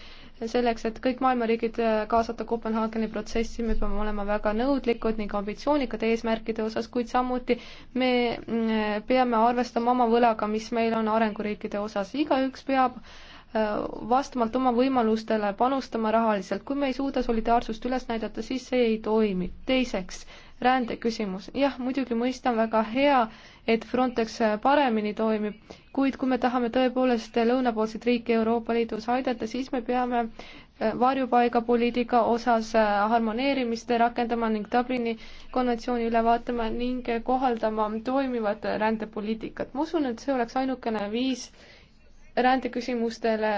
selleks, et kõik maailma riigid äh, kaasata Kopenhaageni protsessi, me peame olema väga nõudlikud ning ambitsioonikad eesmärkide osas, kuid samuti me mm, peame arvestama oma võlaga, mis meil on arenguriikide osas, igaüks peab äh, vastavalt oma võimalustele panustama rahaliselt, kui me ei suuda solidaarsust üles näidata, siis see ei toimi. teiseks rändeküsimus. jah, muidugi mõistan väga hea, et Frontex äh, paremini toimib, kuid kui me tahame tõepoolest lõunapoolseid riike Euroopa Liidus aidata, siis me peame äh, varjupaigapoliitika osas äh, harmoneerimist rakendama ning Dublini konventsiooni üle vaatama ning kohaldama toimivat rändepoliitikat. ma usun, et see oleks ainukene viis rändeküsimustele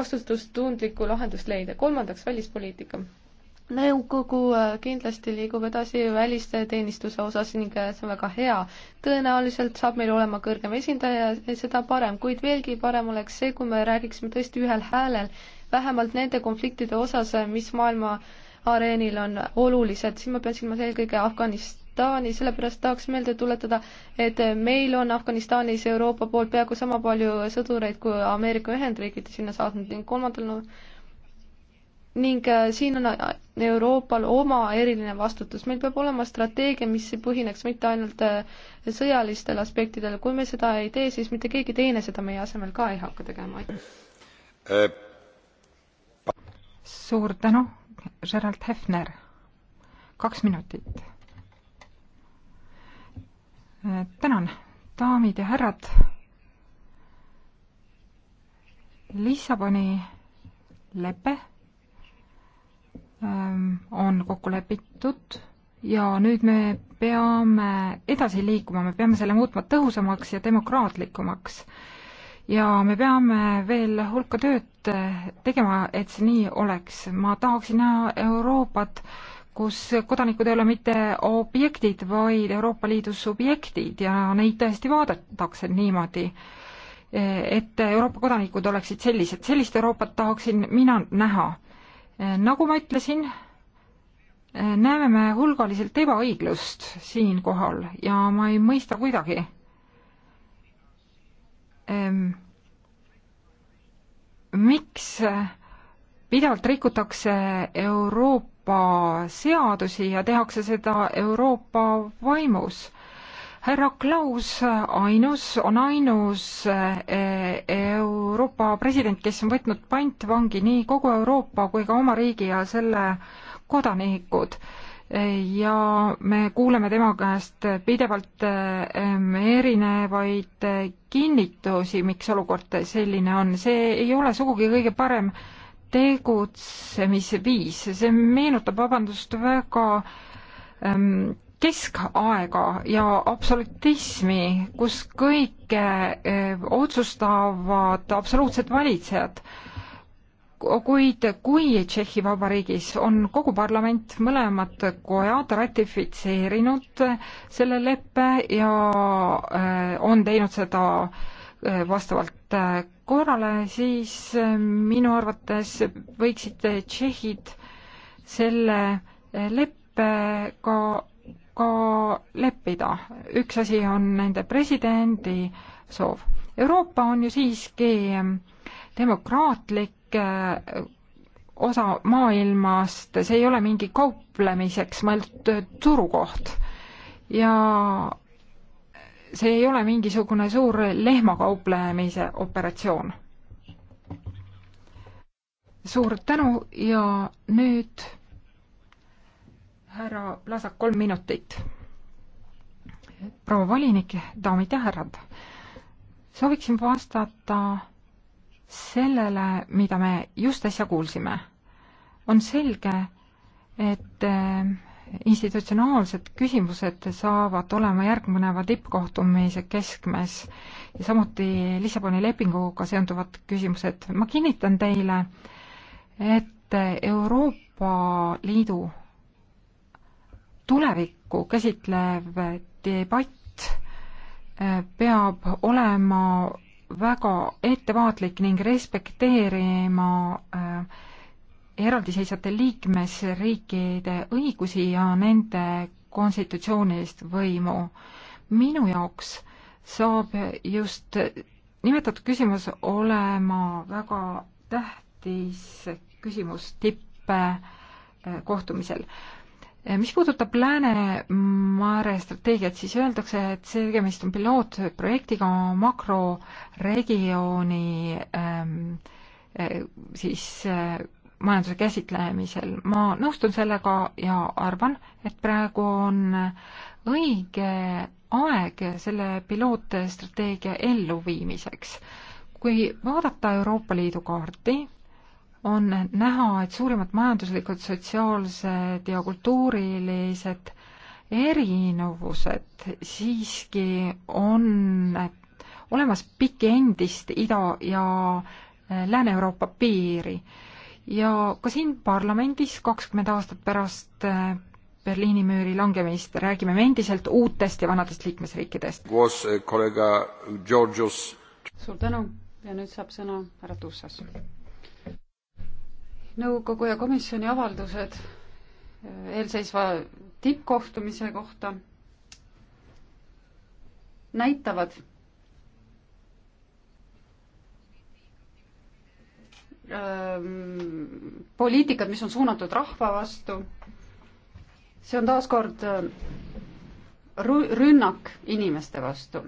vastutustundlikku lahendust leida. kolmandaks, välispoliitika nõukogu äh, kindlasti liigub edasi välisteenistuse osas ning äh, see on väga hea. tõenäoliselt saab meil olema kõrgem esindaja, seda parem, kuid veelgi parem oleks see, kui me räägiksime tõesti ühel häälel, vähemalt nende konfliktide osas, äh, mis maailma areenil on olulised, siin ma pean silmas eelkõige Afganistani, sellepärast tahaks meelde tuletada, et meil on Afganistanis Euroopa poolt peaaegu sama palju sõdureid kui Ameerika Ühendriigid sinna saatnud ning kolmandal no, ning äh, siin on äh, Euroopal oma eriline vastutus, meil peab olema strateegia, mis ei põhineks mitte ainult äh, sõjalistel aspektidel, kui me seda ei tee, siis mitte keegi teine seda meie asemel ka ei hakka tegema.
suur tänu, Gerald Hefner, kaks minutit. tänan, daamid ja härrad. Lissaboni lepe Ähm, on kokku lepitud ja nüüd me peame edasi liikuma, me peame selle muutma tõhusamaks ja demokraatlikumaks. ja me peame veel hulka tööd äh, tegema, et see nii oleks. ma tahaksin näha Euroopat, kus kodanikud ei ole mitte objektid, vaid Euroopa Liidu subjektid ja neid tõesti vaadatakse niimoodi äh, et Euroopa kodanikud oleksid sellised, sellist Euroopat tahaksin mina näha. Eh, nagu ma ütlesin, eh, näeme me hulgaliselt ebaõiglust siinkohal ja ma ei mõista kuidagi ähm,, miks pidevalt rikutakse Euroopa seadusi ja tehakse seda Euroopa vaimus härra Klaus ainus, on ainus eh, Euroopa president, kes on võtnud pantvangi nii kogu Euroopa kui ka oma riigi ja selle kodanikud. Eh, ja me kuuleme tema käest pidevalt eh, erinevaid kinnitusi, miks olukord selline on, see ei ole sugugi kõige parem tegutsemisviis, see meenutab, vabandust, väga ähm, keskaega ja absolutismi, kus kõike eh, otsustavad absoluutsed valitsejad. kuid kui Tšehhi Vabariigis on kogu parlament, mõlemad kojad ratifitseerinud selle leppe ja eh, on teinud seda eh, vastavalt korrale, siis minu arvates võiksid tšehhid selle leppega ka leppida. üks asi on nende presidendi soov. Euroopa on ju siiski demokraatlik eh, osa maailmast, see ei ole mingi kauplemiseks mõeldud turukoht. ja see ei ole mingisugune suur lehmakauplemise operatsioon. suur tänu ja nüüd härra Plasak, kolm minutit. proua volinik, daamid ja härrad, sooviksin vastata sellele, mida me just äsja kuulsime. on selge, et äh, institutsionaalsed küsimused saavad olema järgneva tippkohtumise keskmes ja samuti Lissaboni lepinguga seonduvad küsimused. ma kinnitan teile, et Euroopa Liidu tulevikku käsitlev debatt äh, peab olema väga ettevaatlik ning respekteerima äh, eraldiseisvate liikmesriikide õigusi ja nende konstitutsioonilist võimu. minu jaoks saab just nimetatud küsimus olema väga tähtis küsimus tippkohtumisel. Äh, Eh, mis puudutab Läänemere strateegiat, siis öeldakse, et see tegemist on pilootprojektiga makroregiooni ähm, siis äh, majanduse käsitlemisel. ma nõustun sellega ja arvan, et praegu on õige aeg selle pilootstrateegia elluviimiseks. kui vaadata Euroopa Liidu kaarti, on näha, et suurimad majanduslikud, sotsiaalsed ja kultuurilised erinevused siiski on olemas pikki endist Ida- ja eh, Lääne-Euroopa piiri. ja ka siin parlamendis kakskümmend aastat pärast eh, Berliini müüri langemist räägime me endiselt uutest ja vanadest liikmesriikidest.
Eh,
suur tänu ja nüüd saab sõna härra Tussas nõukogu ja komisjoni avaldused äh, eelseisva tippkohtumise kohta näitavad, ähm, poliitikad, mis on suunatud rahva vastu, see on taaskord äh, rünnak inimeste vastu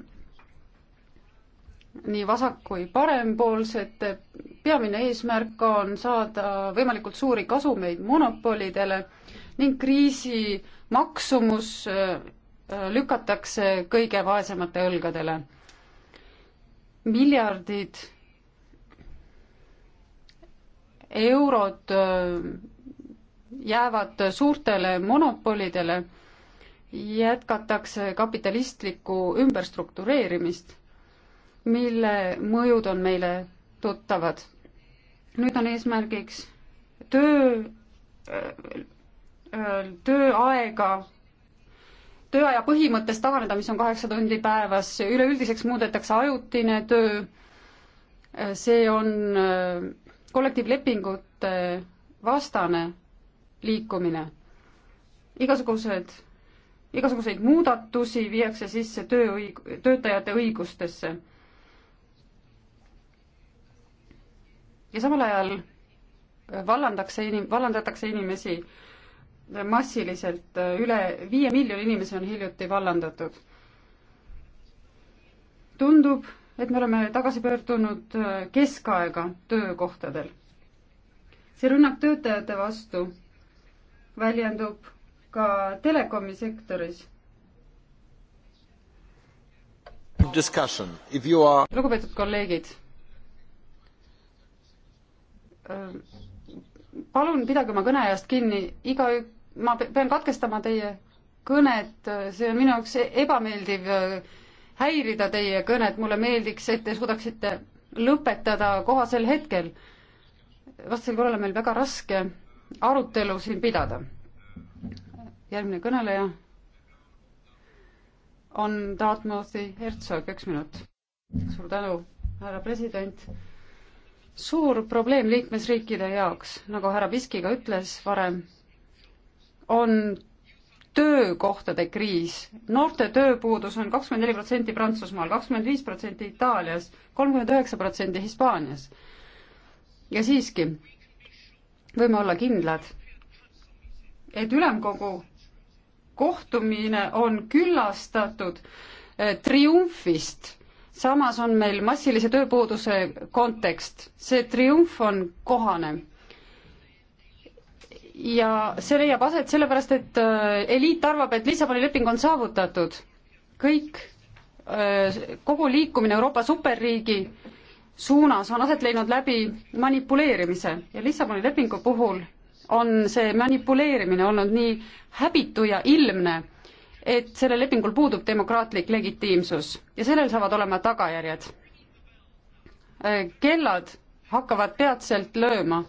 nii vasak- kui parempoolsete. peamine eesmärk on saada võimalikult suuri kasumeid monopolidele ning kriisi maksumus äh, lükatakse kõige vaesemate õlgadele. miljardid eurod äh, jäävad suurtele monopolidele, jätkatakse kapitalistlikku ümberstruktureerimist mille mõjud on meile tuttavad. nüüd on eesmärgiks töö, äh, äh, tööaega, tööaja põhimõttest taganeda, mis on kaheksa tundi päevas, üleüldiseks muudetakse ajutine töö, see on äh, kollektiivlepingute vastane liikumine. igasugused, igasuguseid muudatusi viiakse sisse tööõig-, töötajate õigustesse ja samal ajal äh, vallandakse inim-, vallandatakse inimesi äh, massiliselt, äh, üle viie miljoni inimese on hiljuti vallandatud. tundub, et me oleme tagasi pöördunud keskaega töökohtadel. see rünnak töötajate vastu väljendub ka telekomi sektoris
are....
lugupeetud kolleegid palun pidage oma kõneajast kinni, iga, ma pean katkestama teie kõnet, see on minu jaoks e-, ebameeldiv äh, häirida teie kõnet, mulle meeldiks, et te suudaksite lõpetada kohasel hetkel. vastasel korral on meil väga raske arutelu siin pidada. järgmine kõneleja on Dartmouthi Herzog, üks minut. suur tänu, härra president suur probleem liikmesriikide jaoks, nagu härra Piski ka ütles varem, on töökohtade kriis. noorte tööpuudus on kakskümmend neli protsenti Prantsusmaal, kakskümmend viis protsenti Itaalias, kolmkümmend üheksa protsenti Hispaanias. ja siiski võime olla kindlad, et ülemkogu kohtumine on küllastatud eh, triumfist samas on meil massilise tööpuuduse kontekst, see triumf on kohane. ja see leiab aset sellepärast, et äh, eliit arvab, et Lissaboni leping on saavutatud. kõik, äh, kogu liikumine Euroopa superriigi suunas on aset leidnud läbi manipuleerimise ja Lissaboni lepingu puhul on see manipuleerimine olnud nii häbitu ja ilmne et sellel lepingul puudub demokraatlik legitiimsus ja sellel saavad olema tagajärjed. kellad hakkavad peatselt lööma.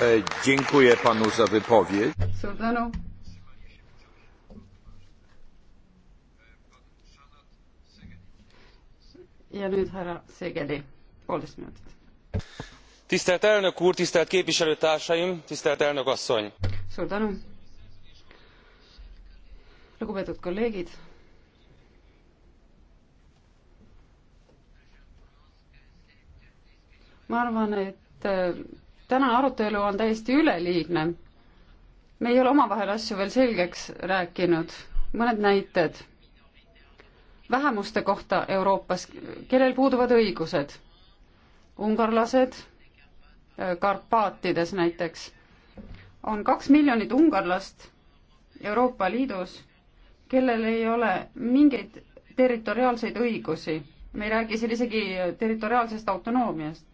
E, suur tänu. ja nüüd härra Segeli, poolteist minutit.
tisztelt elnök úr, tisztelt képviselőtársaim, tisztelt elnök asszony!
suur tänu lugupeetud kolleegid. ma arvan, et äh, tänane arutelu on täiesti üleliigne. me ei ole omavahel asju veel selgeks rääkinud. mõned näited vähemuste kohta Euroopas, kellel puuduvad õigused. ungarlased äh, Karpaatides näiteks on kaks miljonit ungarlast Euroopa Liidus kellel ei ole mingeid territoriaalseid õigusi. me ei räägi siin isegi territoriaalsest autonoomiast.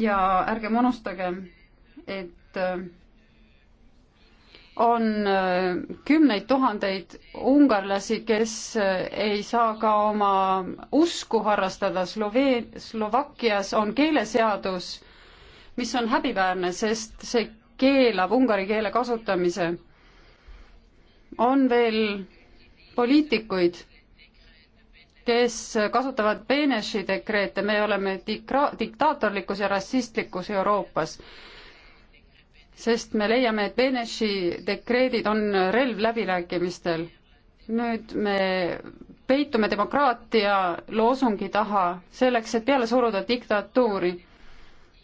ja ärgem unustagem, et äh, on äh, kümneid tuhandeid ungarlasi, kes äh, ei saa ka oma usku harrastada. Sloveen-, Slovakkias on keeleseadus, mis on häbiväärne, sest see keelab ungari keele kasutamise. on veel poliitikuid, kes kasutavad Benesi dekreete, me oleme dikra-, diktaatorlikus ja rassistlikus Euroopas. sest me leiame, et Benesi dekreedid on relv läbirääkimistel. nüüd me peitume demokraatia loosungi taha selleks, et peale suruda diktatuuri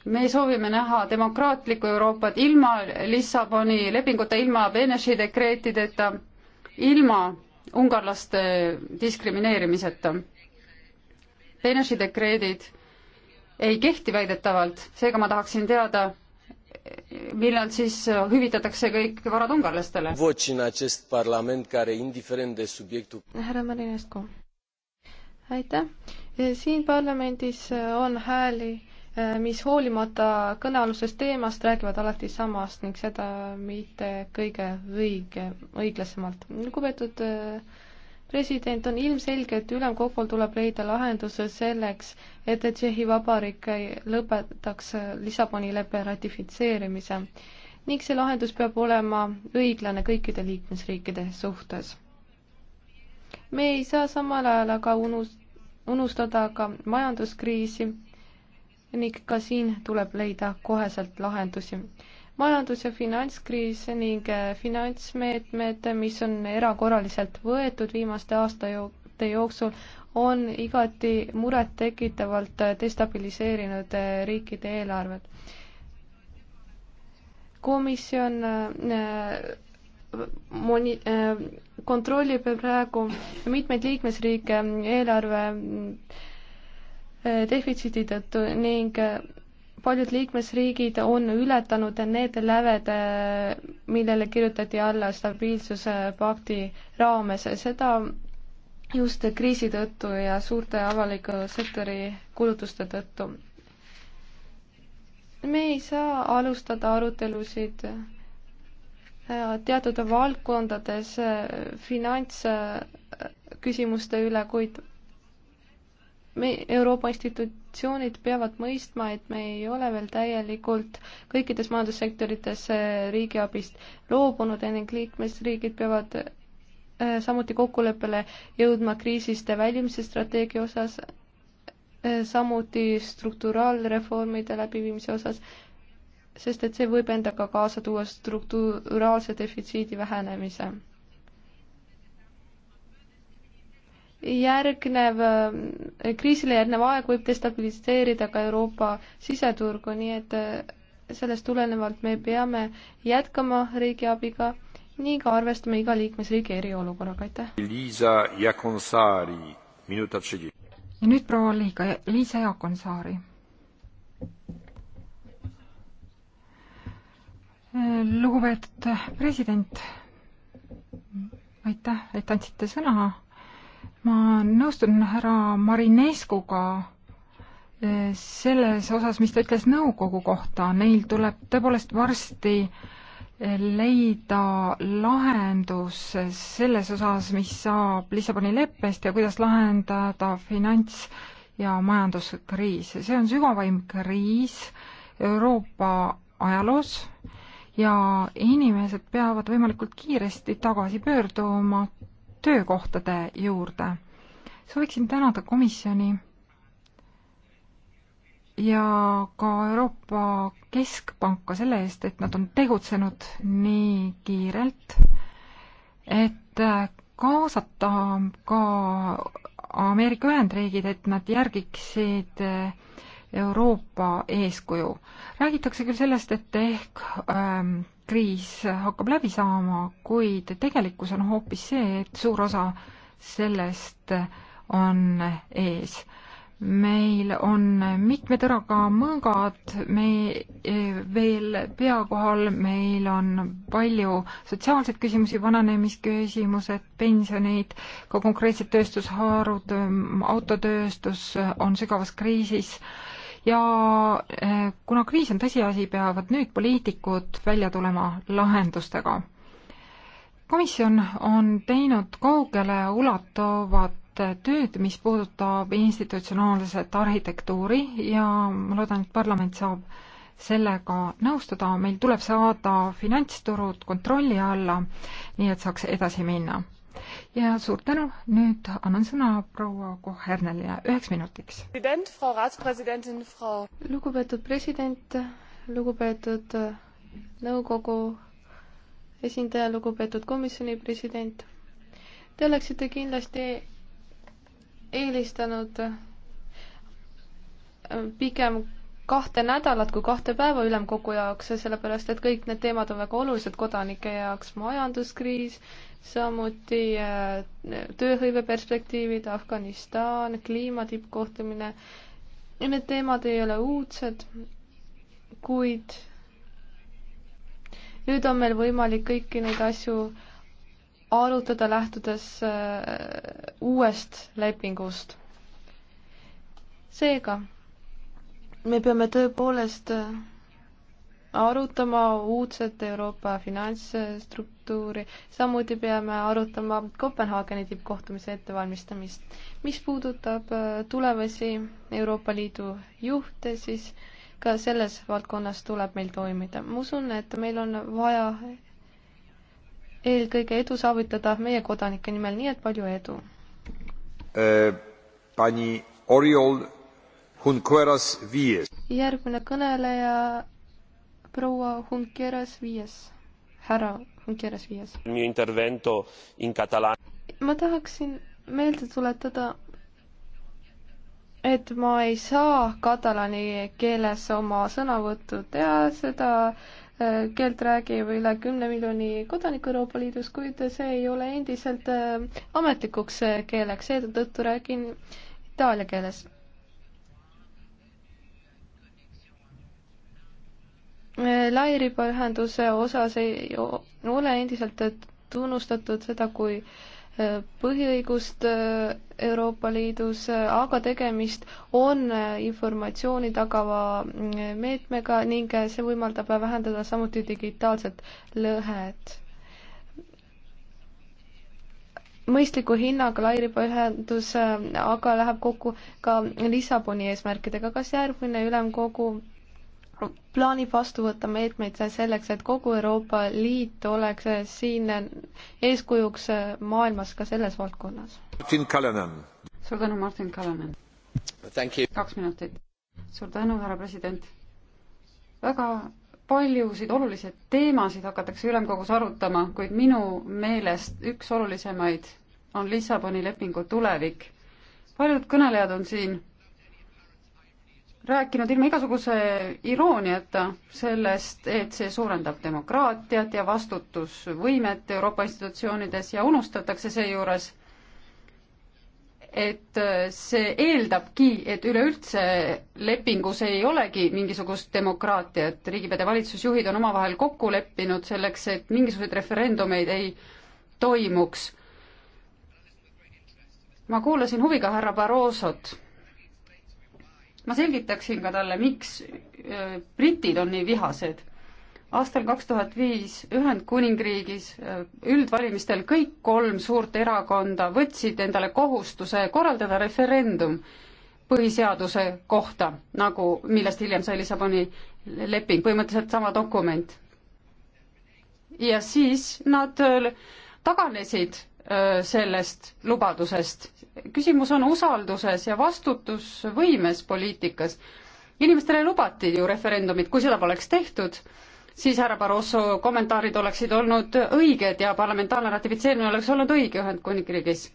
me soovime näha demokraatlikku Euroopat ilma Lissaboni lepinguta, ilma Benesi dekreetideta, ilma ungarlaste diskrimineerimiseta. Benesi dekreedid ei kehti väidetavalt, seega ma tahaksin teada, millal
siis hüvitatakse kõik varad
ungarlastele?
härra Marinescu, aitäh. siin parlamendis on hääli Äh, mis hoolimata kõnealusest teemast räägivad alati samast ning seda mitte kõige õige, õiglasemalt. lugupeetud äh, president, on ilmselge, et ülemkogul tuleb leida lahendus selleks, et Tšehhi Vabariik lõpetaks Lissaboni leppe ratifitseerimise ning see lahendus peab olema õiglane kõikide liikmesriikide suhtes. me ei saa samal ajal aga unus-, unustada ka majanduskriisi ning ka siin tuleb leida koheselt lahendusi. majandus- ja finantskriis ning äh, finantsmeetmed, mis on erakorraliselt võetud viimaste aastate jooksul, on igati murettekitavalt äh, destabiliseerinud äh, riikide eelarved. komisjon moni-, kontrollib praegu mitmeid liikmesriike eelarve mm, defitsiidi tõttu ning äh, paljud liikmesriigid on ületanud need läved, äh, millele kirjutati alla stabiilsuspakti raames, seda just kriisi tõttu ja suurte avaliku sektori kulutuste tõttu. me ei saa alustada arutelusid äh, teatud valdkondades finantsküsimuste üle, kuid me, Euroopa institutsioonid peavad mõistma, et me ei ole veel täielikult kõikides majandussektorites äh, riigiabist loobunud ja ning liikmesriigid peavad äh, samuti kokkuleppele jõudma kriisist väljumise strateegia osas, äh, samuti strukturaalreformide läbiviimise osas, sest et see võib endaga kaasa tuua strukturaalse defitsiidi vähenemise järgnev, äh, kriisile järgnev aeg võib destabiliseerida ka Euroopa siseturgu, nii et äh, sellest tulenevalt me peame jätkama riigiabiga nii ka arvestama iga liikmesriigi eriolukorraga, aitäh.
Liisa Jakonsaari, minuta tšigi.
ja nüüd proua Liiga, Liisa
Jakonsaari. lugupeetud president, aitäh, et andsite sõna ma nõustun härra Marinescuga eh, selles osas, mis ta ütles nõukogu kohta, neil tuleb tõepoolest varsti eh, leida lahendus selles osas, mis saab Lissaboni leppest ja kuidas lahendada finants- ja majanduskriis. see on sügavaim kriis Euroopa ajaloos ja inimesed peavad võimalikult kiiresti tagasi pöörduma töökohtade juurde. sooviksin tänada komisjoni ja ka Euroopa Keskpanka selle eest, et nad on tegutsenud nii kiirelt, et kaasata ka Ameerika Ühendriigid, et nad järgiksid Euroopa eeskuju. räägitakse küll sellest, et ehk ähm, kriis hakkab läbi saama, kuid tegelikkus on hoopis see, et suur osa sellest on ees. meil on mitme tõraga mõõgad, me eh, veel pea kohal, meil on palju sotsiaalseid küsimusi, vananemisküsimused, pensionid, ka konkreetsed tööstusharud, autotööstus on sügavas kriisis ja eh, kuna kriis on tõsiasi, peavad nüüd poliitikud välja tulema lahendustega. komisjon on teinud kaugele ulatuvat tööd, mis puudutab institutsionaalset arhitektuuri ja ma loodan, et parlament saab sellega nõustuda, meil tuleb saada finantsturud kontrolli alla, nii et saaks edasi minna ja suur tänu, nüüd annan sõna proua Kohernelile üheks minutiks.
lugupeetud president, lugupeetud nõukogu esindaja, lugupeetud komisjoni president, te oleksite kindlasti eelistanud äh, pigem kahte nädalat kui kahte päeva ülemkogu jaoks, sellepärast et kõik need teemad on väga olulised kodanike jaoks, majanduskriis, samuti äh, tööhõive perspektiivid, Afganistan, kliima tippkohtumine. Need teemad ei ole uudsed, kuid nüüd on meil võimalik kõiki neid asju arutada lähtudes äh, uuest lepingust. seega me peame tõepoolest äh, arutama uudset Euroopa finantsstruktuuri, samuti peame arutama Kopenhaageni tippkohtumise ettevalmistamist. mis puudutab äh, tulevasi Euroopa Liidu juhte, siis ka selles valdkonnas tuleb meil toimida. ma usun, et meil on vaja eelkõige edu saavutada meie kodanike nimel, nii et palju edu
äh,! Pani Oriol Junqueras Viies.
järgmine kõneleja proua Junqueras viies, härra Junqueras viies.
Intervento in catalan.
ma tahaksin meelde tuletada, et ma ei saa katalani keeles oma sõnavõttu teha, seda äh, keelt räägib üle kümne miljoni kodaniku Euroopa Liidus, kuid see ei ole endiselt äh, ametlikuks keeleks, seetõttu räägin itaalia keeles lairibaühenduse osas ei ole endiselt tunnustatud seda kui äh, põhiõigust äh, Euroopa Liidus, äh, aga tegemist on informatsiooni tagava meetmega ning see võimaldab vähendada samuti digitaalset lõhet. mõistliku hinnaga lairibaühendus aga läheb kokku ka Lissaboni eesmärkidega, kas järgmine ülemkogu plaanib vastu võtta meetmeid selleks, et kogu Euroopa Liit oleks siin eeskujuks maailmas ka selles valdkonnas? suur tänu, Martin Kalanen.
kaks minutit. suur tänu, härra president. väga paljusid olulisi teemasid hakatakse ülemkogus arutama, kuid minu meelest üks olulisemaid on Lissaboni lepingu tulevik. paljud kõnelejad on siin rääkinud ilma igasuguse irooniata sellest, et see suurendab demokraatiat ja vastutusvõimet Euroopa institutsioonides ja unustatakse seejuures, et see eeldabki, et üleüldse lepingus ei olegi mingisugust demokraatiat, riigipeade valitsusjuhid on omavahel kokku leppinud selleks, et mingisuguseid referendumeid ei toimuks. ma kuulasin huviga härra Barrosot ma selgitaksin ka talle, miks britid on nii vihased. aastal kaks tuhat viis Ühendkuningriigis üldvalimistel kõik kolm suurt erakonda võtsid endale kohustuse korraldada referendum põhiseaduse kohta, nagu, millest hiljem sai Lissaboni leping, põhimõtteliselt sama dokument. ja siis nad taganesid sellest lubadusest küsimus on usalduses ja vastutusvõimes poliitikas. inimestele lubati ju referendumit, kui seda poleks tehtud, siis härra Barroso kommentaarid oleksid olnud õiged ja parlamentaarne ratifitseerimine oleks olnud õige Ühendkuningriigis.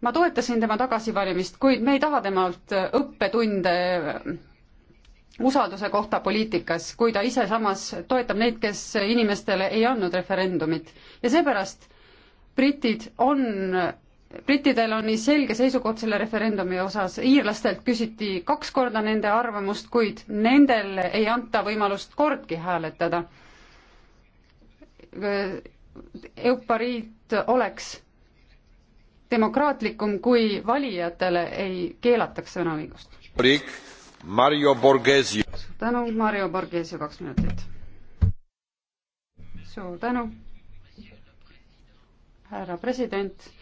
ma toetasin tema tagasivalimist, kuid me ei taha temalt õppetunde usalduse kohta poliitikas, kui ta ise samas toetab neid, kes inimestele ei andnud referendumit ja seepärast britid on brittidel on nii selge seisukoht selle referendumi osas, iirlastelt küsiti kaks korda nende arvamust, kuid nendel ei anta võimalust kordki hääletada. Eupariit oleks demokraatlikum, kui valijatele ei keelataks sõnaõigust.
Mario Borghesi. suur
tänu, Mario Borghesi, kaks minutit. suur tänu, härra president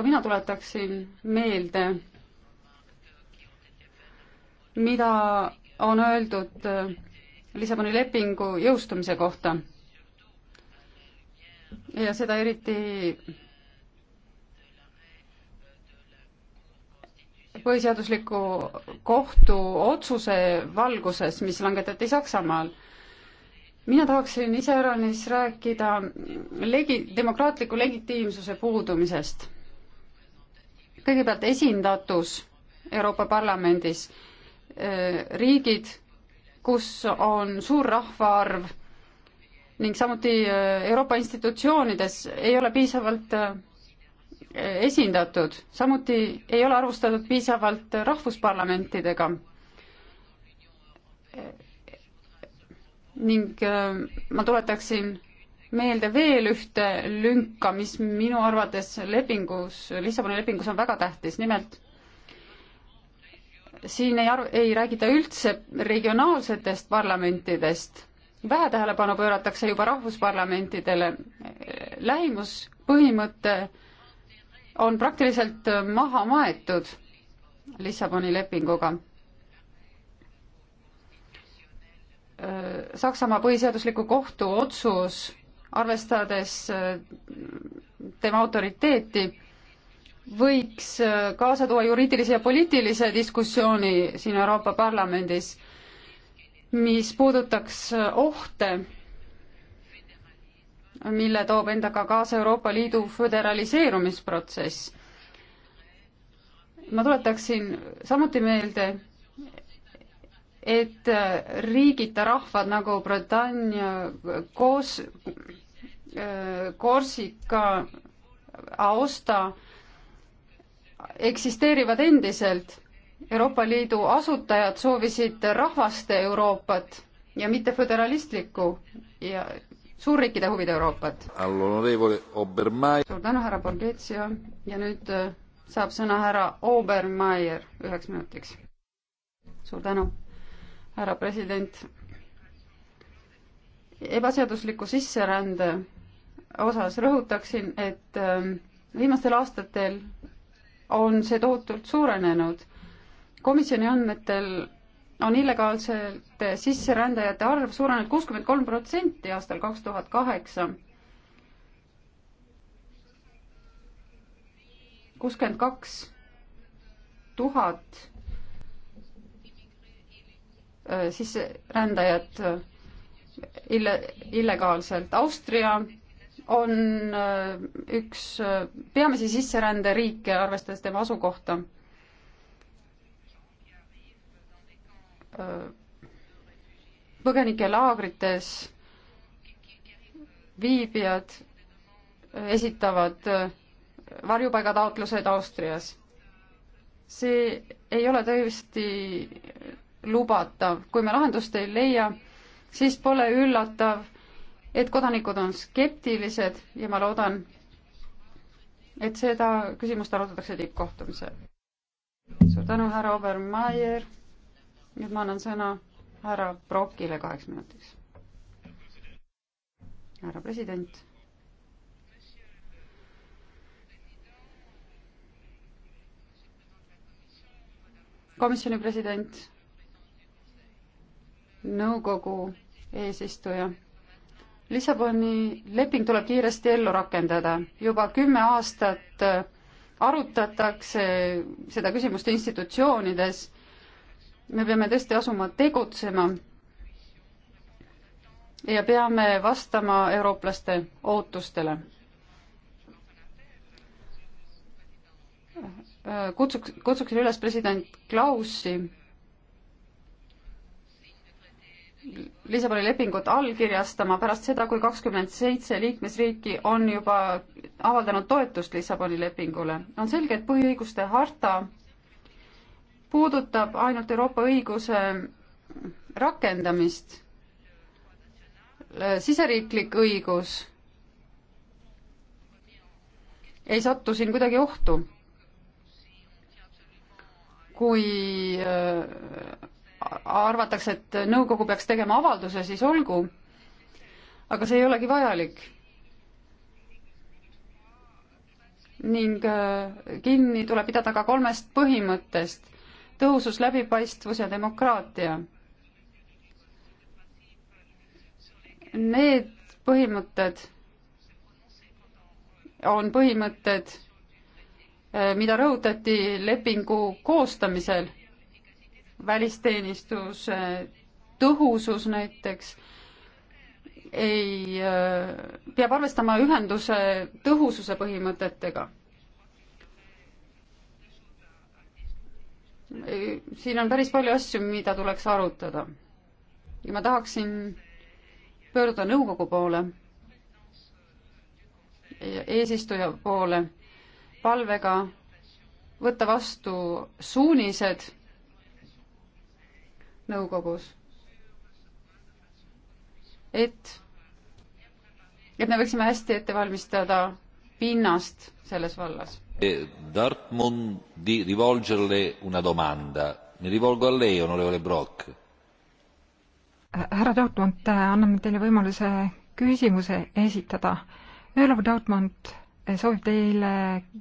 ka mina tuletaksin meelde, mida on öeldud äh, Lissaboni lepingu jõustumise kohta. ja seda eriti põhiseadusliku kohtu otsuse valguses, mis langetati Saksamaal. mina tahaksin iseäranis rääkida legi-, demokraatliku legitiimsuse puudumisest kõigepealt esindatus Euroopa Parlamendis, äh, riigid, kus on suur rahvaarv ning samuti äh, Euroopa institutsioonides ei ole piisavalt äh, esindatud, samuti ei ole arvustatud piisavalt rahvusparlamentidega. ning ma tuletaksin meelde veel ühte lünka, mis minu arvates lepingus, Lissaboni lepingus on väga tähtis, nimelt siin ei arv-, ei räägita üldse regionaalsetest parlamentidest, vähe tähelepanu pööratakse juba rahvusparlamentidele, lähimuspõhimõte on praktiliselt maha maetud Lissaboni lepinguga. Saksamaa põhiseadusliku kohtu otsus arvestades äh, tema autoriteeti, võiks äh, kaasa tuua juriidilise ja poliitilise diskussiooni siin Euroopa Parlamendis, mis puudutaks äh, ohte, mille toob endaga kaasa Euroopa Liidu föderaliseerumisprotsess. ma tuletaksin samuti meelde, et riigita rahvad nagu Britannia koos, Korsika, Aosta eksisteerivad endiselt. Euroopa Liidu asutajad soovisid rahvaste Euroopat ja mitte föderalistlikku ja suurriikide huvide Euroopat. suur tänu, härra Borghezio ja nüüd äh, saab sõna härra Obermeier üheks minutiks. suur tänu härra president. ebaseadusliku sisserände osas rõhutaksin, et ähm, viimastel aastatel on see tohutult suurenenud. komisjoni andmetel on illegaalsete sisserändajate arv suurenenud kuuskümmend kolm protsenti aastal kaks tuhat kaheksa. kuuskümmend kaks tuhat Äh, sisserändajat äh, ille, illegaalselt. Austria on äh, üks peamisi sisseränderiike, arvestades tema asukohta. põgenikelaagrites viibijad esitavad varjupaigataotlused Austrias. see ei ole tõesti lubatav. kui me lahendust ei leia, siis pole üllatav, et kodanikud on skeptilised ja ma loodan, et seda küsimust arutatakse tippkohtumisel. suur tänu, härra Obermeier. nüüd ma annan sõna härra Brokile kaheks minutiks. härra president. komisjoni president nõukogu eesistuja. Lissaboni leping tuleb kiiresti ellu rakendada. juba kümme aastat äh, arutatakse seda küsimust institutsioonides. me peame tõesti asuma tegutsema ja peame vastama eurooplaste ootustele. Äh, kutsuks, kutsuksin üles president Klausi Lissaboni lepingut allkirjastama pärast seda, kui kakskümmend seitse liikmesriiki on juba avaldanud toetust Lissaboni lepingule. on selge, et põhiõiguste harta puudutab ainult Euroopa õiguse rakendamist, siseriiklik õigus ei sattu siin kuidagi ohtu, kui äh, arvatakse, et nõukogu peaks tegema avalduse, siis olgu. aga see ei olegi vajalik. ning äh, kinni tuleb pidada ka kolmest põhimõttest. tõhusus, läbipaistvus ja demokraatia. Need põhimõtted on põhimõtted, äh, mida rõhutati lepingu koostamisel välisteenistuse tõhusus näiteks ei, äh, peab arvestama ühenduse tõhususe põhimõtetega. siin on päris palju asju, mida tuleks arutada. ja ma tahaksin pöörduda nõukogu poole, eesistuja poole, palvega võtta vastu suunised nõukogus, et, et me võiksime hästi ette valmistada pinnast selles vallas.
E Dartmund di rivolgerle una domanda. Mi rivolgo a lei, onorevole Brock.
härra Dartmund, anname teile võimaluse küsimuse esitada. Olav Dartmund soovib teile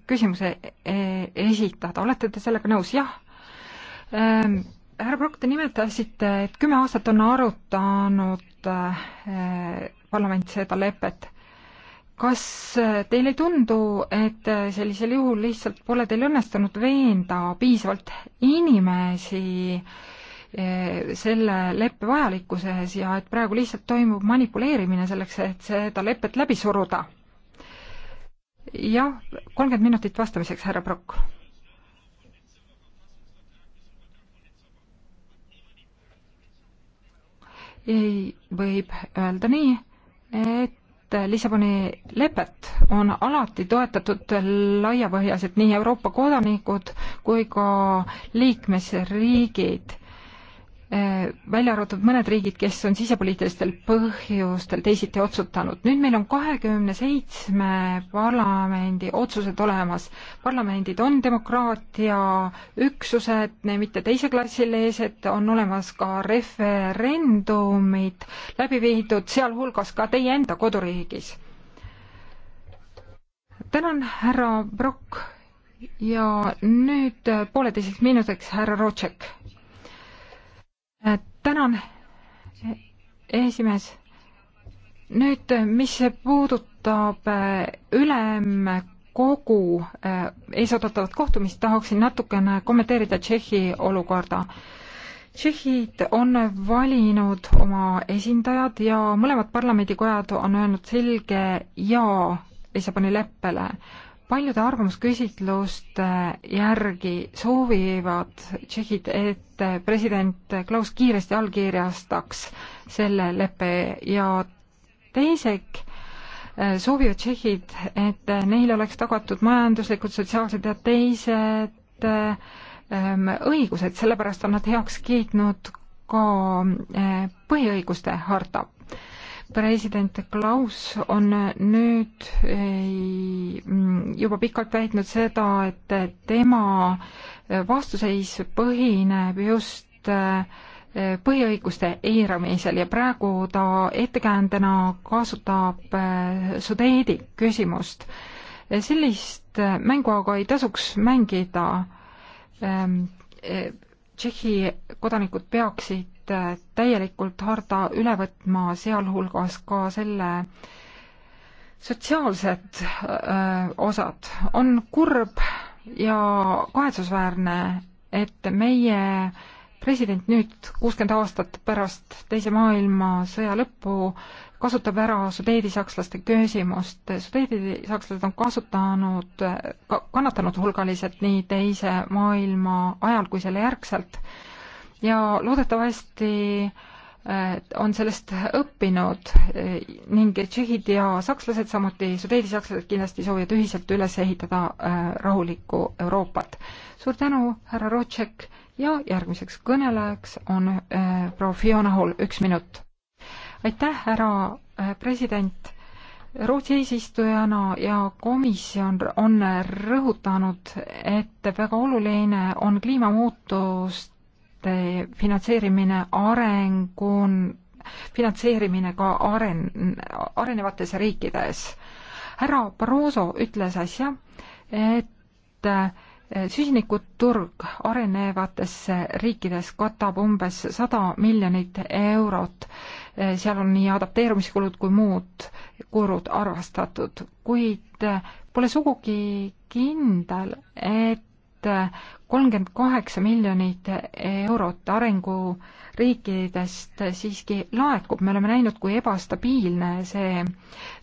küsimuse e-, esitada, olete te sellega nõus? jah ähm,? härra Prokk, te nimetasite, et kümme aastat on arutanud eh, parlament seda lepet. kas eh, teile ei tundu, et eh, sellisel juhul lihtsalt pole teil õnnestunud veenda piisavalt inimesi selle leppe vajalikkuses ja et praegu lihtsalt toimub manipuleerimine selleks, et seda lepet läbi suruda? jah, kolmkümmend minutit vastamiseks, härra Prokk ei, võib öelda nii, et Lissaboni lepet on alati toetatud laiapõhjaselt nii Euroopa kodanikud kui ka liikmesriigid Äh, välja arvatud mõned riigid, kes on sisepoliitilistel põhjustel teisiti otsutanud. nüüd meil on kahekümne seitsme parlamendi otsused olemas. parlamendid on demokraatia üksused, mitte teiseklassilised, on olemas ka referendumid läbi viidud, sealhulgas ka teie enda koduriigis. tänan, härra Brock ja nüüd pooleteiseks minutiks härra Rootsek Äh, tänan, eh, esimees. nüüd, mis puudutab eh, ülemkogu eh, ees oodatavat kohtumist, tahaksin natukene kommenteerida Tšehhi olukorda. Tšehhid on valinud oma esindajad ja mõlemad parlamendikojad on öelnud selge jaa Lissaboni leppele paljude arvamusküsitluste järgi soovivad tšehhid, et president Klaus kiiresti allkirjastaks selle leppe ja teiseks äh, soovivad tšehhid, et neile oleks tagatud majanduslikud, sotsiaalsed ja teised ähm, õigused, sellepärast on nad heaks kiitnud ka äh, põhiõiguste harta president Klaus on nüüd eh, juba pikalt väitnud seda, et tema vastuseis põhineb just eh, põhiõiguste eiramisel ja praegu ta ettekäändena kasutab eh, Sudeedi küsimust. sellist mängu aga ei tasuks mängida. Ehm, Tšehhi kodanikud peaksid täielikult harta üle võtma, sealhulgas ka selle sotsiaalsed öö, osad. on kurb ja kahetsusväärne, et meie president nüüd, kuuskümmend aastat pärast Teise maailmasõja lõppu, kasutab ära sudeedisakslaste küsimust. sudeedisakslased on kasutanud ka,, kannatanud hulgaliselt nii Teise maailma ajal kui selle järgselt ja loodetavasti äh, on sellest õppinud äh, ning tšehhid ja sakslased, samuti sudeedisakslased kindlasti soovivad ühiselt üles ehitada äh, rahulikku Euroopat. suur tänu, härra Rotšek ja järgmiseks kõnelejaks on proua Fiona Hall, üks minut. aitäh, härra president Rootsi eesistujana ja komisjon on rõhutanud, et väga oluline on kliimamuutust finantseerimine arengu, finantseerimine ka aren-, arenevates riikides. härra Barroso ütles äsja, et eh, süsinikuturg arenevates riikides katab umbes sada miljonit eurot. Eh, seal on nii adapteerumiskulud kui muud kulud arvestatud, kuid eh, pole sugugi kindel, et kolmkümmend kaheksa miljonit eurot arenguriikidest siiski laekub, me oleme näinud, kui ebastabiilne see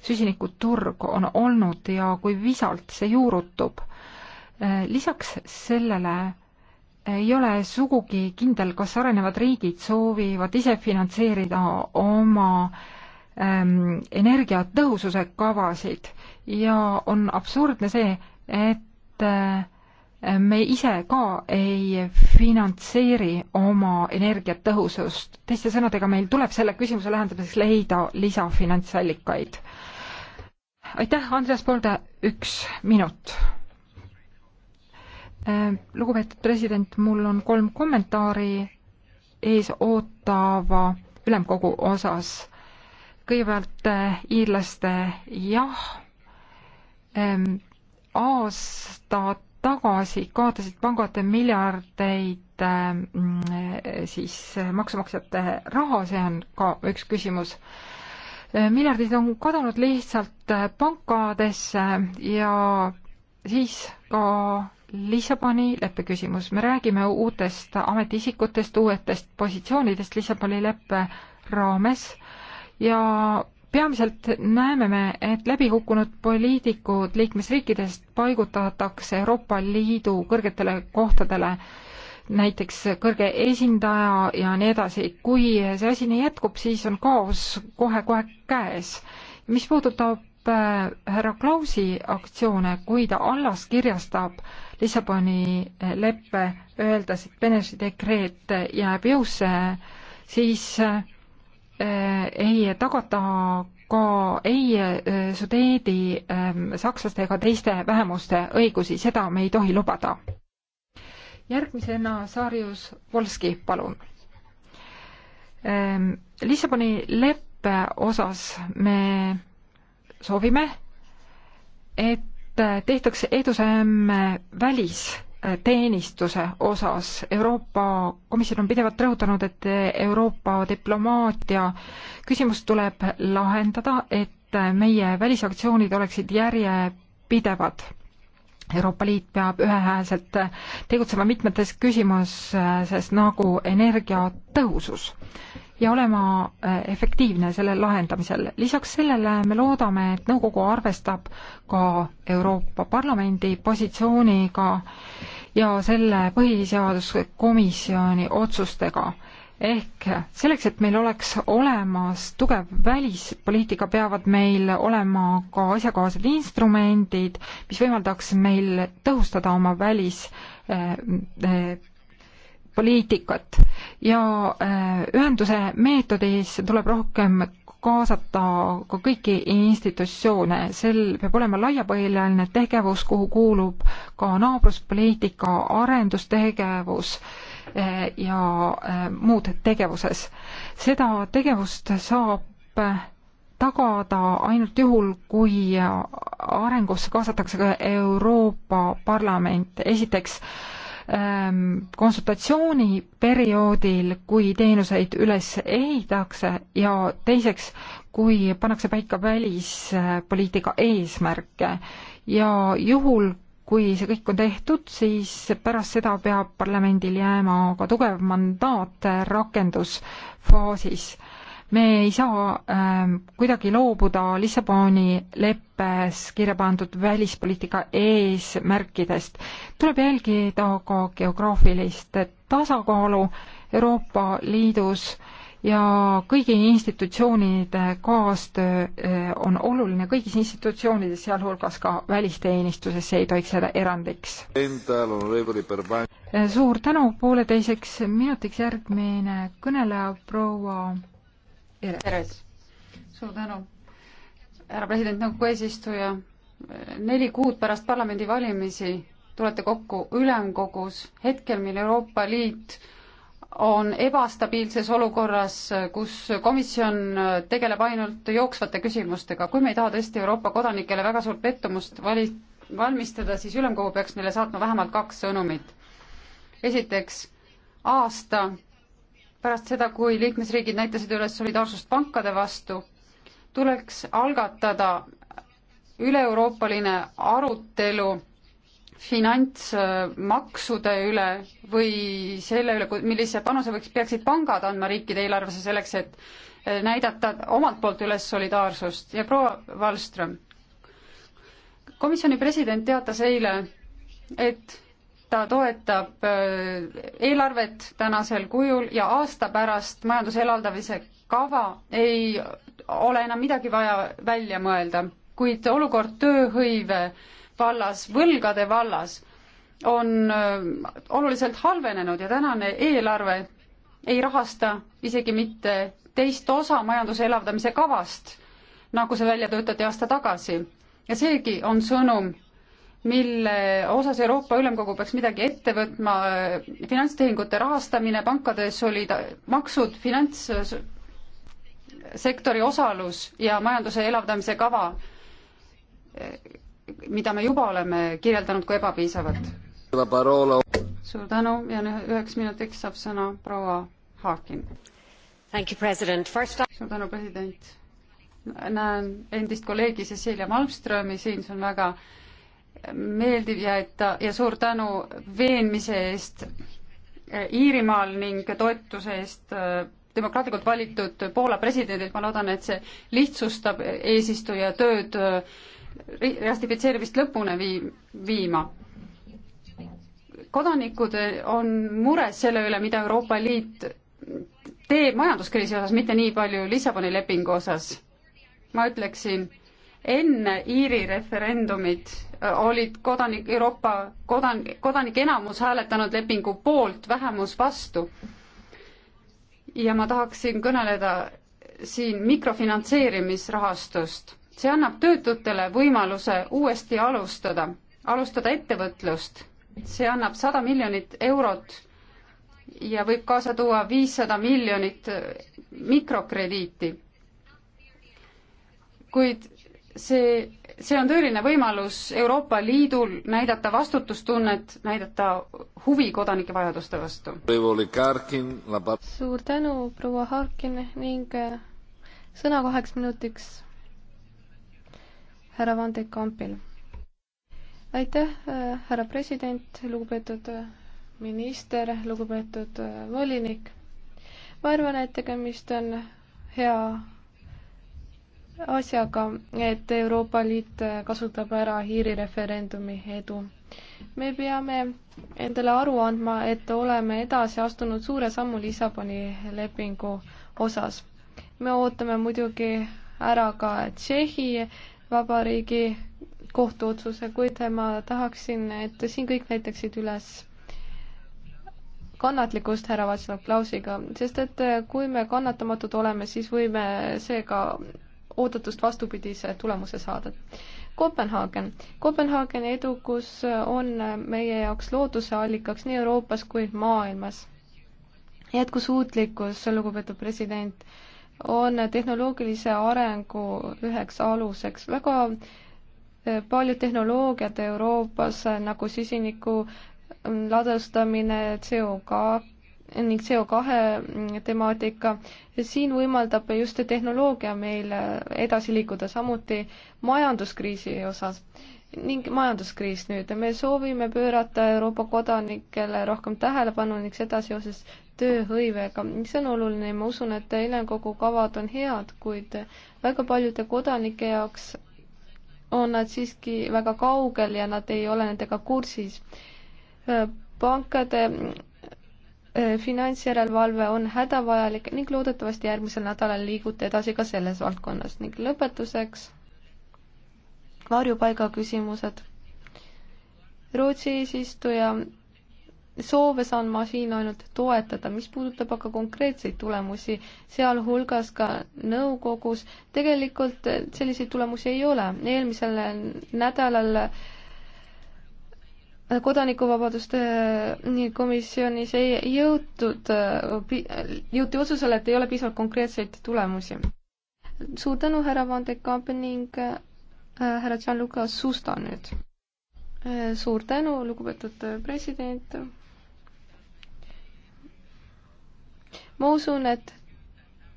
süsinikuturg on olnud ja kui visalt see juurutub. lisaks sellele ei ole sugugi kindel, kas arenevad riigid soovivad ise finantseerida oma ähm, energiatõhususe kavasid ja on absurdne see, et äh, me ise ka ei finantseeri oma energiatõhusust. teiste sõnadega, meil tuleb selle küsimuse lahendamiseks leida lisafinantsallikaid. aitäh, Andreas Polde, üks minut. Äh, lugupeetud president, mul on kolm kommentaari ees ootava ülemkogu osas. kõigepealt äh, iirlaste jah, äh, aastat tagasi kaotasid pangad miljardeid äh, mm, siis äh, maksumaksjate raha, see on ka üks küsimus. Äh, miljardid on kadunud lihtsalt pankadesse ja siis ka Lissaboni leppe küsimus, me räägime uutest ametiisikutest, uutest positsioonidest Lissaboni leppe raames ja peamiselt näeme me, et läbikukkunud poliitikud liikmesriikidest paigutatakse Euroopa Liidu kõrgetele kohtadele, näiteks kõrge esindaja ja nii edasi. kui see asi nii jätkub, siis on kaos kohe-kohe käes. mis puudutab äh, härra Klausi aktsioone, kui ta allas kirjastab Lissaboni äh, leppe, öeldes, et Benesi dekreet äh, jääb jõusse, siis äh, Äh, ei tagata ka ei äh, sudeedi ähm, sakslaste ega teiste vähemuste õigusi, seda me ei tohi lubada. järgmisena Saarjus Volski, palun. Ähm, Lissaboni leppe osas me soovime, et tehtakse edusamme välis teenistuse osas. Euroopa Komisjon on pidevalt rõhutanud, et Euroopa diplomaatia küsimus tuleb lahendada, et meie välisaktsioonid oleksid järjepidevad. Euroopa Liit peab ühehäälselt tegutsema mitmetes küsimuses, nagu energiatõhusus ja olema äh, efektiivne selle lahendamisel. lisaks sellele me loodame, et nõukogu arvestab ka Euroopa Parlamendi positsiooniga ja selle põhiseaduskomisjoni otsustega. ehk selleks, et meil oleks olemas tugev välispoliitika, peavad meil olema ka asjakohased instrumendid, mis võimaldaks meil tõhustada oma välis eh, eh, poliitikat ja äh, ühenduse meetodis tuleb rohkem kaasata ka kõiki institutsioone, sel peab olema laiapõhjaline tegevus, kuhu kuulub ka naabruspoliitika, arendustegevus äh, ja äh, muud tegevuses. seda tegevust saab tagada ainult juhul, kui arengusse kaasatakse ka Euroopa Parlament. esiteks äh, Ähm, konsultatsiooniperioodil, kui teenuseid üles ehitakse ja teiseks, kui pannakse paika välispoliitika eesmärke ja juhul, kui see kõik on tehtud, siis pärast seda peab parlamendil jääma ka tugev mandaat rakendusfaasis me ei saa äh, kuidagi loobuda Lissaboni leppes kirja pandud välispoliitika eesmärkidest. tuleb jälgida ka geograafilist tasakaalu Euroopa Liidus ja kõigi institutsioonide kaastöö äh, on oluline kõigis institutsioonides, sealhulgas ka välisteenistuses, see ei tohiks jääda erandiks. suur tänu, pooleteiseks minutiks järgmine
kõneleja, proua Peres. suur tänu. härra president, nõukogu eesistuja, neli kuud pärast parlamendivalimisi tulete kokku ülemkogus hetkel, mil Euroopa Liit on ebastabiilses olukorras, kus komisjon tegeleb ainult jooksvate küsimustega. kui me ei taha tõesti Euroopa kodanikele väga suurt pettumust vali-, valmistada, siis ülemkogu peaks neile saatma vähemalt kaks sõnumit. esiteks, aasta pärast seda, kui liikmesriigid näitasid üles solidaarsust pankade vastu, tuleks algatada üle-euroopaline arutelu finantsmaksude üle või selle üle, millise panuse võiks, peaksid pangad andma riikide eelarvesse selleks, et eh, näidata omalt poolt üles solidaarsust ja proua Wallström, komisjoni president teatas eile, et ta toetab äh, eelarvet tänasel kujul ja aasta pärast majanduse elavdamise kava ei ole enam midagi vaja välja mõelda, kuid olukord tööhõive vallas, võlgade vallas on äh, oluliselt halvenenud ja tänane eelarve ei rahasta isegi mitte teist osa majanduse elavdamise kavast, nagu see välja töötati aasta tagasi. ja seegi on sõnum mille osas Euroopa Ülemkogu peaks midagi ette võtma, finantstehingute rahastamine, pankade solida-, maksud, finantssektori osalus ja majanduse elavdamise kava, mida me juba oleme kirjeldanud kui ebapiisavat. suur tänu ja üheks minutiks saab sõna proua Harkin. First... suur tänu, president. näen endist kolleegi Cecilia Malmströmi siin, see on väga meeldiv ja et ta ja suur tänu veenmise eest äh, Iirimaal ning toetuse eest äh, demokraatlikult valitud Poola presidendilt, ma loodan, et see lihtsustab eesistuja tööd äh, rastifitseerimist lõpuni vii-, viima. kodanikud on mures selle üle, mida Euroopa Liit teeb majanduskriisi osas, mitte nii palju Lissaboni lepingu osas. ma ütleksin enne Iiri referendumit äh, olid kodanik, Euroopa kodan-, kodanik enamus hääletanud lepingu poolt, vähemus vastu. ja ma tahaksin kõneleda siin mikrofinantseerimisrahastust. see annab töötutele võimaluse uuesti alustada, alustada ettevõtlust. see annab sada miljonit eurot ja võib kaasa tuua viissada miljonit äh, mikrokrediiti. kuid see, see on tõeline võimalus Euroopa Liidul näidata vastutustunnet, näidata huvi kodanike vajaduste vastu.
suur tänu, proua Harkin ning äh, sõna kaheks minutiks härra Van de Kampil. aitäh, äh, härra president, lugupeetud äh, minister, lugupeetud volinik. ma arvan, et tegemist on hea asjaga, et Euroopa Liit kasutab ära Iiri referendumi edu. me peame endale aru andma, et oleme edasi astunud suure sammu Lissaboni lepingu osas. me ootame muidugi ära ka Tšehhi Vabariigi kohtuotsuse, kuid ma tahaksin, et siin kõik näitaksid üles kannatlikkust härra Václav Klausiga, sest et kui me kannatamatud oleme, siis võime seega oodatust vastupidise tulemuse saada. Kopenhaagen. Kopenhaageni edukus on meie jaoks lootuse allikaks nii Euroopas kui maailmas. jätkusuutlikkus, lugupeetud president, on tehnoloogilise arengu üheks aluseks. väga e, paljud tehnoloogiad Euroopas, nagu süsiniku ladustamine, CO2 ning CO2 temaatika. siin võimaldab just tehnoloogia meil edasi liikuda, samuti majanduskriisi osas. ning majanduskriis nüüd, me soovime pöörata Euroopa kodanikele rohkem tähelepanu ning seda seoses tööhõivega, mis on oluline ja ma usun, et ülemkogu kavad on head, kuid väga paljude kodanike jaoks on nad siiski väga kaugel ja nad ei ole nendega kursis. pankade Äh, finantsjärelevalve on hädavajalik ning loodetavasti järgmisel nädalal liigute edasi ka selles valdkonnas ning lõpetuseks varjupaiga küsimused. Rootsi eesistuja soove saan ma siin ainult toetada, mis puudutab aga konkreetseid tulemusi, sealhulgas ka nõukogus, tegelikult selliseid tulemusi ei ole. eelmisel nädalal äh, kodanikuvabaduste eh, komisjonis ei jõutud, eh, jõuti otsusele, et ei ole piisavalt konkreetseid tulemusi. suur tänu, härra Van de Kamp ning eh, härra Gianluca Susta nüüd. suur tänu, lugupeetud president. ma usun, et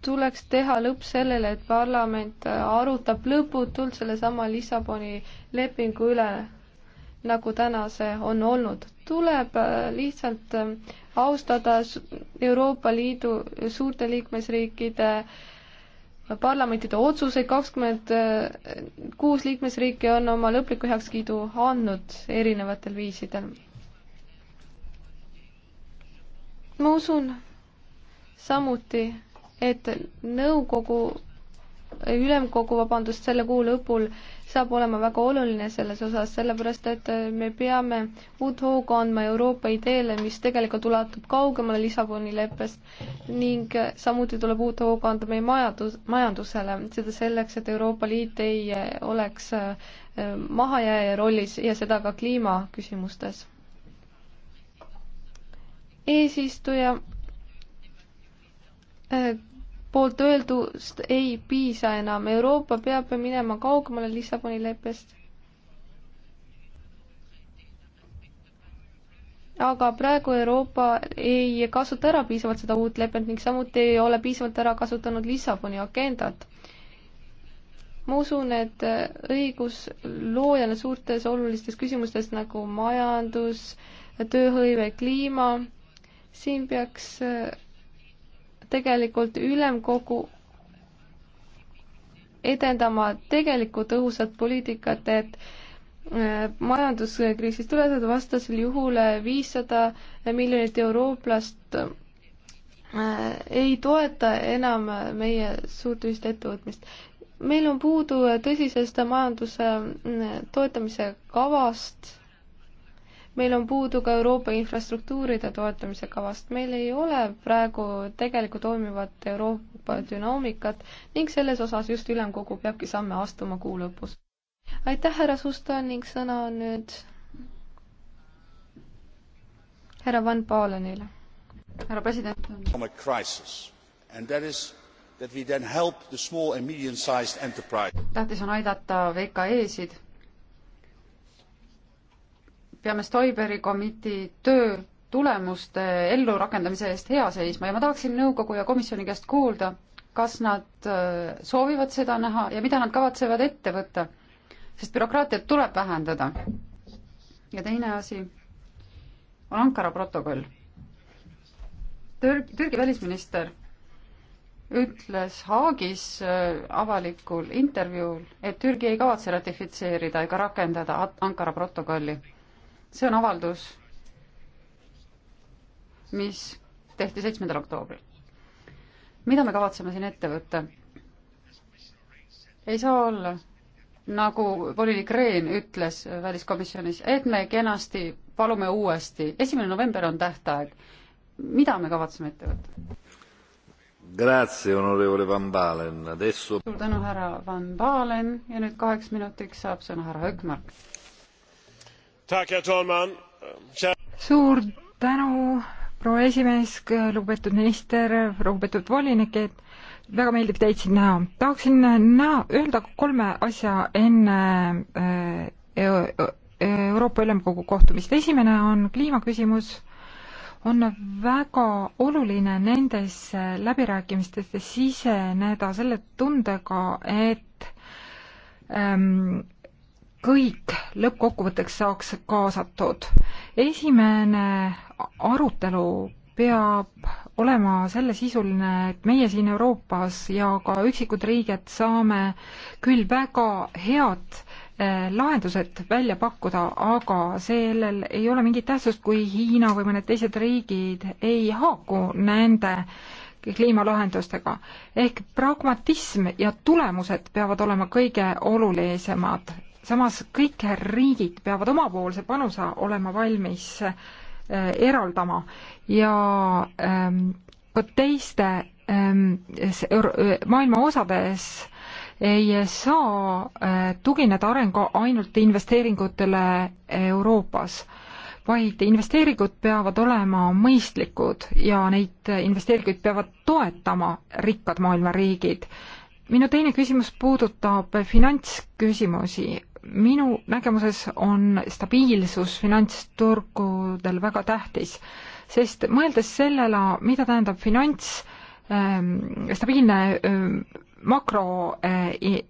tuleks teha lõpp sellele, et parlament arutab lõputult sellesama Lissaboni lepingu üle nagu täna see on olnud. tuleb äh, lihtsalt äh, austada Euroopa Liidu suurte liikmesriikide äh, parlamentide otsuseid, kakskümmend kuus liikmesriiki on oma lõpliku heakskiidu andnud erinevatel viisidel. ma usun samuti, et nõukogu, ülemkogu, vabandust, selle kuu lõpul saab olema väga oluline selles osas, sellepärast et äh, me peame uut hoogu andma Euroopa ideele, mis tegelikult ulatub kaugemale Lissaboni leppest ning äh, samuti tuleb uut hoogu anda meie majandus, majandusele, seda selleks, et Euroopa Liit ei äh, oleks mahajääja rollis ja seda ka kliimaküsimustes eesistuja poolt öeldust ei piisa enam, Euroopa peab minema kaugemale Lissaboni leppest. aga praegu Euroopa ei kasuta ära piisavalt seda uut lepet ning samuti ei ole piisavalt ära kasutanud Lissaboni agendat. ma usun, et õigusloojana suurtes olulistes küsimustes nagu majandus, tööhõive, kliima, siin peaks tegelikult ülemkogu edendama tegelikku tõhusat poliitikat, et äh, majanduskriisist üle saada, vastasel juhul viissada miljonit eurooplast äh, ei toeta enam meie suurt ühist ettevõtmist. meil on puudu tõsisest majanduse äh, toetamise kavast meil on puudu ka Euroopa infrastruktuuride toetamise kavast, meil ei ole praegu tegelikult toimivat Euroopa dünaamikat ning selles osas just ülemkogu peabki samme astuma kuu lõpus. aitäh, härra Susta ning sõna on nüüd härra Van Palenile.
härra president. tähtis on aidata VKE-sid peame Stoiberi komitee töö tulemuste ellurakendamise eest hea seisma ja ma tahaksin nõukogu ja komisjoni käest kuulda, kas nad äh, soovivad seda näha ja mida nad kavatsevad ette võtta, sest bürokraatiat tuleb vähendada. ja teine asi on Ankara protokoll. Türgi, Türgi välisminister ütles Haagis äh, avalikul intervjuul, et Türgi ei kavatse ratifitseerida ega rakendada Ankara protokolli see on avaldus, mis tehti seitsmendal oktoobril. mida me kavatseme siin ette võtta? ei saa olla, nagu volinik Rehn ütles väliskomisjonis, et me kenasti palume uuesti, esimene november on tähtaeg. mida me kavatseme ette võtta?
Grazie, onorevole Van Balen, adesso. suur
tänu, härra Van Balen ja nüüd kaheks minutiks saab sõna härra Hökmark suur tänu, proua esimees, lugupeetud minister, lugupeetud
volinik, et väga meeldib teid siin näha. tahaksin näha, öelda kolme asja enne äh, Euroopa Ülemkogu kohtumist. esimene on kliimaküsimus, on väga oluline nendes läbirääkimistes siseneda selle tundega, et ähm, kõik lõppkokkuvõtteks saaks kaasatud. esimene arutelu peab olema sellesisuline, et meie siin Euroopas ja ka üksikud riigid saame küll väga head eh, lahendused välja pakkuda, aga sellel ei ole mingit tähtsust, kui Hiina või mõned teised riigid ei haaku nende kliimalahendustega. ehk pragmatism ja tulemused peavad olema kõige olulisemad samas kõik riigid peavad omapoolse panuse olema valmis äh, eraldama ja ka ähm, teiste ähm, äh, maailma osades ei saa äh, tugineda areng ainult investeeringutele Euroopas, vaid investeeringud peavad olema mõistlikud ja neid investeeringuid peavad toetama rikkad maailma riigid. minu teine küsimus puudutab finantsküsimusi minu nägemuses on stabiilsus finantsturgudel väga tähtis, sest mõeldes sellele, mida tähendab finants ähm,, stabiilne ähm, makro äh,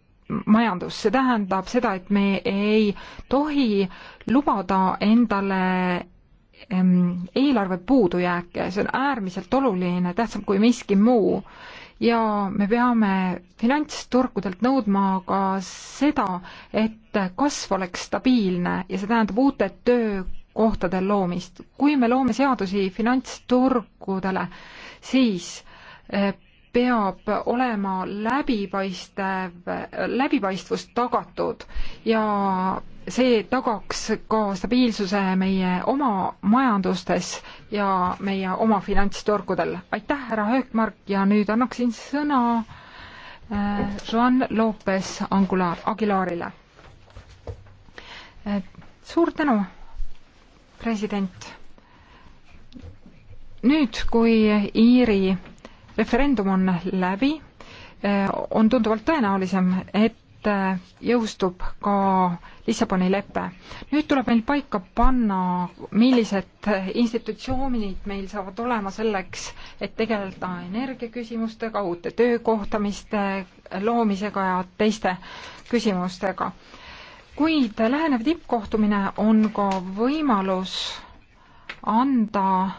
majandus, see tähendab seda, et me ei tohi lubada endale ähm, eelarve puudujääke, see on äärmiselt oluline, tähtsam kui miski muu ja me peame finantsturgudelt nõudma ka seda, et kasv oleks stabiilne ja see tähendab uute töökohtade loomist. kui me loome seadusi finantsturgudele, siis eh, peab olema läbipaistev, läbipaistvus tagatud ja see tagaks ka stabiilsuse meie oma majandustes ja meie oma finantsturgudel. aitäh, härra Höökmark ja nüüd annaksin sõna äh, Juan Lopez Angular, Aguilarile. Äh, suur tänu, president. nüüd, kui Iiri referendum on läbi, äh, on tunduvalt tõenäolisem, et jõustub ka Lissaboni lepe. nüüd tuleb meil paika panna, millised institutsioonid meil saavad olema selleks, et tegeleda energiaküsimustega, uute töökohtamiste loomisega ja teiste küsimustega. kuid lähenev tippkohtumine on ka võimalus anda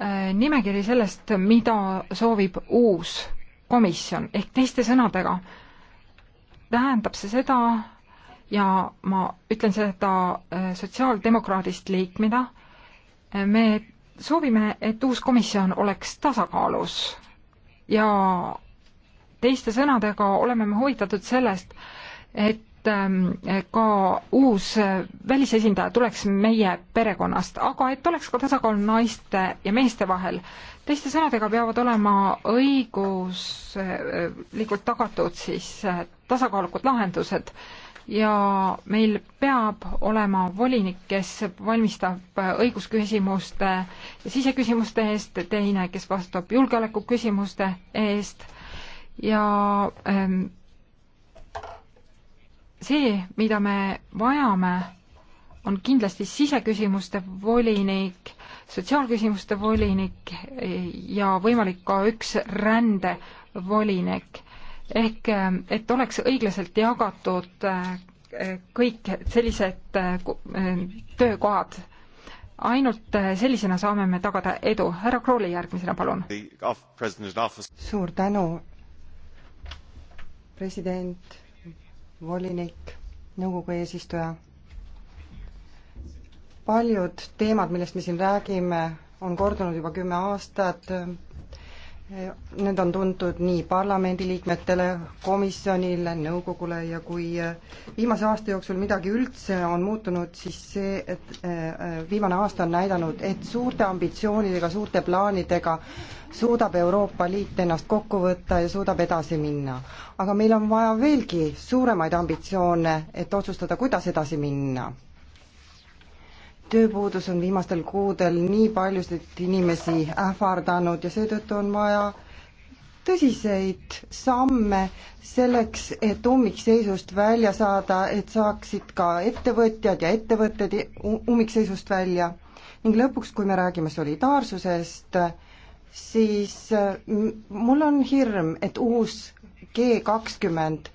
eh, nimekiri sellest, mida soovib uus komisjon, ehk teiste sõnadega tähendab see seda ja ma ütlen seda äh, sotsiaaldemokraadist liikmena, äh, me soovime, et uus komisjon oleks tasakaalus ja teiste sõnadega oleme me huvitatud sellest, et ähm, ka uus äh, välisesindaja tuleks meie perekonnast, aga et oleks ka tasakaal naiste ja meeste vahel, teiste sõnadega peavad olema õiguslikult tagatud siis eh, tasakaalukad lahendused ja meil peab olema volinik, kes valmistab eh, õigusküsimuste ja siseküsimuste eest, teine, kes vastutab julgeolekuküsimuste eest ja ähm, see, mida me vajame, on kindlasti siseküsimuste volinik sotsiaalküsimuste volinik ja võimalik ka üks rändevolinik. ehk et oleks õiglaselt jagatud eh, kõik sellised eh, töökohad. ainult eh, sellisena saame me tagada edu. härra Krooli järgmisena, palun.
suur tänu, president, volinik, nõukogu eesistuja paljud teemad, millest me siin räägime, on kordunud juba kümme aastat, need on tuntud nii parlamendiliikmetele, komisjonile, nõukogule ja kui viimase aasta jooksul midagi üldse on muutunud, siis see, et äh, viimane aasta on näidanud, et suurte ambitsioonidega, suurte plaanidega suudab Euroopa Liit ennast kokku võtta ja suudab edasi minna. aga meil on vaja veelgi suuremaid ambitsioone, et otsustada, kuidas edasi minna tööpuudus on viimastel kuudel nii paljusid inimesi ähvardanud ja seetõttu on vaja tõsiseid samme selleks, et ummikseisust välja saada, et saaksid ka ettevõtjad ja ettevõtted ummikseisust välja. ning lõpuks, kui me räägime solidaarsusest, siis mul on hirm, et uus G kakskümmend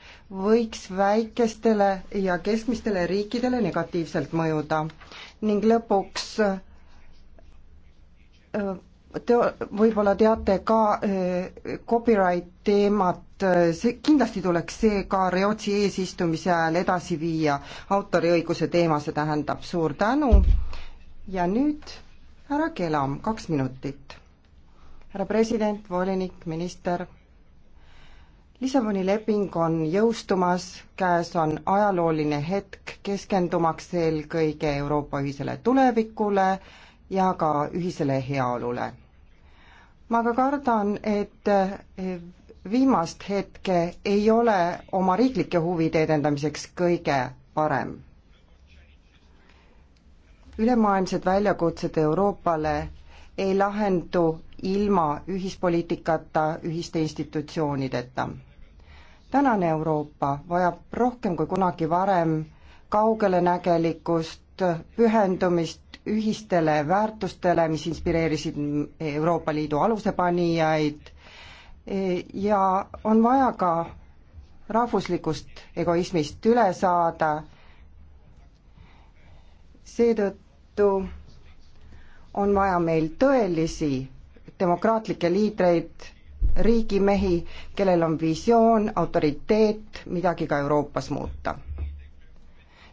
võiks väikestele ja keskmistele riikidele negatiivselt mõjuda ning lõpuks äh, te võib-olla teate ka äh, copyright teemat, äh, see kindlasti tuleks see ka Reotsi eesistumise ajal edasi viia, autoriõiguse teema, see tähendab suur tänu ja nüüd härra Kelam, kaks minutit. härra president, volinik, minister Lissaboni leping on jõustumas, käes on ajalooline hetk, keskendumaks eelkõige Euroopa ühisele tulevikule ja ka ühisele heaolule. ma aga kardan, et eh, viimast hetke ei ole oma riiklike huvide edendamiseks kõige parem. ülemaailmsed väljakutsed Euroopale ei lahendu ilma ühispoliitikata, ühiste institutsioonideta tänane Euroopa vajab rohkem kui kunagi varem kaugelenägelikkust, pühendumist ühistele väärtustele, mis inspireerisid Euroopa Liidu alusepanijaid e, ja on vaja ka rahvuslikust egoismist üle saada. seetõttu on vaja meil tõelisi demokraatlikke liidreid, riigimehi, kellel on visioon, autoriteet midagi ka Euroopas muuta.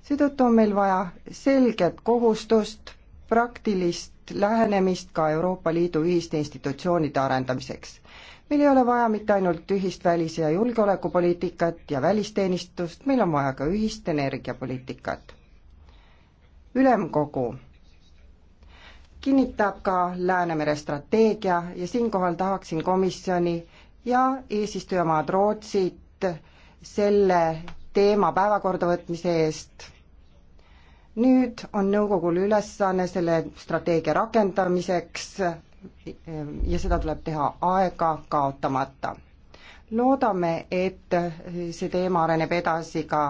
seetõttu on meil vaja selget kohustust, praktilist lähenemist ka Euroopa Liidu ühiste institutsioonide arendamiseks. meil ei ole vaja mitte ainult ühist välis- ja julgeolekupoliitikat ja välisteenistust, meil on vaja ka ühist energiapoliitikat. ülemkogu kinnitab ka Läänemere strateegia ja siinkohal tahaksin komisjoni ja eesistujamaad Rootsit selle teema päevakorda võtmise eest. nüüd on nõukogul ülesanne selle strateegia rakendamiseks ja seda tuleb teha aega kaotamata. loodame, et see teema areneb edasi ka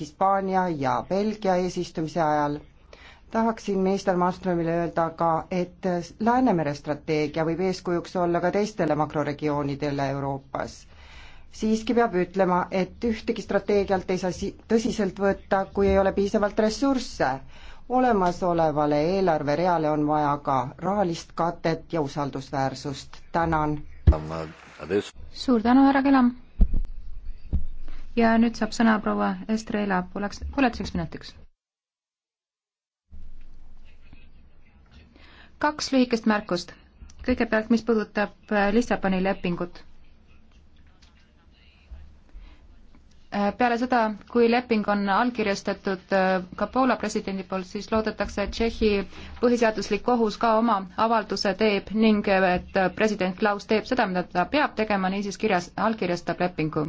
Hispaania ja Belgia eesistumise ajal tahaksin minister Malmströmile öelda ka, et Läänemere strateegia võib eeskujuks olla ka teistele makroregioonidele Euroopas. siiski peab ütlema, et ühtegi strateegialt ei saa si-, tõsiselt võtta, kui ei ole piisavalt ressursse. olemasolevale eelarvereale on vaja ka rahalist katet ja usaldusväärsust, tänan.
suur tänu, härra Kelam! ja nüüd saab sõna proua Estrela pooleks, pooleteiseks minutiks kaks lühikest märkust. kõigepealt, mis puudutab äh, Lissaboni lepingut. Äh, peale seda, kui leping on allkirjastatud äh, ka Poola presidendi poolt, siis loodetakse, et Tšehhi põhiseaduslik kohus ka oma avalduse teeb ning et president Klaus teeb seda, mida ta peab tegema, niisiis kirjas, allkirjastab lepingu.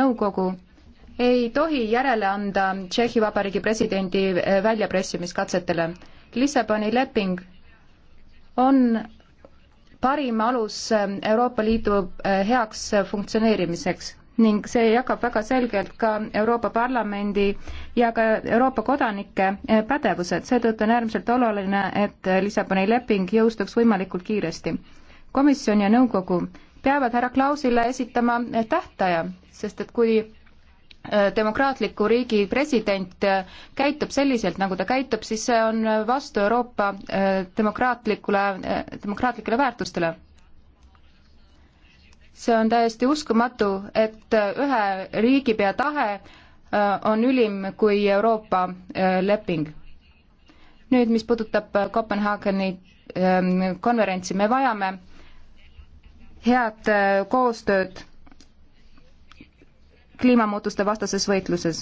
nõukogu ei tohi järele anda Tšehhi Vabariigi presidendi väljapressimiskatsetele Lissaboni leping on parim alus ähm, Euroopa Liidu äh, heaks äh, funktsioneerimiseks ning see jagab väga selgelt ka Euroopa Parlamendi ja ka Euroopa kodanike äh, pädevused, seetõttu on äärmiselt oluline, et Lissaboni leping jõustuks võimalikult kiiresti. komisjon ja nõukogu peavad härra Klausile esitama tähtaja, sest et kui Äh, demokraatliku riigi president äh, käitub selliselt, nagu ta käitub, siis see on vastu Euroopa äh, demokraatlikule, demokraatlikele väärtustele. see on täiesti uskumatu, et ühe riigipea tahe on ülim kui Euroopa leping. nüüd, mis puudutab Kopenhaageni ähm, konverentsi, me vajame head koostööd kliimamuutuste vastases võitluses.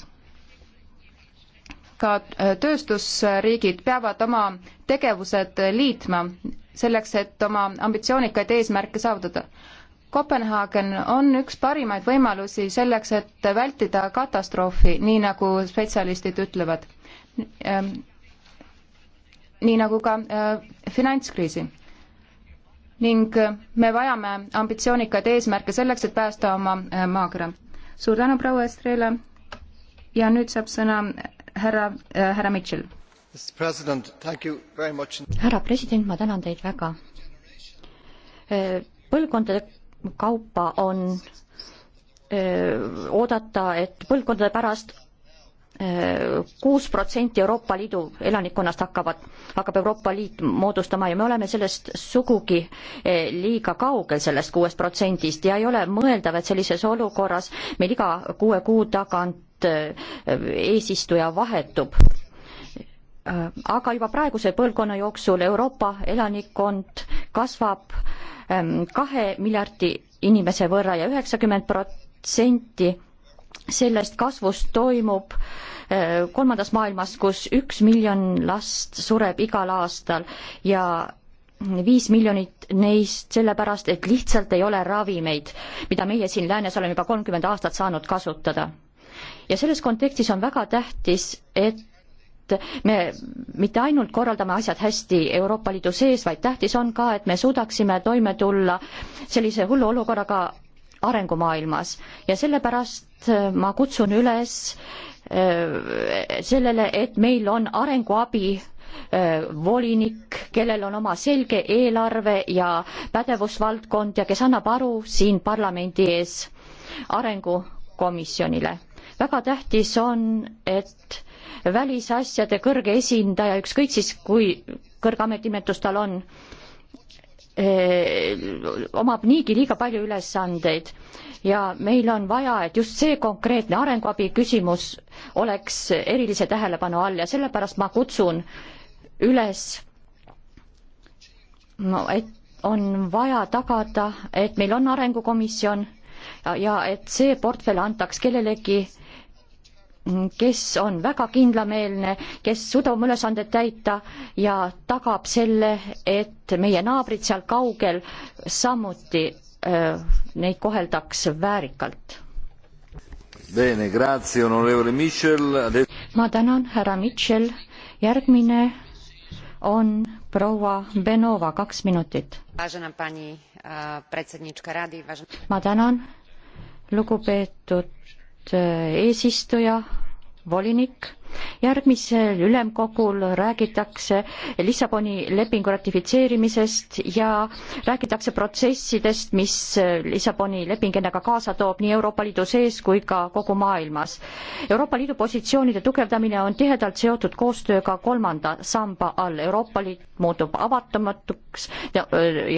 ka äh, tööstusriigid peavad oma tegevused liitma selleks, et oma ambitsioonikaid eesmärke saavutada. Kopenhaagen on üks parimaid võimalusi selleks, et vältida katastroofi, nii nagu spetsialistid ütlevad. Ähm, nii nagu ka äh, finantskriisi ning äh, me vajame ambitsioonikaid eesmärke selleks, et päästa oma maakera suur tänu, proua Estrela. ja nüüd saab sõna härra äh,, härra Mitchell.
härra president, ma tänan teid väga. Äh, põlvkondade kaupa on öö, äh, oodata, et põlvkondade pärast kuus protsenti Euroopa Liidu elanikkonnast hakkavad, hakkab Euroopa Liit moodustama ja me oleme sellest sugugi eh, liiga kaugel, sellest kuuest protsendist ja ei ole mõeldav, et sellises olukorras meil iga kuue kuu tagant eh, eesistuja vahetub eh, aga juba praeguse põlvkonna jooksul Euroopa elanikkond kasvab kahe miljardi inimese võrra ja üheksakümmend protsenti sellest kasvust toimub eh, kolmandas maailmas, kus üks miljon last sureb igal aastal ja viis miljonit neist sellepärast, et lihtsalt ei ole ravimeid, mida meie siin läänes oleme juba kolmkümmend aastat saanud kasutada. ja selles kontekstis on väga tähtis, et me mitte ainult korraldame asjad hästi Euroopa Liidu sees, vaid tähtis on ka, et me suudaksime toime tulla sellise hullu olukorraga, arengumaailmas ja sellepärast äh, ma kutsun üles äh, sellele, et meil on arenguabi äh, volinik, kellel on oma selge eelarve ja pädevusvaldkond ja kes annab aru siin parlamendi ees arengukomisjonile. väga tähtis on, et välisasjade kõrge esindaja, ükskõik siis kui kõrge ametinimetus tal on, Eh, omab niigi liiga palju ülesandeid ja meil on vaja, et just see konkreetne arenguabi küsimus oleks erilise tähelepanu all ja sellepärast ma kutsun üles, no et on vaja tagada, et meil on arengukomisjon ja, ja et see portfell antaks kellelegi, kes on väga kindlameelne, kes suudab oma ülesanded täita ja tagab selle, et meie naabrid seal kaugel samuti öö, äh, neid koheldaks väärikalt. ma tänan, härra Mitchell, järgmine on proua Benova, kaks minutit. Äh, ma tänan, lugupeetud Äh, eesistuja, volinik. järgmisel ülemkogul räägitakse Lissaboni lepingu ratifitseerimisest ja räägitakse protsessidest, mis Lissaboni leping endaga kaasa toob nii Euroopa Liidu sees kui ka kogu maailmas. Euroopa Liidu positsioonide tugevdamine on tihedalt seotud koostööga kolmanda samba all. Euroopa Liit muutub avatumatuks ja,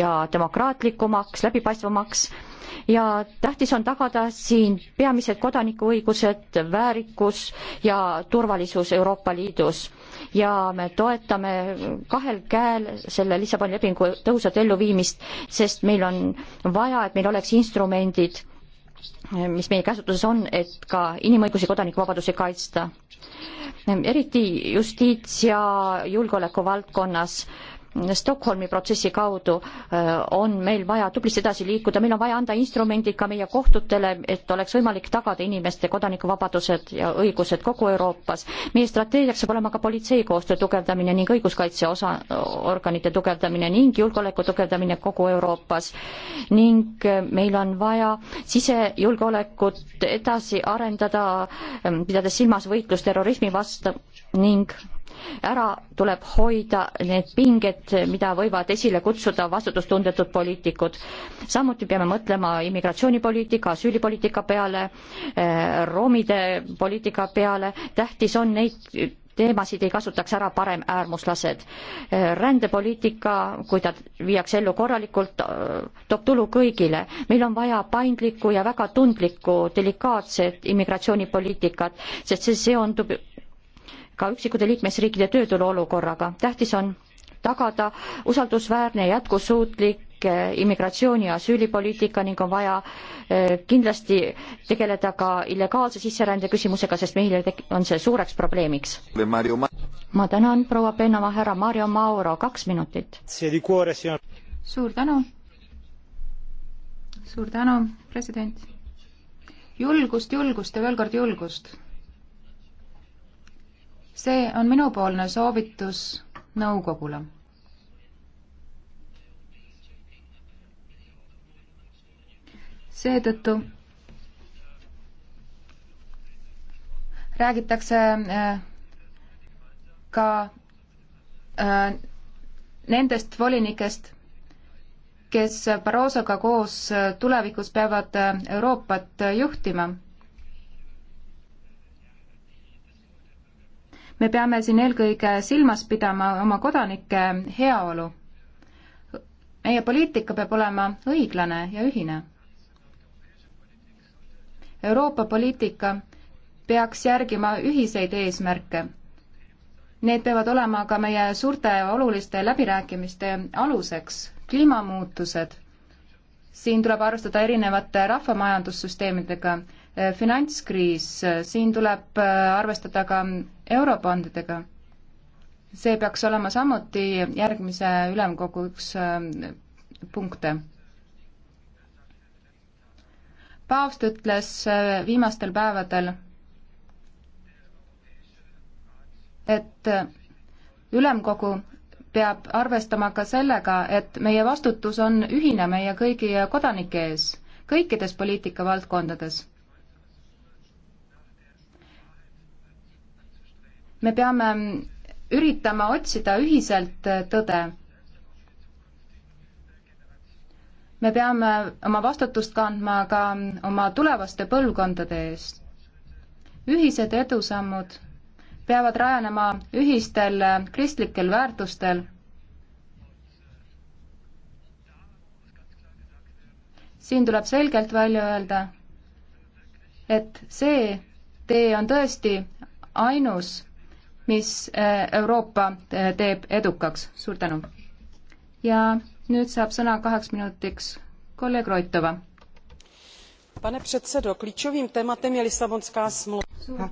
ja demokraatlikumaks, läbipaistvamaks ja tähtis on tagada siin peamised kodanikuõigused, väärikus ja turvalisus Euroopa Liidus. ja me toetame kahel käel selle Lissaboni lepingu tõhusat elluviimist, sest meil on vaja, et meil oleks instrumendid, mis meie käsutuses on, et ka inimõigusi, kodanikuvabadusi kaitsta. eriti justiits- ja julgeoleku valdkonnas Stockholmi protsessi kaudu äh, on meil vaja tublisti edasi liikuda, meil on vaja anda instrumendid ka meie kohtutele, et oleks võimalik tagada inimeste kodanikuvabadused ja õigused kogu Euroopas. meie strateegiaks saab olema ka politsei koostöö tugevdamine ning õiguskaitse osa, organite tugevdamine ning julgeoleku tugevdamine kogu Euroopas. ning äh, meil on vaja sisejulgeolekut edasi arendada, äh, pidades silmas võitlust terrorismi vastu ning ära tuleb hoida need pinged, mida võivad esile kutsuda vastutustundetud poliitikud. samuti peame mõtlema immigratsioonipoliitika, asüülipoliitika peale, eh, romide poliitika peale, tähtis on neid teemasid ei kasutaks ära paremäärmuslased. Eh, rändepoliitika, kui ta viiakse ellu korralikult, eh, toob tulu kõigile. meil on vaja paindlikku ja väga tundlikku delikaatset immigratsioonipoliitikat, sest see seondub ka üksikute liikmesriikide tööturu olukorraga. tähtis on tagada usaldusväärne ja jätkusuutlik eh, immigratsiooni ja asüülipoliitika ning on vaja eh, kindlasti tegeleda ka illegaalse sisserände küsimusega, sest meile on see suureks probleemiks. ma tänan, proua Pennova, härra Mario Mauro, kaks minutit. suur tänu.
suur tänu, president. julgust, julgust ja veel kord julgust see on minupoolne soovitus nõukogule. seetõttu räägitakse äh, ka äh, nendest volinikest, kes Barrosoga koos äh, tulevikus peavad Euroopat juhtima me peame siin eelkõige silmas pidama oma kodanike heaolu. meie poliitika peab olema õiglane ja ühine. Euroopa poliitika peaks järgima ühiseid eesmärke. Need peavad olema ka meie suurte oluliste läbirääkimiste aluseks, kliimamuutused, siin tuleb arvestada erinevate rahvamajandussüsteemidega Äh, finantskriis, äh, siin tuleb äh, arvestada ka eurobondidega. see peaks olema samuti järgmise ülemkogu üks punkte. paavst ütles viimastel päevadel, et ülemkogu peab arvestama ka sellega, et meie vastutus on ühine meie kõigi kodanike ees, kõikides poliitikavaldkondades me peame üritama otsida ühiselt tõde. me peame oma vastutust kandma ka oma tulevaste põlvkondade ees. ühised edusammud peavad rajanema ühistel kristlikel väärtustel. siin tuleb selgelt välja öelda, et see tee on tõesti ainus mis äh, Euroopa äh, teeb edukaks. suur tänu! ja nüüd saab sõna kaheks minutiks kolleeg Roitova.
pane predsedo, klíčovým tématem je Lisabonská smlouva.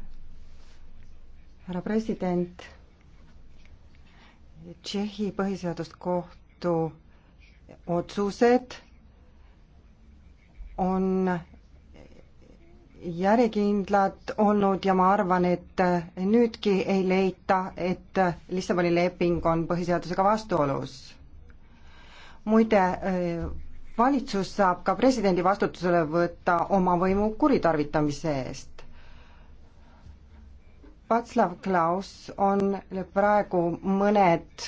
härra president, Tšehhi põhiseaduskohtu otsused on järjekindlad olnud ja ma arvan, et nüüdki ei leita, et Lissaboni leping on põhiseadusega vastuolus. muide, valitsus saab ka presidendi vastutusele võtta oma võimu kuritarvitamise eest. Václav Klaus on praegu mõned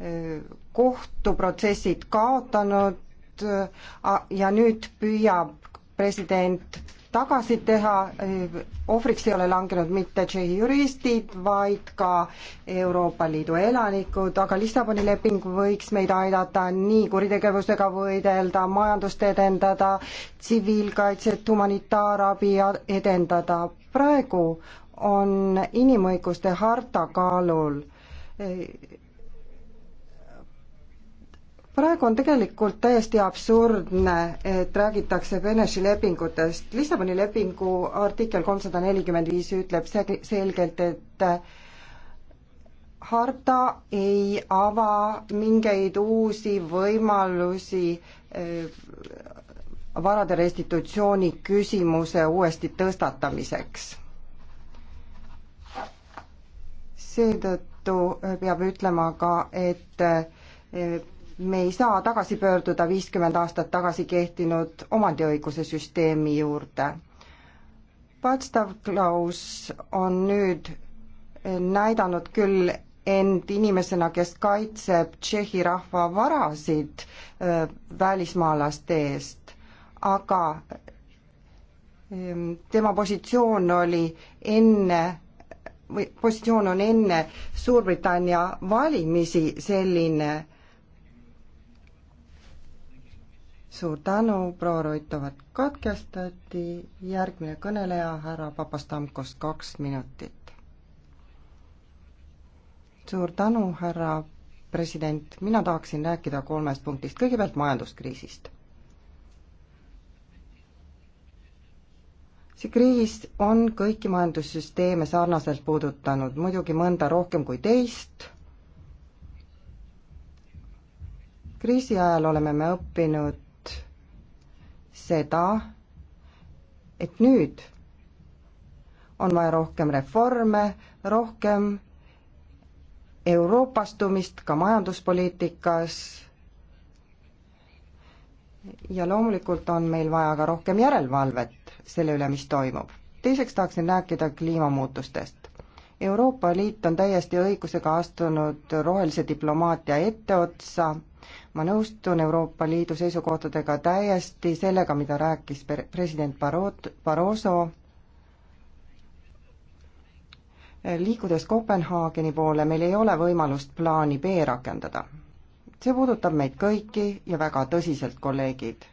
eh, kohtuprotsessid kaotanud eh, ja nüüd püüab president tagasi teha, eh, ohvriks ei ole langenud mitte Tšehhi juristid, vaid ka Euroopa Liidu elanikud, aga Lissaboni leping võiks meid aidata nii kuritegevusega võidelda, majandust edendada, tsiviilkaitset, humanitaarabi edendada. praegu on inimõiguste harta kaalul eh, praegu on tegelikult täiesti absurdne, et räägitakse Benesi lepingutest. Lissaboni lepingu artikkel kolmsada nelikümmend viis ütleb selgelt, et harta ei ava mingeid uusi võimalusi eh, varade restitutsiooni küsimuse uuesti tõstatamiseks. seetõttu peab ütlema ka, et eh, me ei saa tagasi pöörduda viiskümmend aastat tagasi kehtinud omandiõiguse süsteemi juurde. Václav Klaus on nüüd näidanud küll end inimesena, kes kaitseb Tšehhi rahva varasid äh, välismaalaste eest, aga ähm, tema positsioon oli enne või positsioon on enne Suurbritannia valimisi selline, suur tänu, proua Roitovat katkestati, järgmine kõneleja, härra Papastamkos, kaks minutit. suur tänu, härra president, mina tahaksin rääkida kolmest punktist, kõigepealt majanduskriisist. see kriis on kõiki majandussüsteeme sarnaselt puudutanud, muidugi mõnda rohkem kui teist, kriisi ajal oleme me õppinud seda, et nüüd on vaja rohkem reforme, rohkem euroopastumist ka majanduspoliitikas ja loomulikult on meil vaja ka rohkem järelevalvet selle üle, mis toimub. teiseks tahaksin rääkida kliimamuutustest. Euroopa Liit on täiesti õigusega astunud rohelise diplomaatia etteotsa ma nõustun Euroopa Liidu seisukohtadega täiesti sellega, mida rääkis president Barot-, Barroso, liikudes Kopenhaageni poole, meil ei ole võimalust plaani B rakendada. see puudutab meid kõiki ja väga tõsiselt, kolleegid.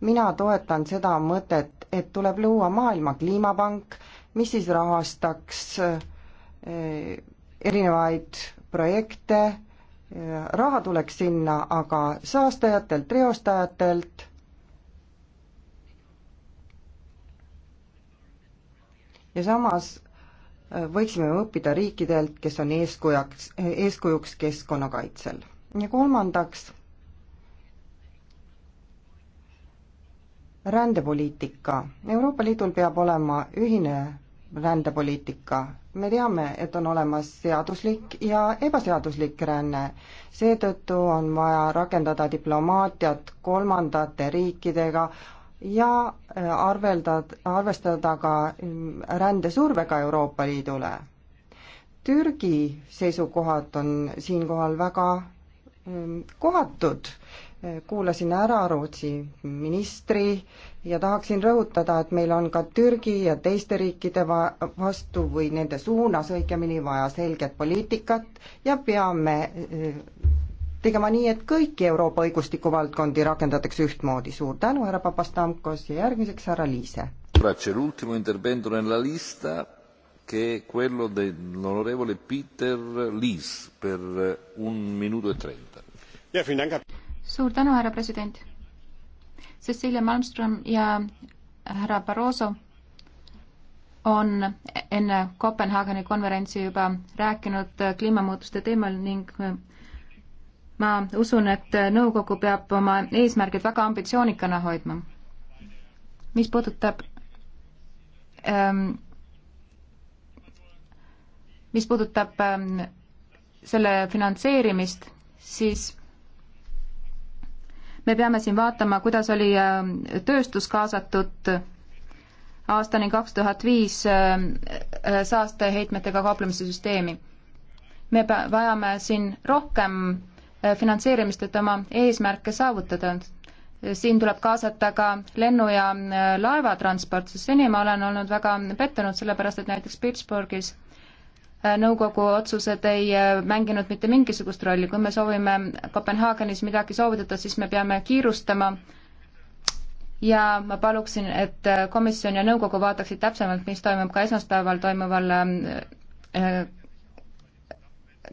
mina toetan seda mõtet, et tuleb luua maailma kliimapank, mis siis rahastaks eh, erinevaid projekte, raha tuleks sinna aga saastajatelt, reostajatelt ja samas äh, võiksime õppida riikidelt, kes on eeskujaks, eeskujuks keskkonnakaitsel. ja kolmandaks, rändepoliitika. Euroopa Liidul peab olema ühine rändepoliitika me teame, et on olemas seaduslik ja ebaseaduslik ränne. seetõttu on vaja rakendada diplomaatiat kolmandate riikidega ja äh, arveldad, arvestada ka mm, rändesurvega Euroopa Liidule. Türgi seisukohad on siinkohal väga mm, kohatud, äh, kuulasin ära Rootsi ministri, ja tahaksin rõhutada, et meil on ka Türgi ja teiste riikide va-, vastu või nende suunas õigemini vaja selget poliitikat ja peame eh, tegema nii, et kõiki Euroopa õigustiku valdkondi rakendatakse ühtmoodi. suur tänu, härra Papastamkos ja järgmiseks härra Liise.
che è quello dell'onorevole Peter Lies per un minuto e trenta.
suur tänu, härra president Cecilia Malmström ja härra Barroso on enne Kopenhaageni konverentsi juba rääkinud kliimamuutuste teemal ning ma usun, et nõukogu peab oma eesmärgid väga ambitsioonikana hoidma. mis puudutab ähm, mis puudutab ähm, selle finantseerimist, siis me peame siin vaatama, kuidas oli äh, tööstus kaasatud aastani kaks tuhat viis äh, äh, saasteheitmetega kauplemise süsteemi. me vajame siin rohkem finantseerimist, et oma eesmärke saavutada. siin tuleb kaasata ka lennu- ja laevatransport, sest seni ma olen olnud väga pettunud, sellepärast et näiteks Pittsburghis Äh, nõukogu otsused ei äh, mänginud mitte mingisugust rolli, kui me soovime Kopenhaagenis midagi soovitada, siis me peame kiirustama ja ma paluksin, et äh, komisjon ja nõukogu vaataksid täpsemalt, mis toimub ka esmaspäeval toimuval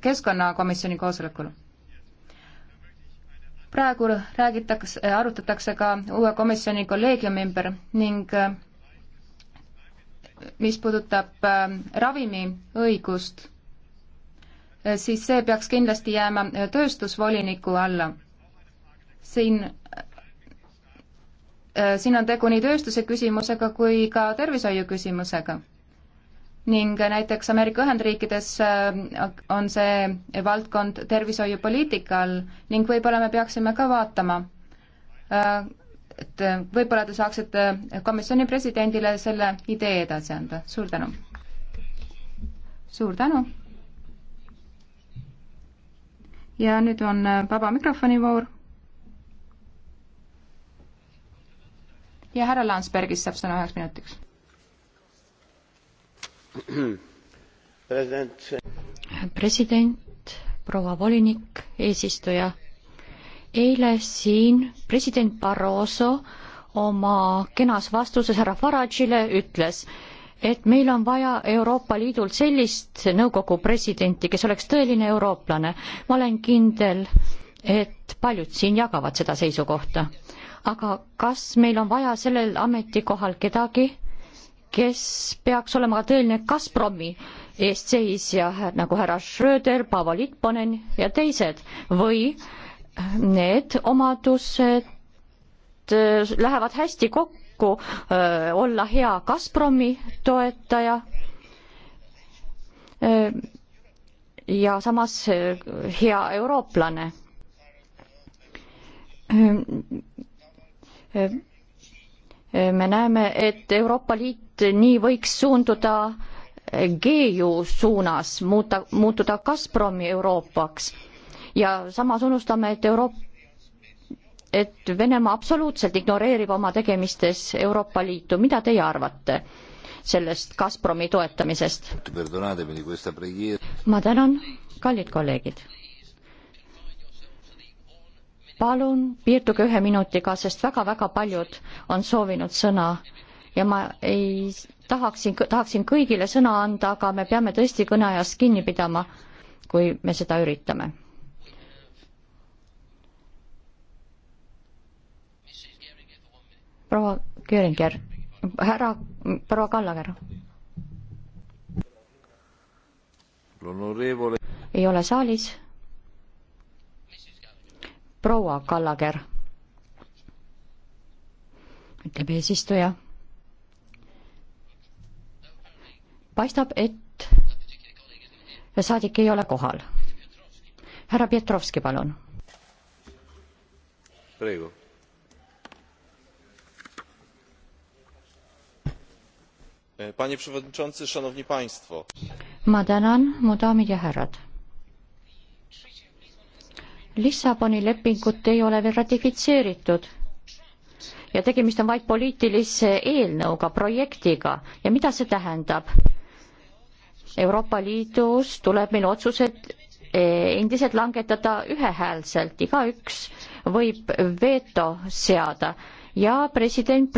keskkonnakomisjoni koosolekul. praegu räägitakse, arutatakse ka uue komisjoni kolleegiumi ümber ning mis puudutab ähm, ravimiõigust, äh, siis see peaks kindlasti jääma äh, tööstusvoliniku alla. siin, äh, siin on tegu nii tööstuse küsimusega kui ka tervishoiu küsimusega. ning näiteks Ameerika Ühendriikides on see valdkond tervishoiupoliitika all ning võib-olla me peaksime ka vaatama, et äh, võib-olla te saaksite komisjoni presidendile selle idee edasi anda. suur tänu. suur tänu. ja nüüd on äh, vaba mikrofoni voor. ja härra Landsbergist saab sõna üheks minutiks.
president,
president, proua volinik, eesistuja eile siin president Barroso oma kenas vastuses härra Farage'ile ütles, et meil on vaja Euroopa Liidult sellist nõukogu presidenti, kes oleks tõeline eurooplane. ma olen kindel, et paljud siin jagavad seda seisukohta. aga kas meil on vaja sellel ametikohal kedagi, kes peaks olema ka tõeline Gazpromi eestseisja nagu härra Schröder, Paavo Litponen ja teised või need omadused äh, lähevad hästi kokku äh, olla hea Gazpromi toetaja äh, ja samas hea eurooplane. me näeme, et Euroopa Liit nii võiks suunduda Geiu suunas, muuta, muutuda Gazpromi Euroopaks ja samas unustame, et Euroopa et Venemaa absoluutselt ignoreerib oma tegemistes Euroopa Liitu, mida teie arvate sellest Gazpromi toetamisest? ma tänan, kallid kolleegid. palun piirduge ühe minutiga, sest väga-väga paljud on soovinud sõna ja ma ei tahaksin, tahaksin kõigile sõna anda, aga me peame tõesti kõneajast kinni pidama, kui me seda üritame proua Kööringer, härra, proua Kallager. ei ole saalis. proua Kallager, ütleb eesistuja. paistab, et saadik ei ole kohal. härra Pietrovski, palun.
praegu
panie przewodniczący! szanowni państwo!
lissaboni lepingut ei ole veel ratifitseeritud ja tegemist on vaid poliitilise eelnõuga projektiga ja mida see tähendab? euroopa liidus tuleb meil otsused eh, endiselt langetada ühehäälselt igaüks võib veto seada ja president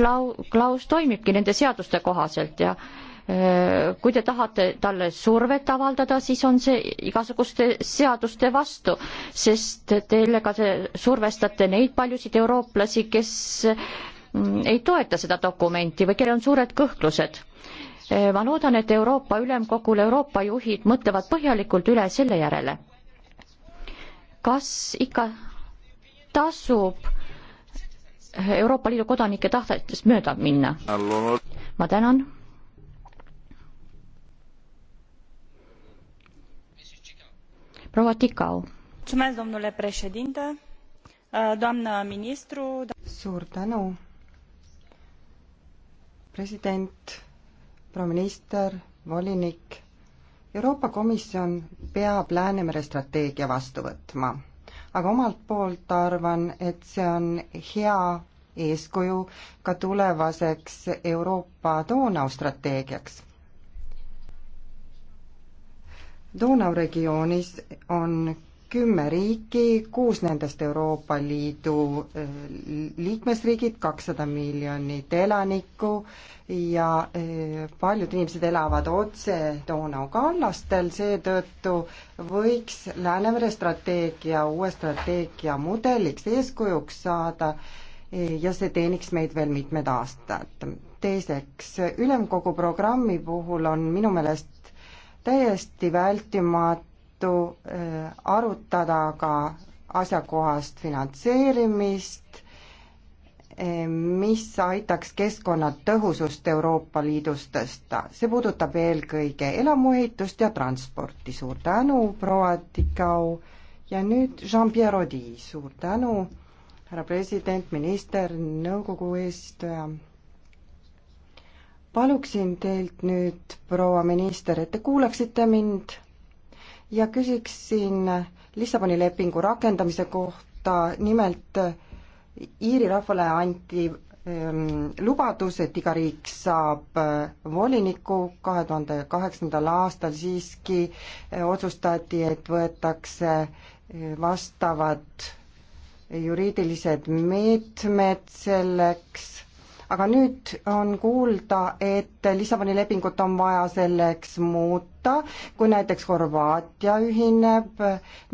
Klaus toimibki nende seaduste kohaselt ja äh, kui te tahate talle survet avaldada, siis on see igasuguste seaduste vastu, sest te ka survestate neid paljusid eurooplasi, kes mm, ei toeta seda dokumenti või kellel on suured kõhklused. Äh, ma loodan, et Euroopa Ülemkogul Euroopa juhid mõtlevad põhjalikult üle selle järele, kas ikka tasub Euroopa Liidu kodanike tahtest mööda minna. ma tänan. proua Tikau.
suur tänu, president, proua minister, volinik. Euroopa Komisjon peab Läänemere strateegia vastu võtma aga omalt poolt arvan, et see on hea eeskuju ka tulevaseks Euroopa Donau strateegiaks. Donau regioonis on kümme riiki, kuus nendest Euroopa Liidu eh, liikmesriigid, kakssada miljonit elanikku ja eh, paljud inimesed elavad otse Donau kallastel, seetõttu võiks Läänemere strateegia uue strateegia mudeliks eeskujuks saada eh, ja see teeniks meid veel mitmed aastad. teiseks, ülemkogu programmi puhul on minu meelest täiesti vältimatu tõttu äh, arutada ka asjakohast finantseerimist, äh, mis aitaks keskkonnatõhusust Euroopa Liidus tõsta. see puudutab eelkõige elamuehitust ja transporti. suur tänu, proua Tikau ja nüüd Jean-Pierre Audi, suur tänu, härra president, minister, nõukogu eesistuja paluksin teilt nüüd, proua minister, et te kuulaksite mind ja küsiksin Lissaboni lepingu rakendamise kohta, nimelt Iiri rahvale anti ähm, lubadus, et iga riik saab äh, voliniku, kahe tuhande kaheksandal aastal siiski äh, otsustati, et võetakse äh, vastavad juriidilised meetmed selleks aga nüüd on kuulda, et Lissaboni lepingut on vaja selleks muuta, kui näiteks Horvaatia ühineb,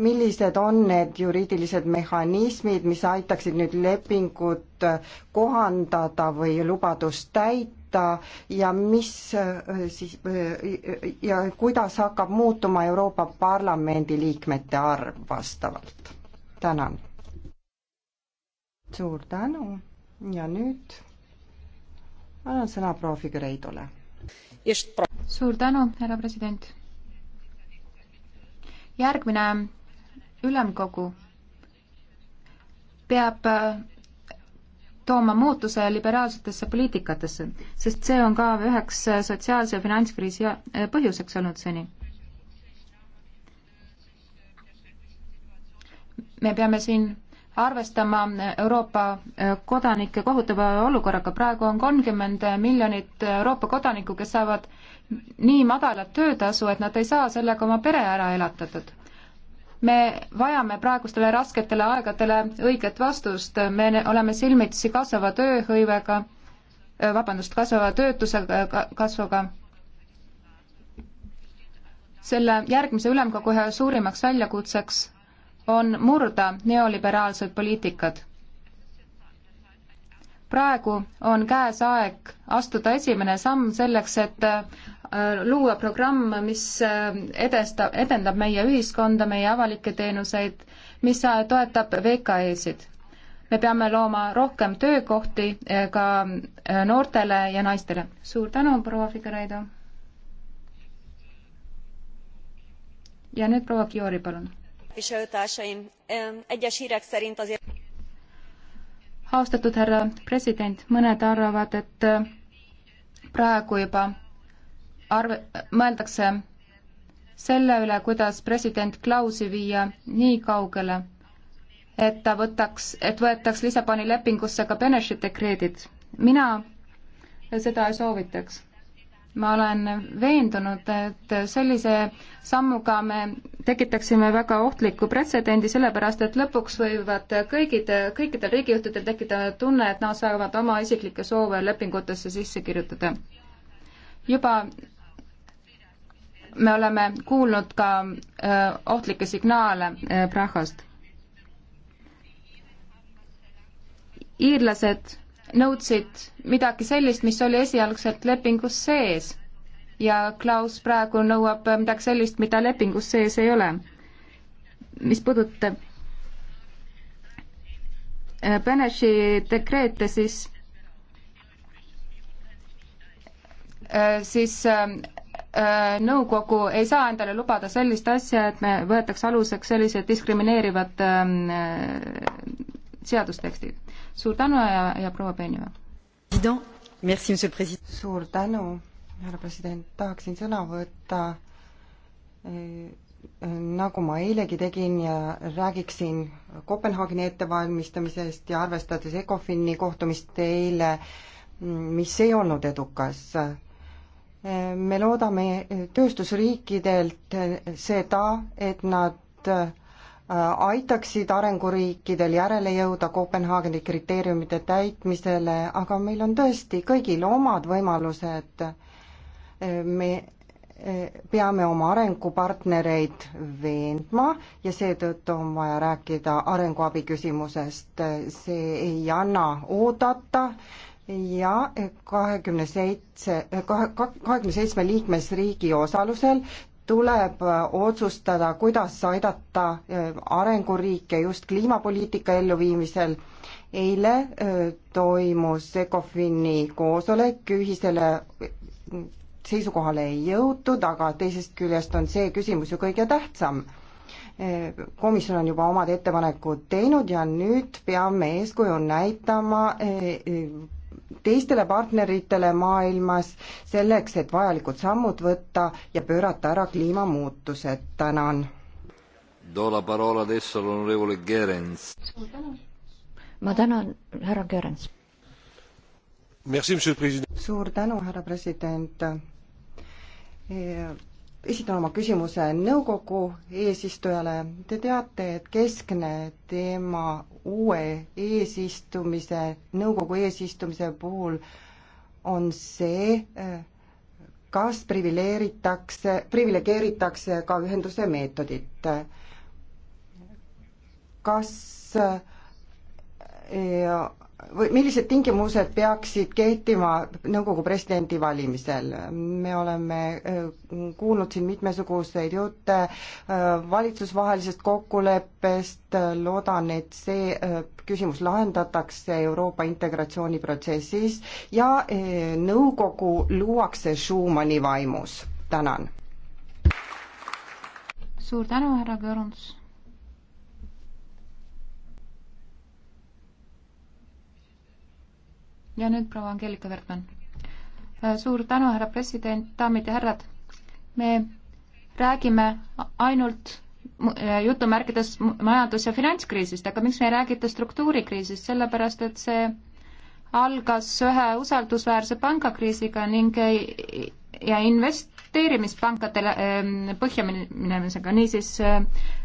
millised on need juriidilised mehhanismid, mis aitaksid nüüd lepingut kohandada või lubadust täita ja mis äh, siis äh, ja kuidas hakkab muutuma Euroopa Parlamendi liikmete arv vastavalt? tänan. suur tänu ja nüüd annan sõna proua Figureidole. suur tänu,
härra president. järgmine ülemkogu peab äh, tooma muutuse liberaalsetesse poliitikatesse, sest see on ka üheks äh, sotsiaalse ja finantskriisi äh, põhjuseks olnud seni. me peame siin arvestama Euroopa eh, kodanike kohutava olukorraga. praegu on kolmkümmend miljonit Euroopa kodanikku, kes saavad nii madalat töötasu, et nad ei saa sellega oma pere ära elatatud. me vajame praegustele rasketele aegadele õiget vastust, me oleme silmitsi kasvava tööhõivega, eh, vabandust, kasvava töötuse kasvuga selle järgmise ülemkogu ühe suurimaks väljakutseks on murda neoliberaalsed poliitikad. praegu on käes aeg astuda esimene samm selleks, et äh, luua programm, mis äh, edestab, edendab meie ühiskonda, meie avalikke teenuseid, mis äh, toetab VKE-sid. me peame looma rohkem töökohti ka noortele ja naistele. suur tänu, proua Figueiredo. ja nüüd proua Fiori, palun
képviselőtársaim! egyes hrek szerint azért.
austatud härra president mõned arvavad et äh, praegu juba arve mõeldakse selle üle kuidas president klausi viia nii kaugele et ta võtaks et võetaks lissaboni lepingusse ka benešite dekreedid mina seda ei soovitaks ma olen veendunud, et sellise sammuga me tekitaksime väga ohtliku pretsedendi, sellepärast et lõpuks võivad kõigid, kõikidel riigijuhtidel tekkida tunne, et nad saavad oma isiklikke soove lepingutesse sisse kirjutada. juba me oleme kuulnud ka öö, ohtlikke signaale öö, Prahast. iirlased nõudsid midagi sellist, mis oli esialgselt lepingus sees ja Klaus praegu nõuab äh, midagi sellist, mida lepingus sees ei ole. mis puudutab äh, Beneši dekreete, siis äh, siis nõukogu ei saa endale lubada sellist asja, et me võetaks aluseks sellised diskrimineerivad ähm, seadustekstid suur tänu ja, ja proua Peenima!
suur tänu, härra president, tahaksin sõna võtta eh, nagu ma eilegi tegin ja räägiksin Kopenhaageni ettevalmistamisest ja arvestades ECOFIN-i kohtumist eile, mis ei olnud edukas. Eh, me loodame tööstusriikidelt seda, et nad Äh, aitaksid arenguriikidel järele jõuda Kopenhaageni kriteeriumide täitmisele, aga meil on tõesti kõigil omad võimalused. me äh, peame oma arengupartnereid veendma ja seetõttu on vaja rääkida arenguabi küsimusest. see ei anna oodata ja kahekümne seitse, kahe, kahekümne seitsme liikmesriigi osalusel tuleb äh, otsustada, kuidas aidata äh, arenguriike just kliimapoliitika elluviimisel. eile äh, toimus ECOFIN-i koosolek, ühisele seisukohale ei jõutud, aga teisest küljest on see küsimus ju kõige tähtsam. komisjon on juba omad ettepanekud teinud ja nüüd peame eeskuju näitama teistele partneritele maailmas selleks, et vajalikud sammud võtta ja pöörata ära kliimamuutused. tänan. ma tänan, härra Gerens. suur tänu, härra president esitan oma küsimuse nõukogu eesistujale. Te teate, et keskne teema uue eesistumise, nõukogu eesistumise puhul on see, kas priviligeeritakse, priviligeeritakse ka ühenduse meetodit. kas ja või millised tingimused peaksid kehtima nõukogu presidendi valimisel? me oleme äh, kuulnud siin mitmesuguseid jutte äh, valitsusvahelisest kokkuleppest, äh, loodan, et see küsimus lahendatakse Euroopa integratsiooniprotsessis ja nõukogu luuakse Schumanni vaimus. tänan.
suur tänu, härra Kõruns ja nüüd proua Angelika Verdmann. Äh, suur tänu, härra president, daamid ja härrad. me räägime ainult äh, jutumärkides majandus- ja finantskriisist, aga miks me ei räägita struktuurikriisist, sellepärast et see algas ühe usaldusväärse pangakriisiga ning ja investeerimispankadele ähm, põhja minemisega, niisiis äh,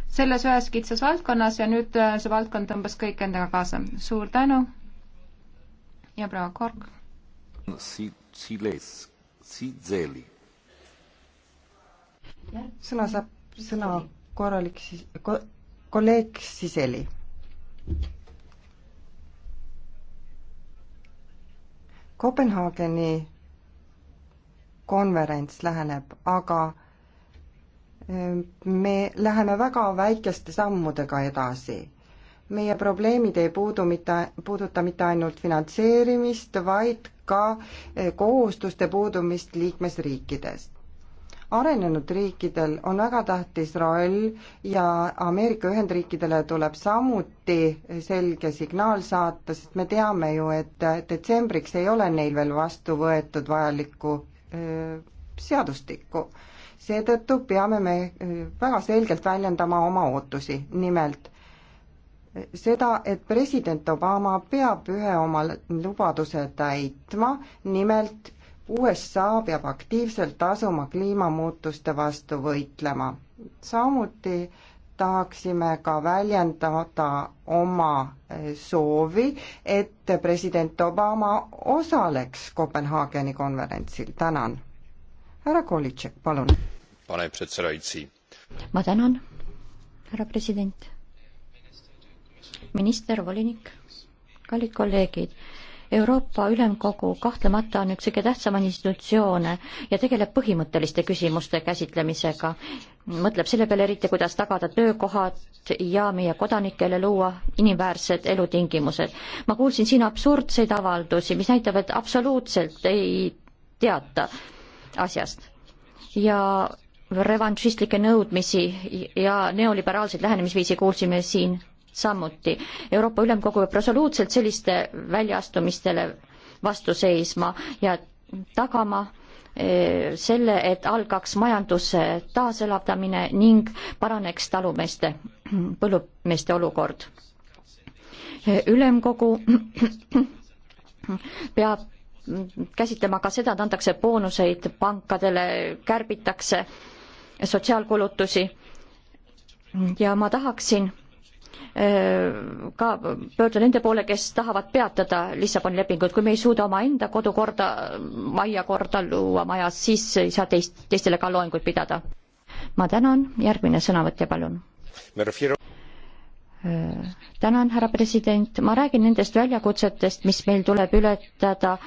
selles ühes kitsas valdkonnas ja nüüd see valdkond tõmbas kõik endaga kaasa. suur tänu! ja proua Kork.
sõna saab, sõna korralik siis ko,, kolleeg Siseli. Kopenhaageni konverents läheneb, aga eh, me läheme väga väikeste sammudega edasi meie probleemid ei puudu mitte, puuduta mitte ainult finantseerimist, vaid ka eh, kohustuste puudumist liikmesriikides. arenenud riikidel on väga tähtis roll ja Ameerika Ühendriikidele tuleb samuti selge signaal saata, sest me teame ju, et detsembriks ei ole neil veel vastu võetud vajalikku eh, seadustikku seetõttu peame me eh, väga selgelt väljendama oma ootusi, nimelt seda, et president Obama peab ühe oma lubaduse täitma, nimelt USA peab aktiivselt asuma kliimamuutuste vastu võitlema. samuti tahaksime ka väljendada oma eh, soovi, et president Obama osaleks Kopenhaageni konverentsil, tänan. härra Kolitšek, palun.
pane pretsedaitsi.
ma tänan, härra president minister, volinik, kallid kolleegid. Euroopa Ülemkogu kahtlemata on üks kõige tähtsamaid institutsioone ja tegeleb põhimõtteliste küsimuste käsitlemisega. mõtleb selle peale eriti, kuidas tagada töökohad ja meie kodanikele luua inimväärsed elutingimused. ma kuulsin siin absurdseid avaldusi, mis näitab, et absoluutselt ei teata asjast. ja revanšistlikke nõudmisi ja neoliberaalseid lähenemisviisi kuulsime siin samuti. Euroopa Ülemkogu peab resoluutselt selliste väljaastumistele vastu seisma ja tagama eh, selle, et algaks majanduse taaselavdamine ning paraneks talumeeste, põllumeeste olukord. ülemkogu peab käsitlema ka seda, et antakse boonuseid pankadele, kärbitakse sotsiaalkulutusi ja ma tahaksin Äh, ka pöörduda nende poole, kes tahavad peatada Lissaboni lepingut, kui me ei suuda omaenda kodukorda, majja korda luua majas, siis ei saa teist, teistele ka loenguid pidada. ma tänan, järgmine sõnavõtja, palun tänan, härra president, ma räägin nendest väljakutsetest, mis meil tuleb ületada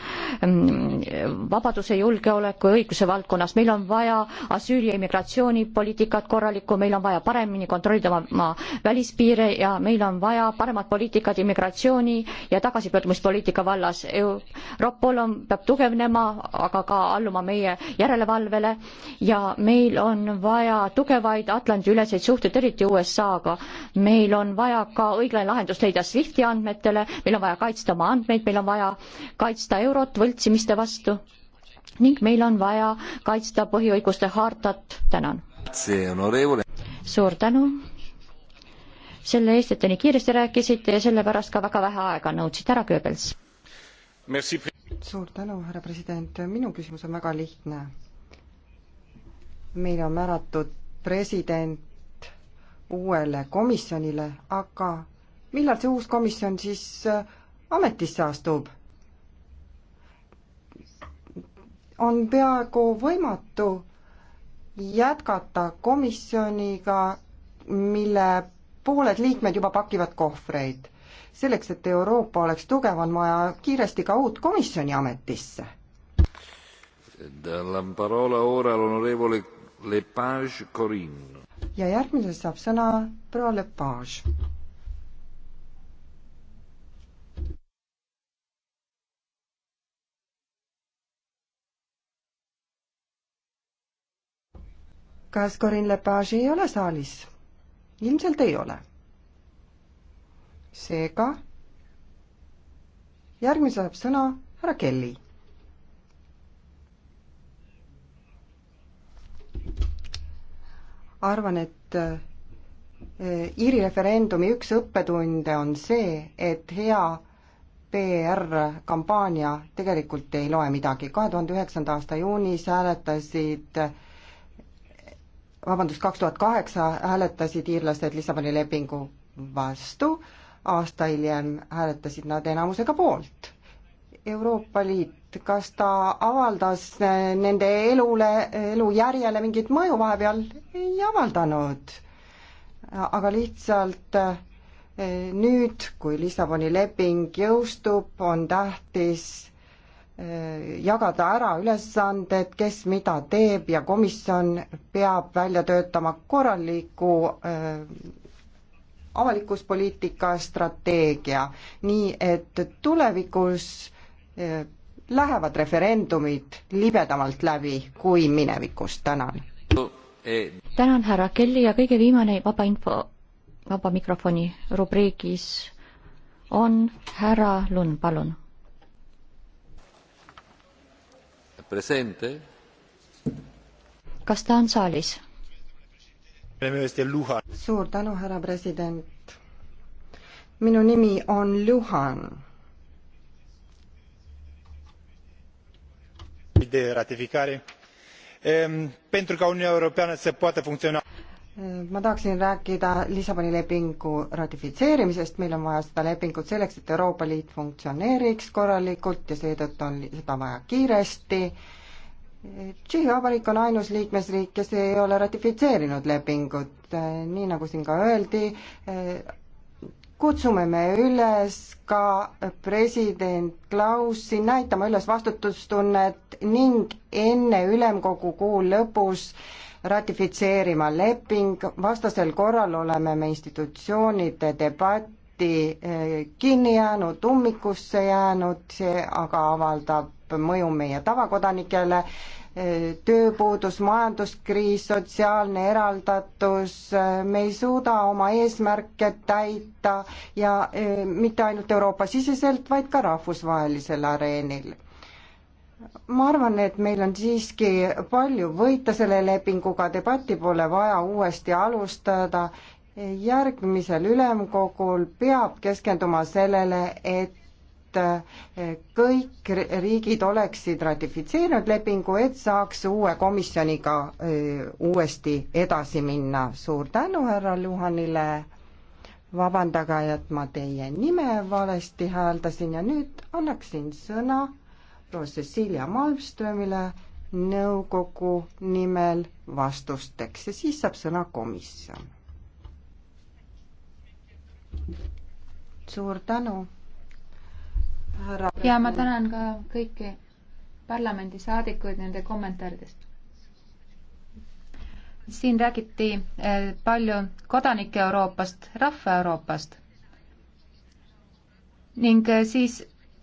mm, vabaduse, julgeoleku ja õiguse valdkonnas. meil on vaja asüüli ja immigratsioonipoliitikat korralikku, meil on vaja paremini kontrollida oma, oma välispiire ja meil on vaja paremat poliitikat immigratsiooni ja tagasipöördumispoliitika vallas. Europol on, peab tugevnema, aga ka alluma meie järelevalvele ja meil on vaja tugevaid Atlandi-üleseid suhteid, eriti USA-ga. meil on vaja vaja ka õiglane lahendus leida SWIFTi andmetele, meil on vaja kaitsta oma andmeid, meil on vaja kaitsta eurot võltsimiste vastu ning meil on vaja kaitsta põhiõiguste hartat, tänan. suur tänu selle eest, et te nii kiiresti rääkisite ja sellepärast ka väga vähe aega nõudsite, härra Goebbels.
suur tänu, härra president, minu küsimus on väga lihtne. meile on määratud president uuele komisjonile, aga millal see uus komisjon siis äh, ametisse astub? on peaaegu võimatu jätkata komisjoniga, mille pooled liikmed juba pakivad kohvreid. selleks, et Euroopa oleks tugev, on vaja kiiresti ka uut komisjoni ametisse ja järgmisel saab sõna proua Lepage. kas Corinne Lepage ei ole saalis? ilmselt ei ole. seega järgmisel saab sõna härra Kelly arvan, et eh, Iiri referendumi üks õppetunde on see, et hea PR-kampaania tegelikult ei loe midagi. kahe tuhande üheksanda aasta juunis hääletasid vabandust, kaks tuhat kaheksa hääletasid iirlased Lissaboni lepingu vastu, aasta hiljem hääletasid nad enamusega poolt. Euroopa Liit et kas ta avaldas eh, nende elule, elujärjele mingit mõju vahepeal, ei avaldanud. aga lihtsalt eh, nüüd, kui Lissaboni leping jõustub, on tähtis eh, jagada ära ülesanded, kes mida teeb ja komisjon peab välja töötama korraliku avalikuspoliitika strateegia, nii et tulevikus lähevad referendumid libedamalt läbi kui minevikus, tänan.
tänan, härra Kelly ja kõige viimane vaba info, vaba mikrofoni rubriigis on härra Lund, palun. kas ta on
saalis? suur tänu, härra president. minu nimi on Luhan
de ratificare ehm, pentru ca uniunea europeană să poată funcționa
ma tahaksin rääkida Lissaboni lepingu ratifitseerimisest, meil on vaja seda lepingut selleks, et Euroopa Liit funktsioneeriks korralikult ja seetõttu on seda vaja kiiresti. Tšehhi Vabariik on ainus liikmesriik, kes ei ole ratifitseerinud lepingut, nii nagu siin ka öeldi, kutsume me üles ka president Klausi näitama üles vastutustunnet ning enne ülemkogu kuu lõpus ratifitseerima leping, vastasel korral oleme me institutsioonide debatti eh, kinni jäänud, ummikusse jäänud, see aga avaldab mõju meie tavakodanikele tööpuudus, majanduskriis, sotsiaalne eraldatus, me ei suuda oma eesmärke täita ja eh, mitte ainult Euroopa-siseselt, vaid ka rahvusvahelisel areenil ma arvan, et meil on siiski palju võita selle lepinguga, debatti pole vaja uuesti alustada. järgmisel ülemkogul peab keskenduma sellele, et Eh, kõik riigid oleksid ratifitseerinud lepingu, et saaks uue komisjoniga eh, uuesti edasi minna. suur tänu härra Luhanile, vabandage, et ma teie nime valesti hääldasin ja nüüd annaksin sõna proua Cecilia Malmströmile nõukogu nimel vastusteks ja siis saab sõna komisjon. suur tänu ja ma tänan
ka kõiki parlamendisaadikuid nende kommentaaridest. siin räägiti eh, palju kodanike Euroopast, rahva Euroopast ning eh, siis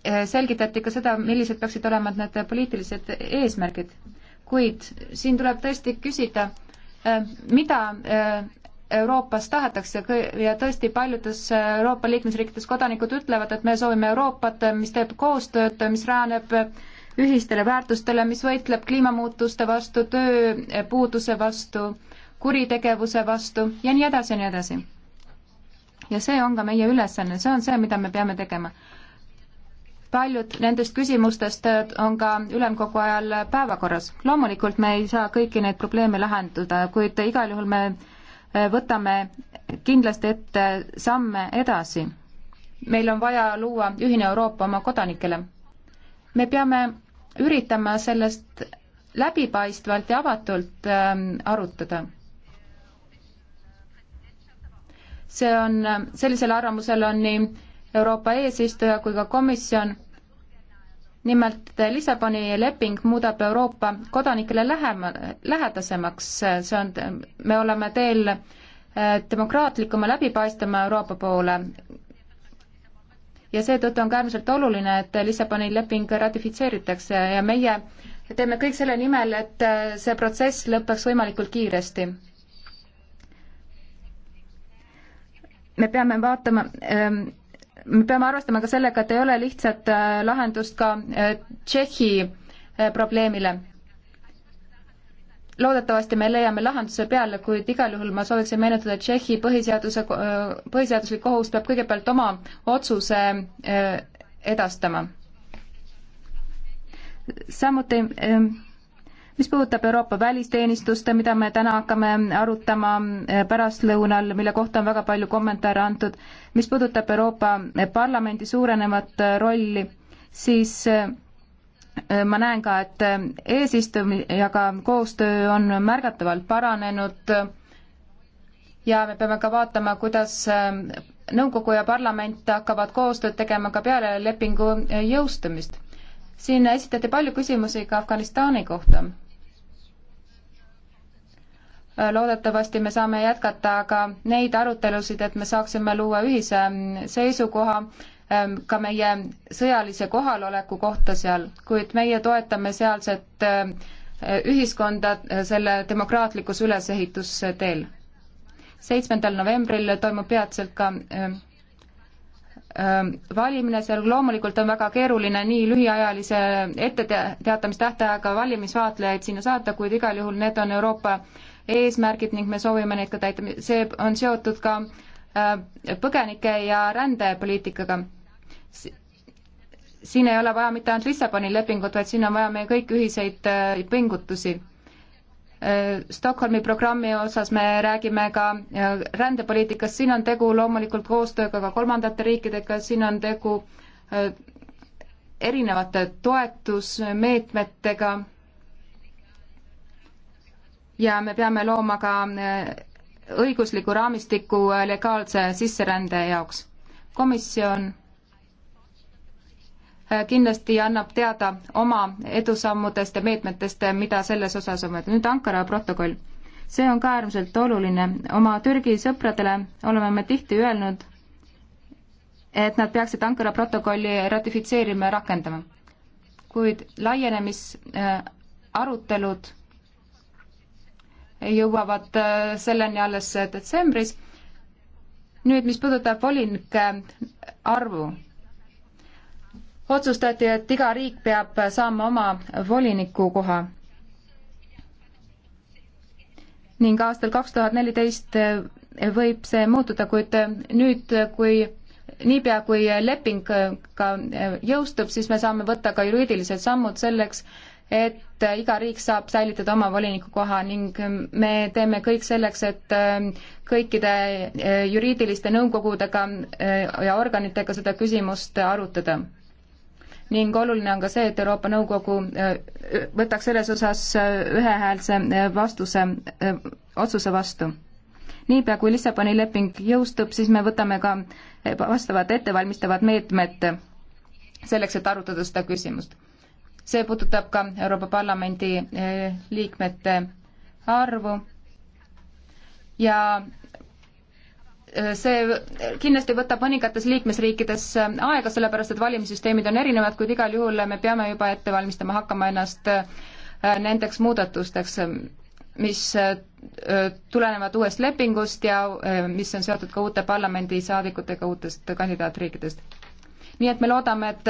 eh, selgitati ka seda, millised peaksid olema need poliitilised eesmärgid. kuid siin tuleb tõesti küsida, mida Euroopas tahetakse ja tõesti paljudes Euroopa liikmesriikides kodanikud ütlevad, et me soovime Euroopat, mis teeb koostööd, mis rääneb ühistele väärtustele, mis võitleb kliimamuutuste vastu, tööpuuduse vastu, kuritegevuse vastu ja nii edasi ja nii edasi. ja see on ka meie ülesanne, see on see, mida me peame tegema. paljud nendest küsimustest on ka ülemkogu ajal päevakorras. loomulikult me ei saa kõiki neid probleeme lahendada, kuid igal juhul me Äh, võtame kindlasti ette samme edasi. meil on vaja luua ühine Euroopa oma kodanikele. me peame üritama sellest läbipaistvalt ja avatult ähm, arutada. see on, äh, sellisel arvamusel on nii Euroopa eesistuja kui ka komisjon nimelt Lissaboni leping muudab Euroopa kodanikele lähema, lähedasemaks, see on, me oleme teel eh, demokraatlikuma, läbipaistvama Euroopa poole. ja seetõttu on ka äärmiselt oluline, et Lissaboni leping ratifitseeritakse ja meie teeme kõik selle nimel, et eh, see protsess lõpeks võimalikult kiiresti. me peame vaatama ähm, me peame arvestama ka sellega, et ei ole lihtsat äh, lahendust ka äh, Tšehhi äh, probleemile. loodetavasti me leiame lahenduse peale, kuid igal juhul ma sooviksin meenutada, et Tšehhi põhiseaduse, põhiseaduslik kohus peab kõigepealt oma otsuse edastama. samuti ähm, mis puudutab Euroopa välisteenistust, mida me täna hakkame arutama eh, pärastlõunal, mille kohta on väga palju kommentaare antud, mis puudutab Euroopa Parlamendi suurenevat eh, rolli, siis eh, ma näen ka, et eesistujaga koostöö on märgatavalt paranenud ja me peame ka vaatama, kuidas nõukogu ja parlament hakkavad koostööd tegema ka peale lepingu jõustumist. siin esitati palju küsimusi ka Afganistani kohta loodetavasti me saame jätkata ka neid arutelusid, et me saaksime luua ühise mm, seisukoha mm, ka meie sõjalise kohaloleku kohta seal, kuid meie toetame sealset mm, ühiskonda selle demokraatlikus ülesehitusteel. seitsmendal novembril toimub peatselt ka valimine, seal loomulikult on väga keeruline nii lühiajalise etteteatamistähtajaga valimisvaatlejaid sinna saata, kuid igal juhul need on Euroopa äh, eesmärgid ning me soovime neid ka täita. see on seotud ka äh, põgenike ja rändepoliitikaga. siin ei ole vaja mitte ainult Lissaboni lepingut, vaid siin on vaja meie kõiki ühiseid äh, pingutusi. Äh, Stockholmi programmi osas me räägime ka rändepoliitikast, siin on tegu loomulikult koostööga ka kolmandate riikidega, siin on tegu erinevate toetusmeetmetega ja me peame looma ka äh, õigusliku raamistiku äh, legaalse sisserände jaoks. komisjon äh, kindlasti annab teada oma edusammudest ja meetmetest, mida selles osas on võetud. nüüd Ankara protokoll. see on ka äärmiselt oluline. oma Türgi sõpradele oleme me tihti öelnud, et nad peaksid Ankara protokolli ratifitseerima ja rakendama. kuid laienemis arutelud jõuavad äh, selleni alles detsembris. nüüd, mis puudutab volinike arvu, otsustati, et iga riik peab saama oma voliniku koha. ning aastal kaks tuhat neliteist äh, võib see muutuda, kuid äh, nüüd, kui niipea, kui leping ka jõustub, siis me saame võtta ka juriidilised sammud selleks, et äh, iga riik saab säilitada oma voliniku koha ning ähm, me teeme kõik selleks, et ähm, kõikide äh, juriidiliste nõukogudega äh, ja organitega seda küsimust arutada. ning oluline on ka see, et Euroopa Nõukogu võtaks selles osas ühehäälse vastuse, otsuse vastu niipea kui Lissaboni leping jõustub, siis me võtame ka vastavad ettevalmistavad meetmed selleks, et arutada seda küsimust see puudutab ka Euroopa Parlamendi eh, liikmete arvu ja eh, see kindlasti võtab mõningates liikmesriikides eh, aega, sellepärast et valimissüsteemid on erinevad, kuid igal juhul me peame juba ette valmistama hakkama ennast nendeks muudatusteks, mis tulenevad uuest lepingust ja mis on seotud ka uute parlamendisaadikutega uutest kandidaatriikidest. nii et me loodame, et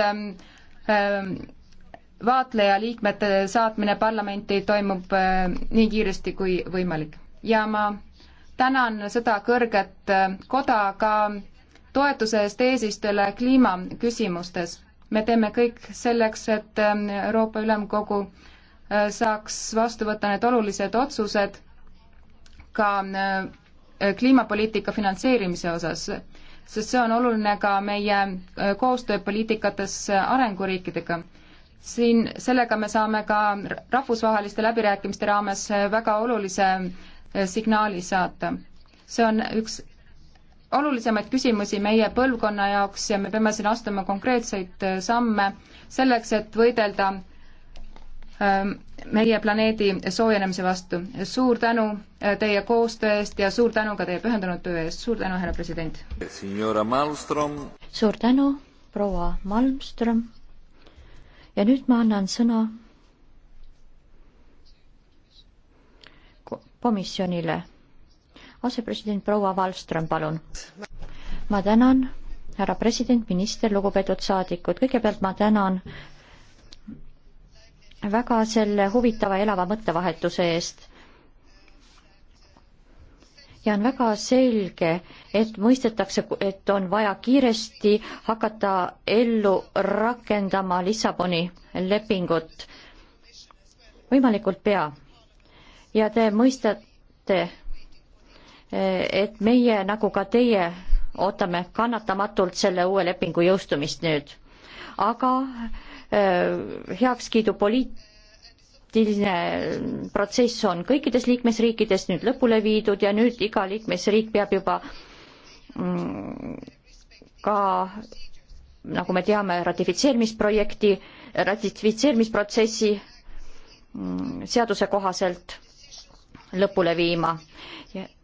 vaatlejaliikmete saatmine parlamenti toimub äh, nii kiiresti kui võimalik. ja ma tänan seda kõrget äh, koda ka toetuse eest eesistujale kliimaküsimustes. me teeme kõik selleks, et äh, Euroopa Ülemkogu saaks vastu võtta need olulised otsused ka kliimapoliitika finantseerimise osas, sest see on oluline ka meie koostööpoliitikates arenguriikidega siin, sellega me saame ka rahvusvaheliste läbirääkimiste raames väga olulise eh, signaali saata. see on üks olulisemaid küsimusi meie põlvkonna jaoks ja me peame siin astuma konkreetseid eh, samme selleks, et võidelda eh, meie planeedi soojenemise vastu. suur tänu teie koostöö eest ja suur tänu ka teie pühendunud töö eest. suur tänu, härra president!
suur tänu, proua Malmström! ja nüüd ma annan sõna komisjonile. asepresident proua Wallström, palun. ma tänan, härra president, minister, lugupeetud saadikud, kõigepealt ma tänan väga selle huvitava elava mõttevahetuse eest ja on väga selge, et mõistetakse, et on vaja kiiresti hakata ellu rakendama Lissaboni lepingut võimalikult pea. ja te mõistate, et meie nagu ka teie ootame kannatamatult selle uue lepingu jõustumist nüüd. aga eh, heakskiidu poliit-, poliitiline protsess on kõikides liikmesriikides nüüd lõpule viidud ja nüüd iga liikmesriik peab juba mm, ka nagu me teame, ratifitseerimisprojekti, ratifitseerimisprotsessi mm, seaduse kohaselt lõpule viima.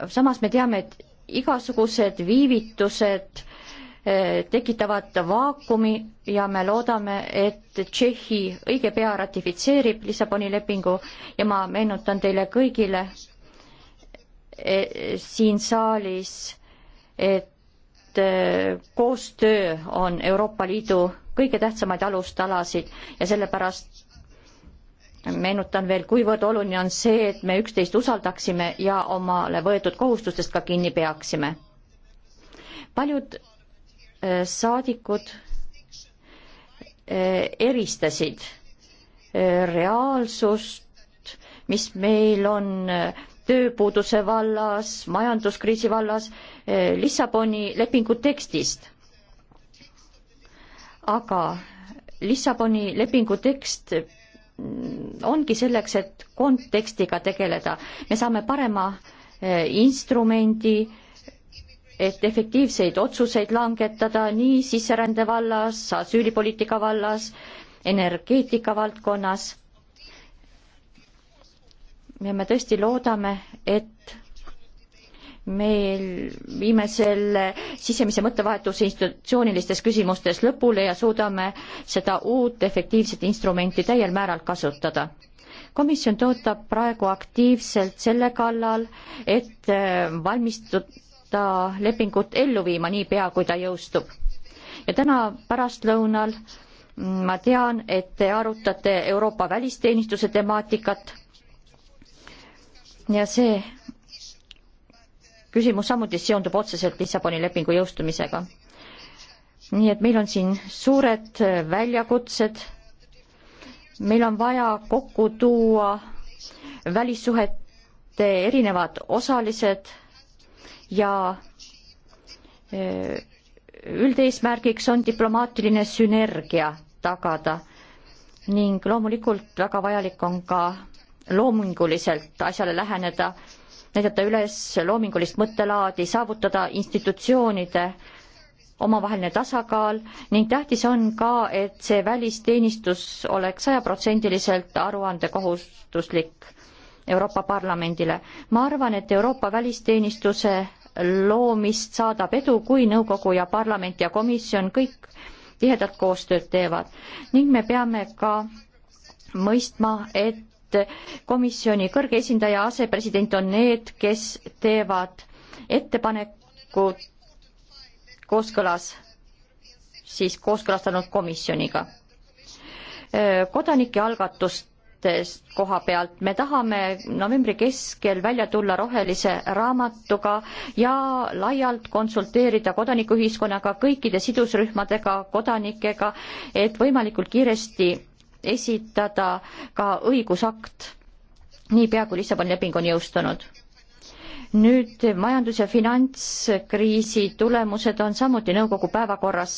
samas me teame, et igasugused viivitused äh, Eh, tekitavad vaakumi ja me loodame, et Tšehhi õige pea ratifitseerib Lissaboni lepingu ja ma meenutan teile kõigile eh, siin saalis, et eh, koostöö on Euroopa Liidu kõige tähtsamaid alustalasid ja sellepärast meenutan veel, kuivõrd oluline on see, et me üksteist usaldaksime ja omale võetud kohustustest ka kinni peaksime. paljud saadikud eh, eristasid eh, reaalsust, mis meil on eh, tööpuuduse vallas, majanduskriisi vallas, Lissaboni lepingu tekstist. aga Lissaboni lepingu tekst mm, ongi selleks, et kontekstiga tegeleda. me saame parema instrumendi äh, et efektiivseid otsuseid langetada nii sisserände vallas, asüülipoliitika vallas, energeetika valdkonnas. ja me tõesti loodame, et meil viime selle sisemise mõttevahetuse institutsioonilistes küsimustes lõpule ja suudame seda uut efektiivset instrumenti täiel määral kasutada. komisjon töötab praegu aktiivselt selle kallal, et valmistud hakata lepingut ellu viima niipea, kui ta jõustub. ja täna pärastlõunal ma tean, et te arutate Euroopa välisteenistuse temaatikat ja see küsimus samuti seondub otseselt Lissaboni lepingu jõustumisega. nii et meil on siin suured väljakutsed, meil on vaja kokku tuua välissuhete erinevad osalised ja üldeesmärgiks on diplomaatiline sünergia tagada ning loomulikult väga vajalik on ka loominguliselt asjale läheneda, näidata üles loomingulist mõttelaadi, saavutada institutsioonide omavaheline tasakaal ning tähtis on ka, et see välisteenistus oleks sajaprotsendiliselt aruandekohustuslik Euroopa Parlamendile. ma arvan, et Euroopa välisteenistuse loomist saadab edu, kui nõukogu ja parlament ja komisjon kõik tihedalt koostööd teevad ning me peame ka mõistma, et komisjoni kõrge esindaja asepresident on need, kes teevad ettepanekud kooskõlas, siis kooskõlastanud komisjoniga. kodanike algatust mõttest koha pealt. me tahame novembri keskel välja tulla rohelise raamatuga ja laialt konsulteerida kodanikuühiskonnaga, kõikide sidusrühmadega, kodanikega, et võimalikult kiiresti esitada ka õigusakt, niipea kui Lissaboni leping on jõustunud nüüd majandus- ja finantskriisi tulemused on samuti nõukogu päevakorras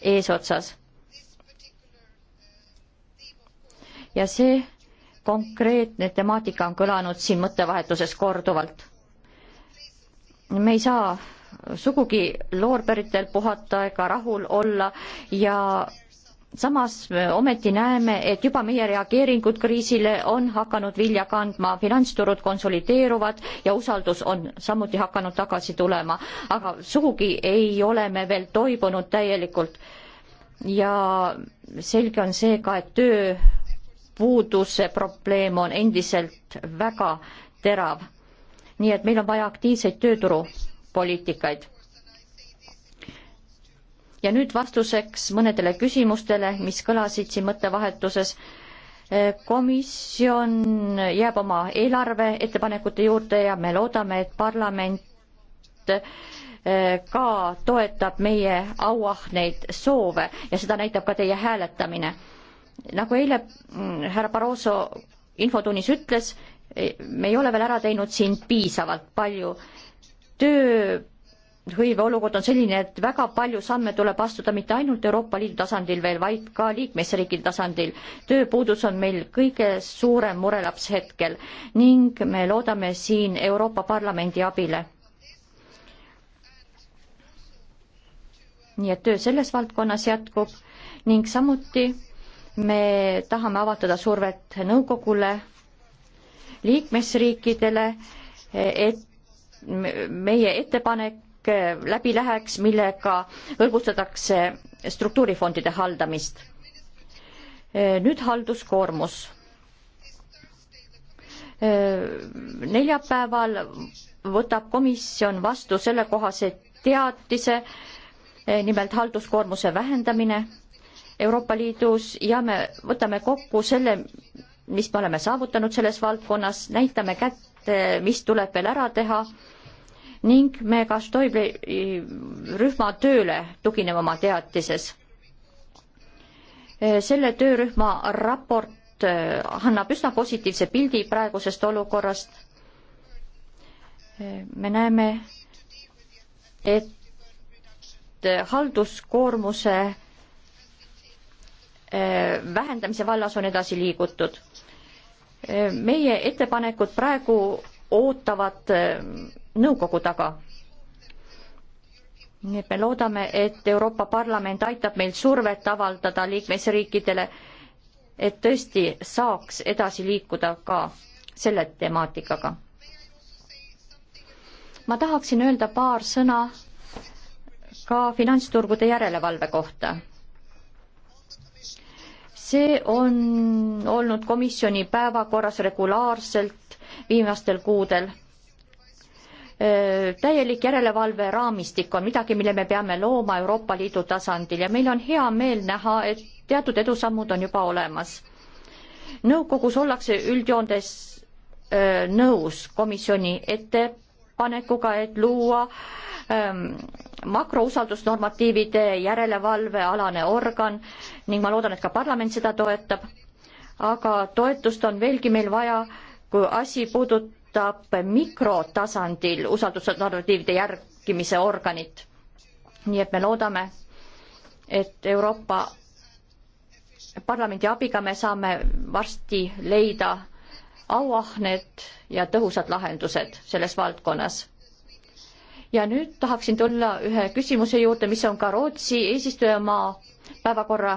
eesotsas ja see konkreetne temaatika on kõlanud siin mõttevahetuses korduvalt. me ei saa sugugi loorberitel puhata ega rahul olla ja samas me ometi näeme, et juba meie reageeringud kriisile on hakanud vilja kandma, finantsturud konsolideeruvad ja usaldus on samuti hakanud tagasi tulema, aga sugugi ei ole me veel toibunud täielikult. ja selge on see ka, et töö puuduse probleem on endiselt väga terav. nii et meil on vaja aktiivseid tööturupoliitikaid. ja nüüd vastuseks mõnedele küsimustele, mis kõlasid siin mõttevahetuses. Eh, komisjon jääb oma eelarve ettepanekute juurde ja me loodame, et parlament eh, ka toetab meie auahneid soove ja seda näitab ka teie hääletamine nagu eile mm, härra Barroso infotunnis ütles, me ei ole veel ära teinud siin piisavalt palju. tööhõive olukord on selline, et väga palju samme tuleb astuda mitte ainult Euroopa Liidu tasandil veel, vaid ka liikmesriikide tasandil. tööpuudus on meil kõige suurem murelaps hetkel ning me loodame siin Euroopa Parlamendi abile. nii et töö selles valdkonnas jätkub ning samuti me tahame avaldada survet nõukogule, liikmesriikidele, et meie ettepanek läbi läheks, millega hõlbustatakse struktuurifondide haldamist. nüüd halduskoormus. neljapäeval võtab komisjon vastu sellekohase teatise, nimelt halduskoormuse vähendamine Euroopa Liidus ja me võtame kokku selle, mis me oleme saavutanud selles valdkonnas, näitame kätte, mis tuleb veel ära teha ning me ka Stoibli rühma tööle tugineme oma teatises. selle töörühma raport äh, annab üsna positiivse pildi praegusest olukorrast. Äh, me näeme, et äh, halduskoormuse Äh, vähendamise vallas on edasi liigutud. Äh, meie ettepanekud praegu ootavad äh, nõukogu taga. nii et me loodame, et Euroopa Parlament aitab meil survet avaldada liikmesriikidele, et tõesti saaks edasi liikuda ka selle temaatikaga. ma tahaksin öelda paar sõna ka finantsturgude järelevalve kohta see on olnud komisjoni päevakorras regulaarselt viimastel kuudel. Äh, täielik järelevalve raamistik on midagi, mille me peame looma Euroopa Liidu tasandil ja meil on hea meel näha, et teatud edusammud on juba olemas. nõukogus ollakse üldjoontes äh, nõus komisjoni ettepanekuga, et luua makrousaldusnormatiivide järelevalvealane organ ning ma loodan, et ka parlament seda toetab. aga toetust on veelgi meil vaja, kui asi puudutab mikrotasandil usaldusnormatiivide järgimise organit. nii et me loodame, et Euroopa Parlamendi abiga me saame varsti leida auahned ja tõhusad lahendused selles valdkonnas ja nüüd tahaksin tulla ühe küsimuse juurde, mis on ka Rootsi eesistujamaa päevakorra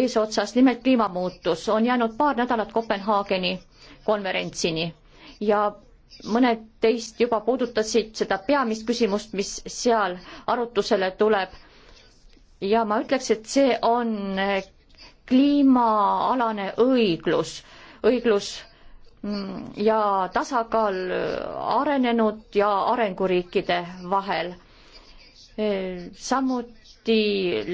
eesotsas, nimelt kliimamuutus. on jäänud paar nädalat Kopenhaageni konverentsini ja mõned teist juba puudutasid seda peamist küsimust, mis seal arutusele tuleb. ja ma ütleks, et see on kliimaalane õiglus, õiglus ja tasakaal arenenud ja arenguriikide vahel. samuti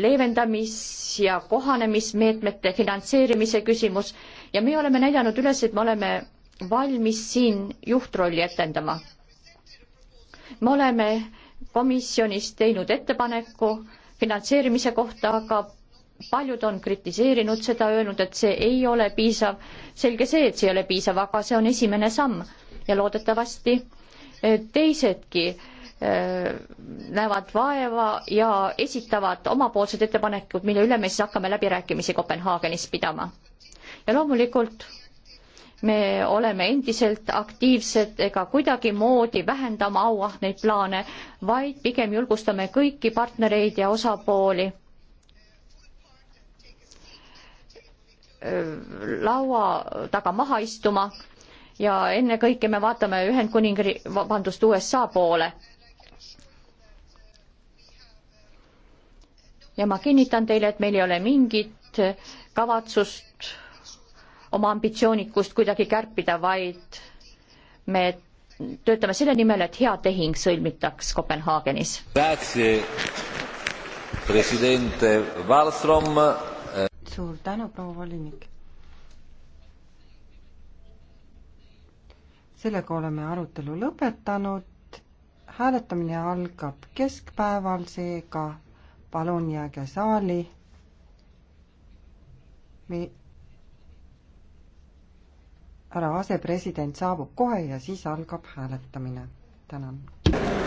leevendamis- ja kohanemismeetmete finantseerimise küsimus ja me oleme näidanud üles, et me oleme valmis siin juhtrolli etendama. me oleme komisjonis teinud ettepaneku finantseerimise kohta, aga paljud on kritiseerinud seda, öelnud, et see ei ole piisav. selge see, et see ei ole piisav, aga see on esimene samm ja loodetavasti eh, teisedki eh, näevad vaeva ja esitavad omapoolsed ettepanekud, mille üle me siis hakkame läbirääkimisi Kopenhaagenis pidama. ja loomulikult me oleme endiselt aktiivsed ega kuidagimoodi vähendama auahneid plaane, vaid pigem julgustame kõiki partnereid ja osapooli laua taga maha istuma ja ennekõike me vaatame Ühendkuningriigi, vabandust, USA poole. ja ma kinnitan teile, et meil ei ole mingit kavatsust oma ambitsioonikust kuidagi kärpida, vaid me töötame selle nimel, et hea tehing sõlmitaks Kopenhaagenis.
president Wallström
suur tänu, proua volinik.
sellega oleme arutelu lõpetanud. hääletamine algab keskpäeval, seega palun jääge saali. me, härra asepresident saabub kohe ja siis algab hääletamine. tänan.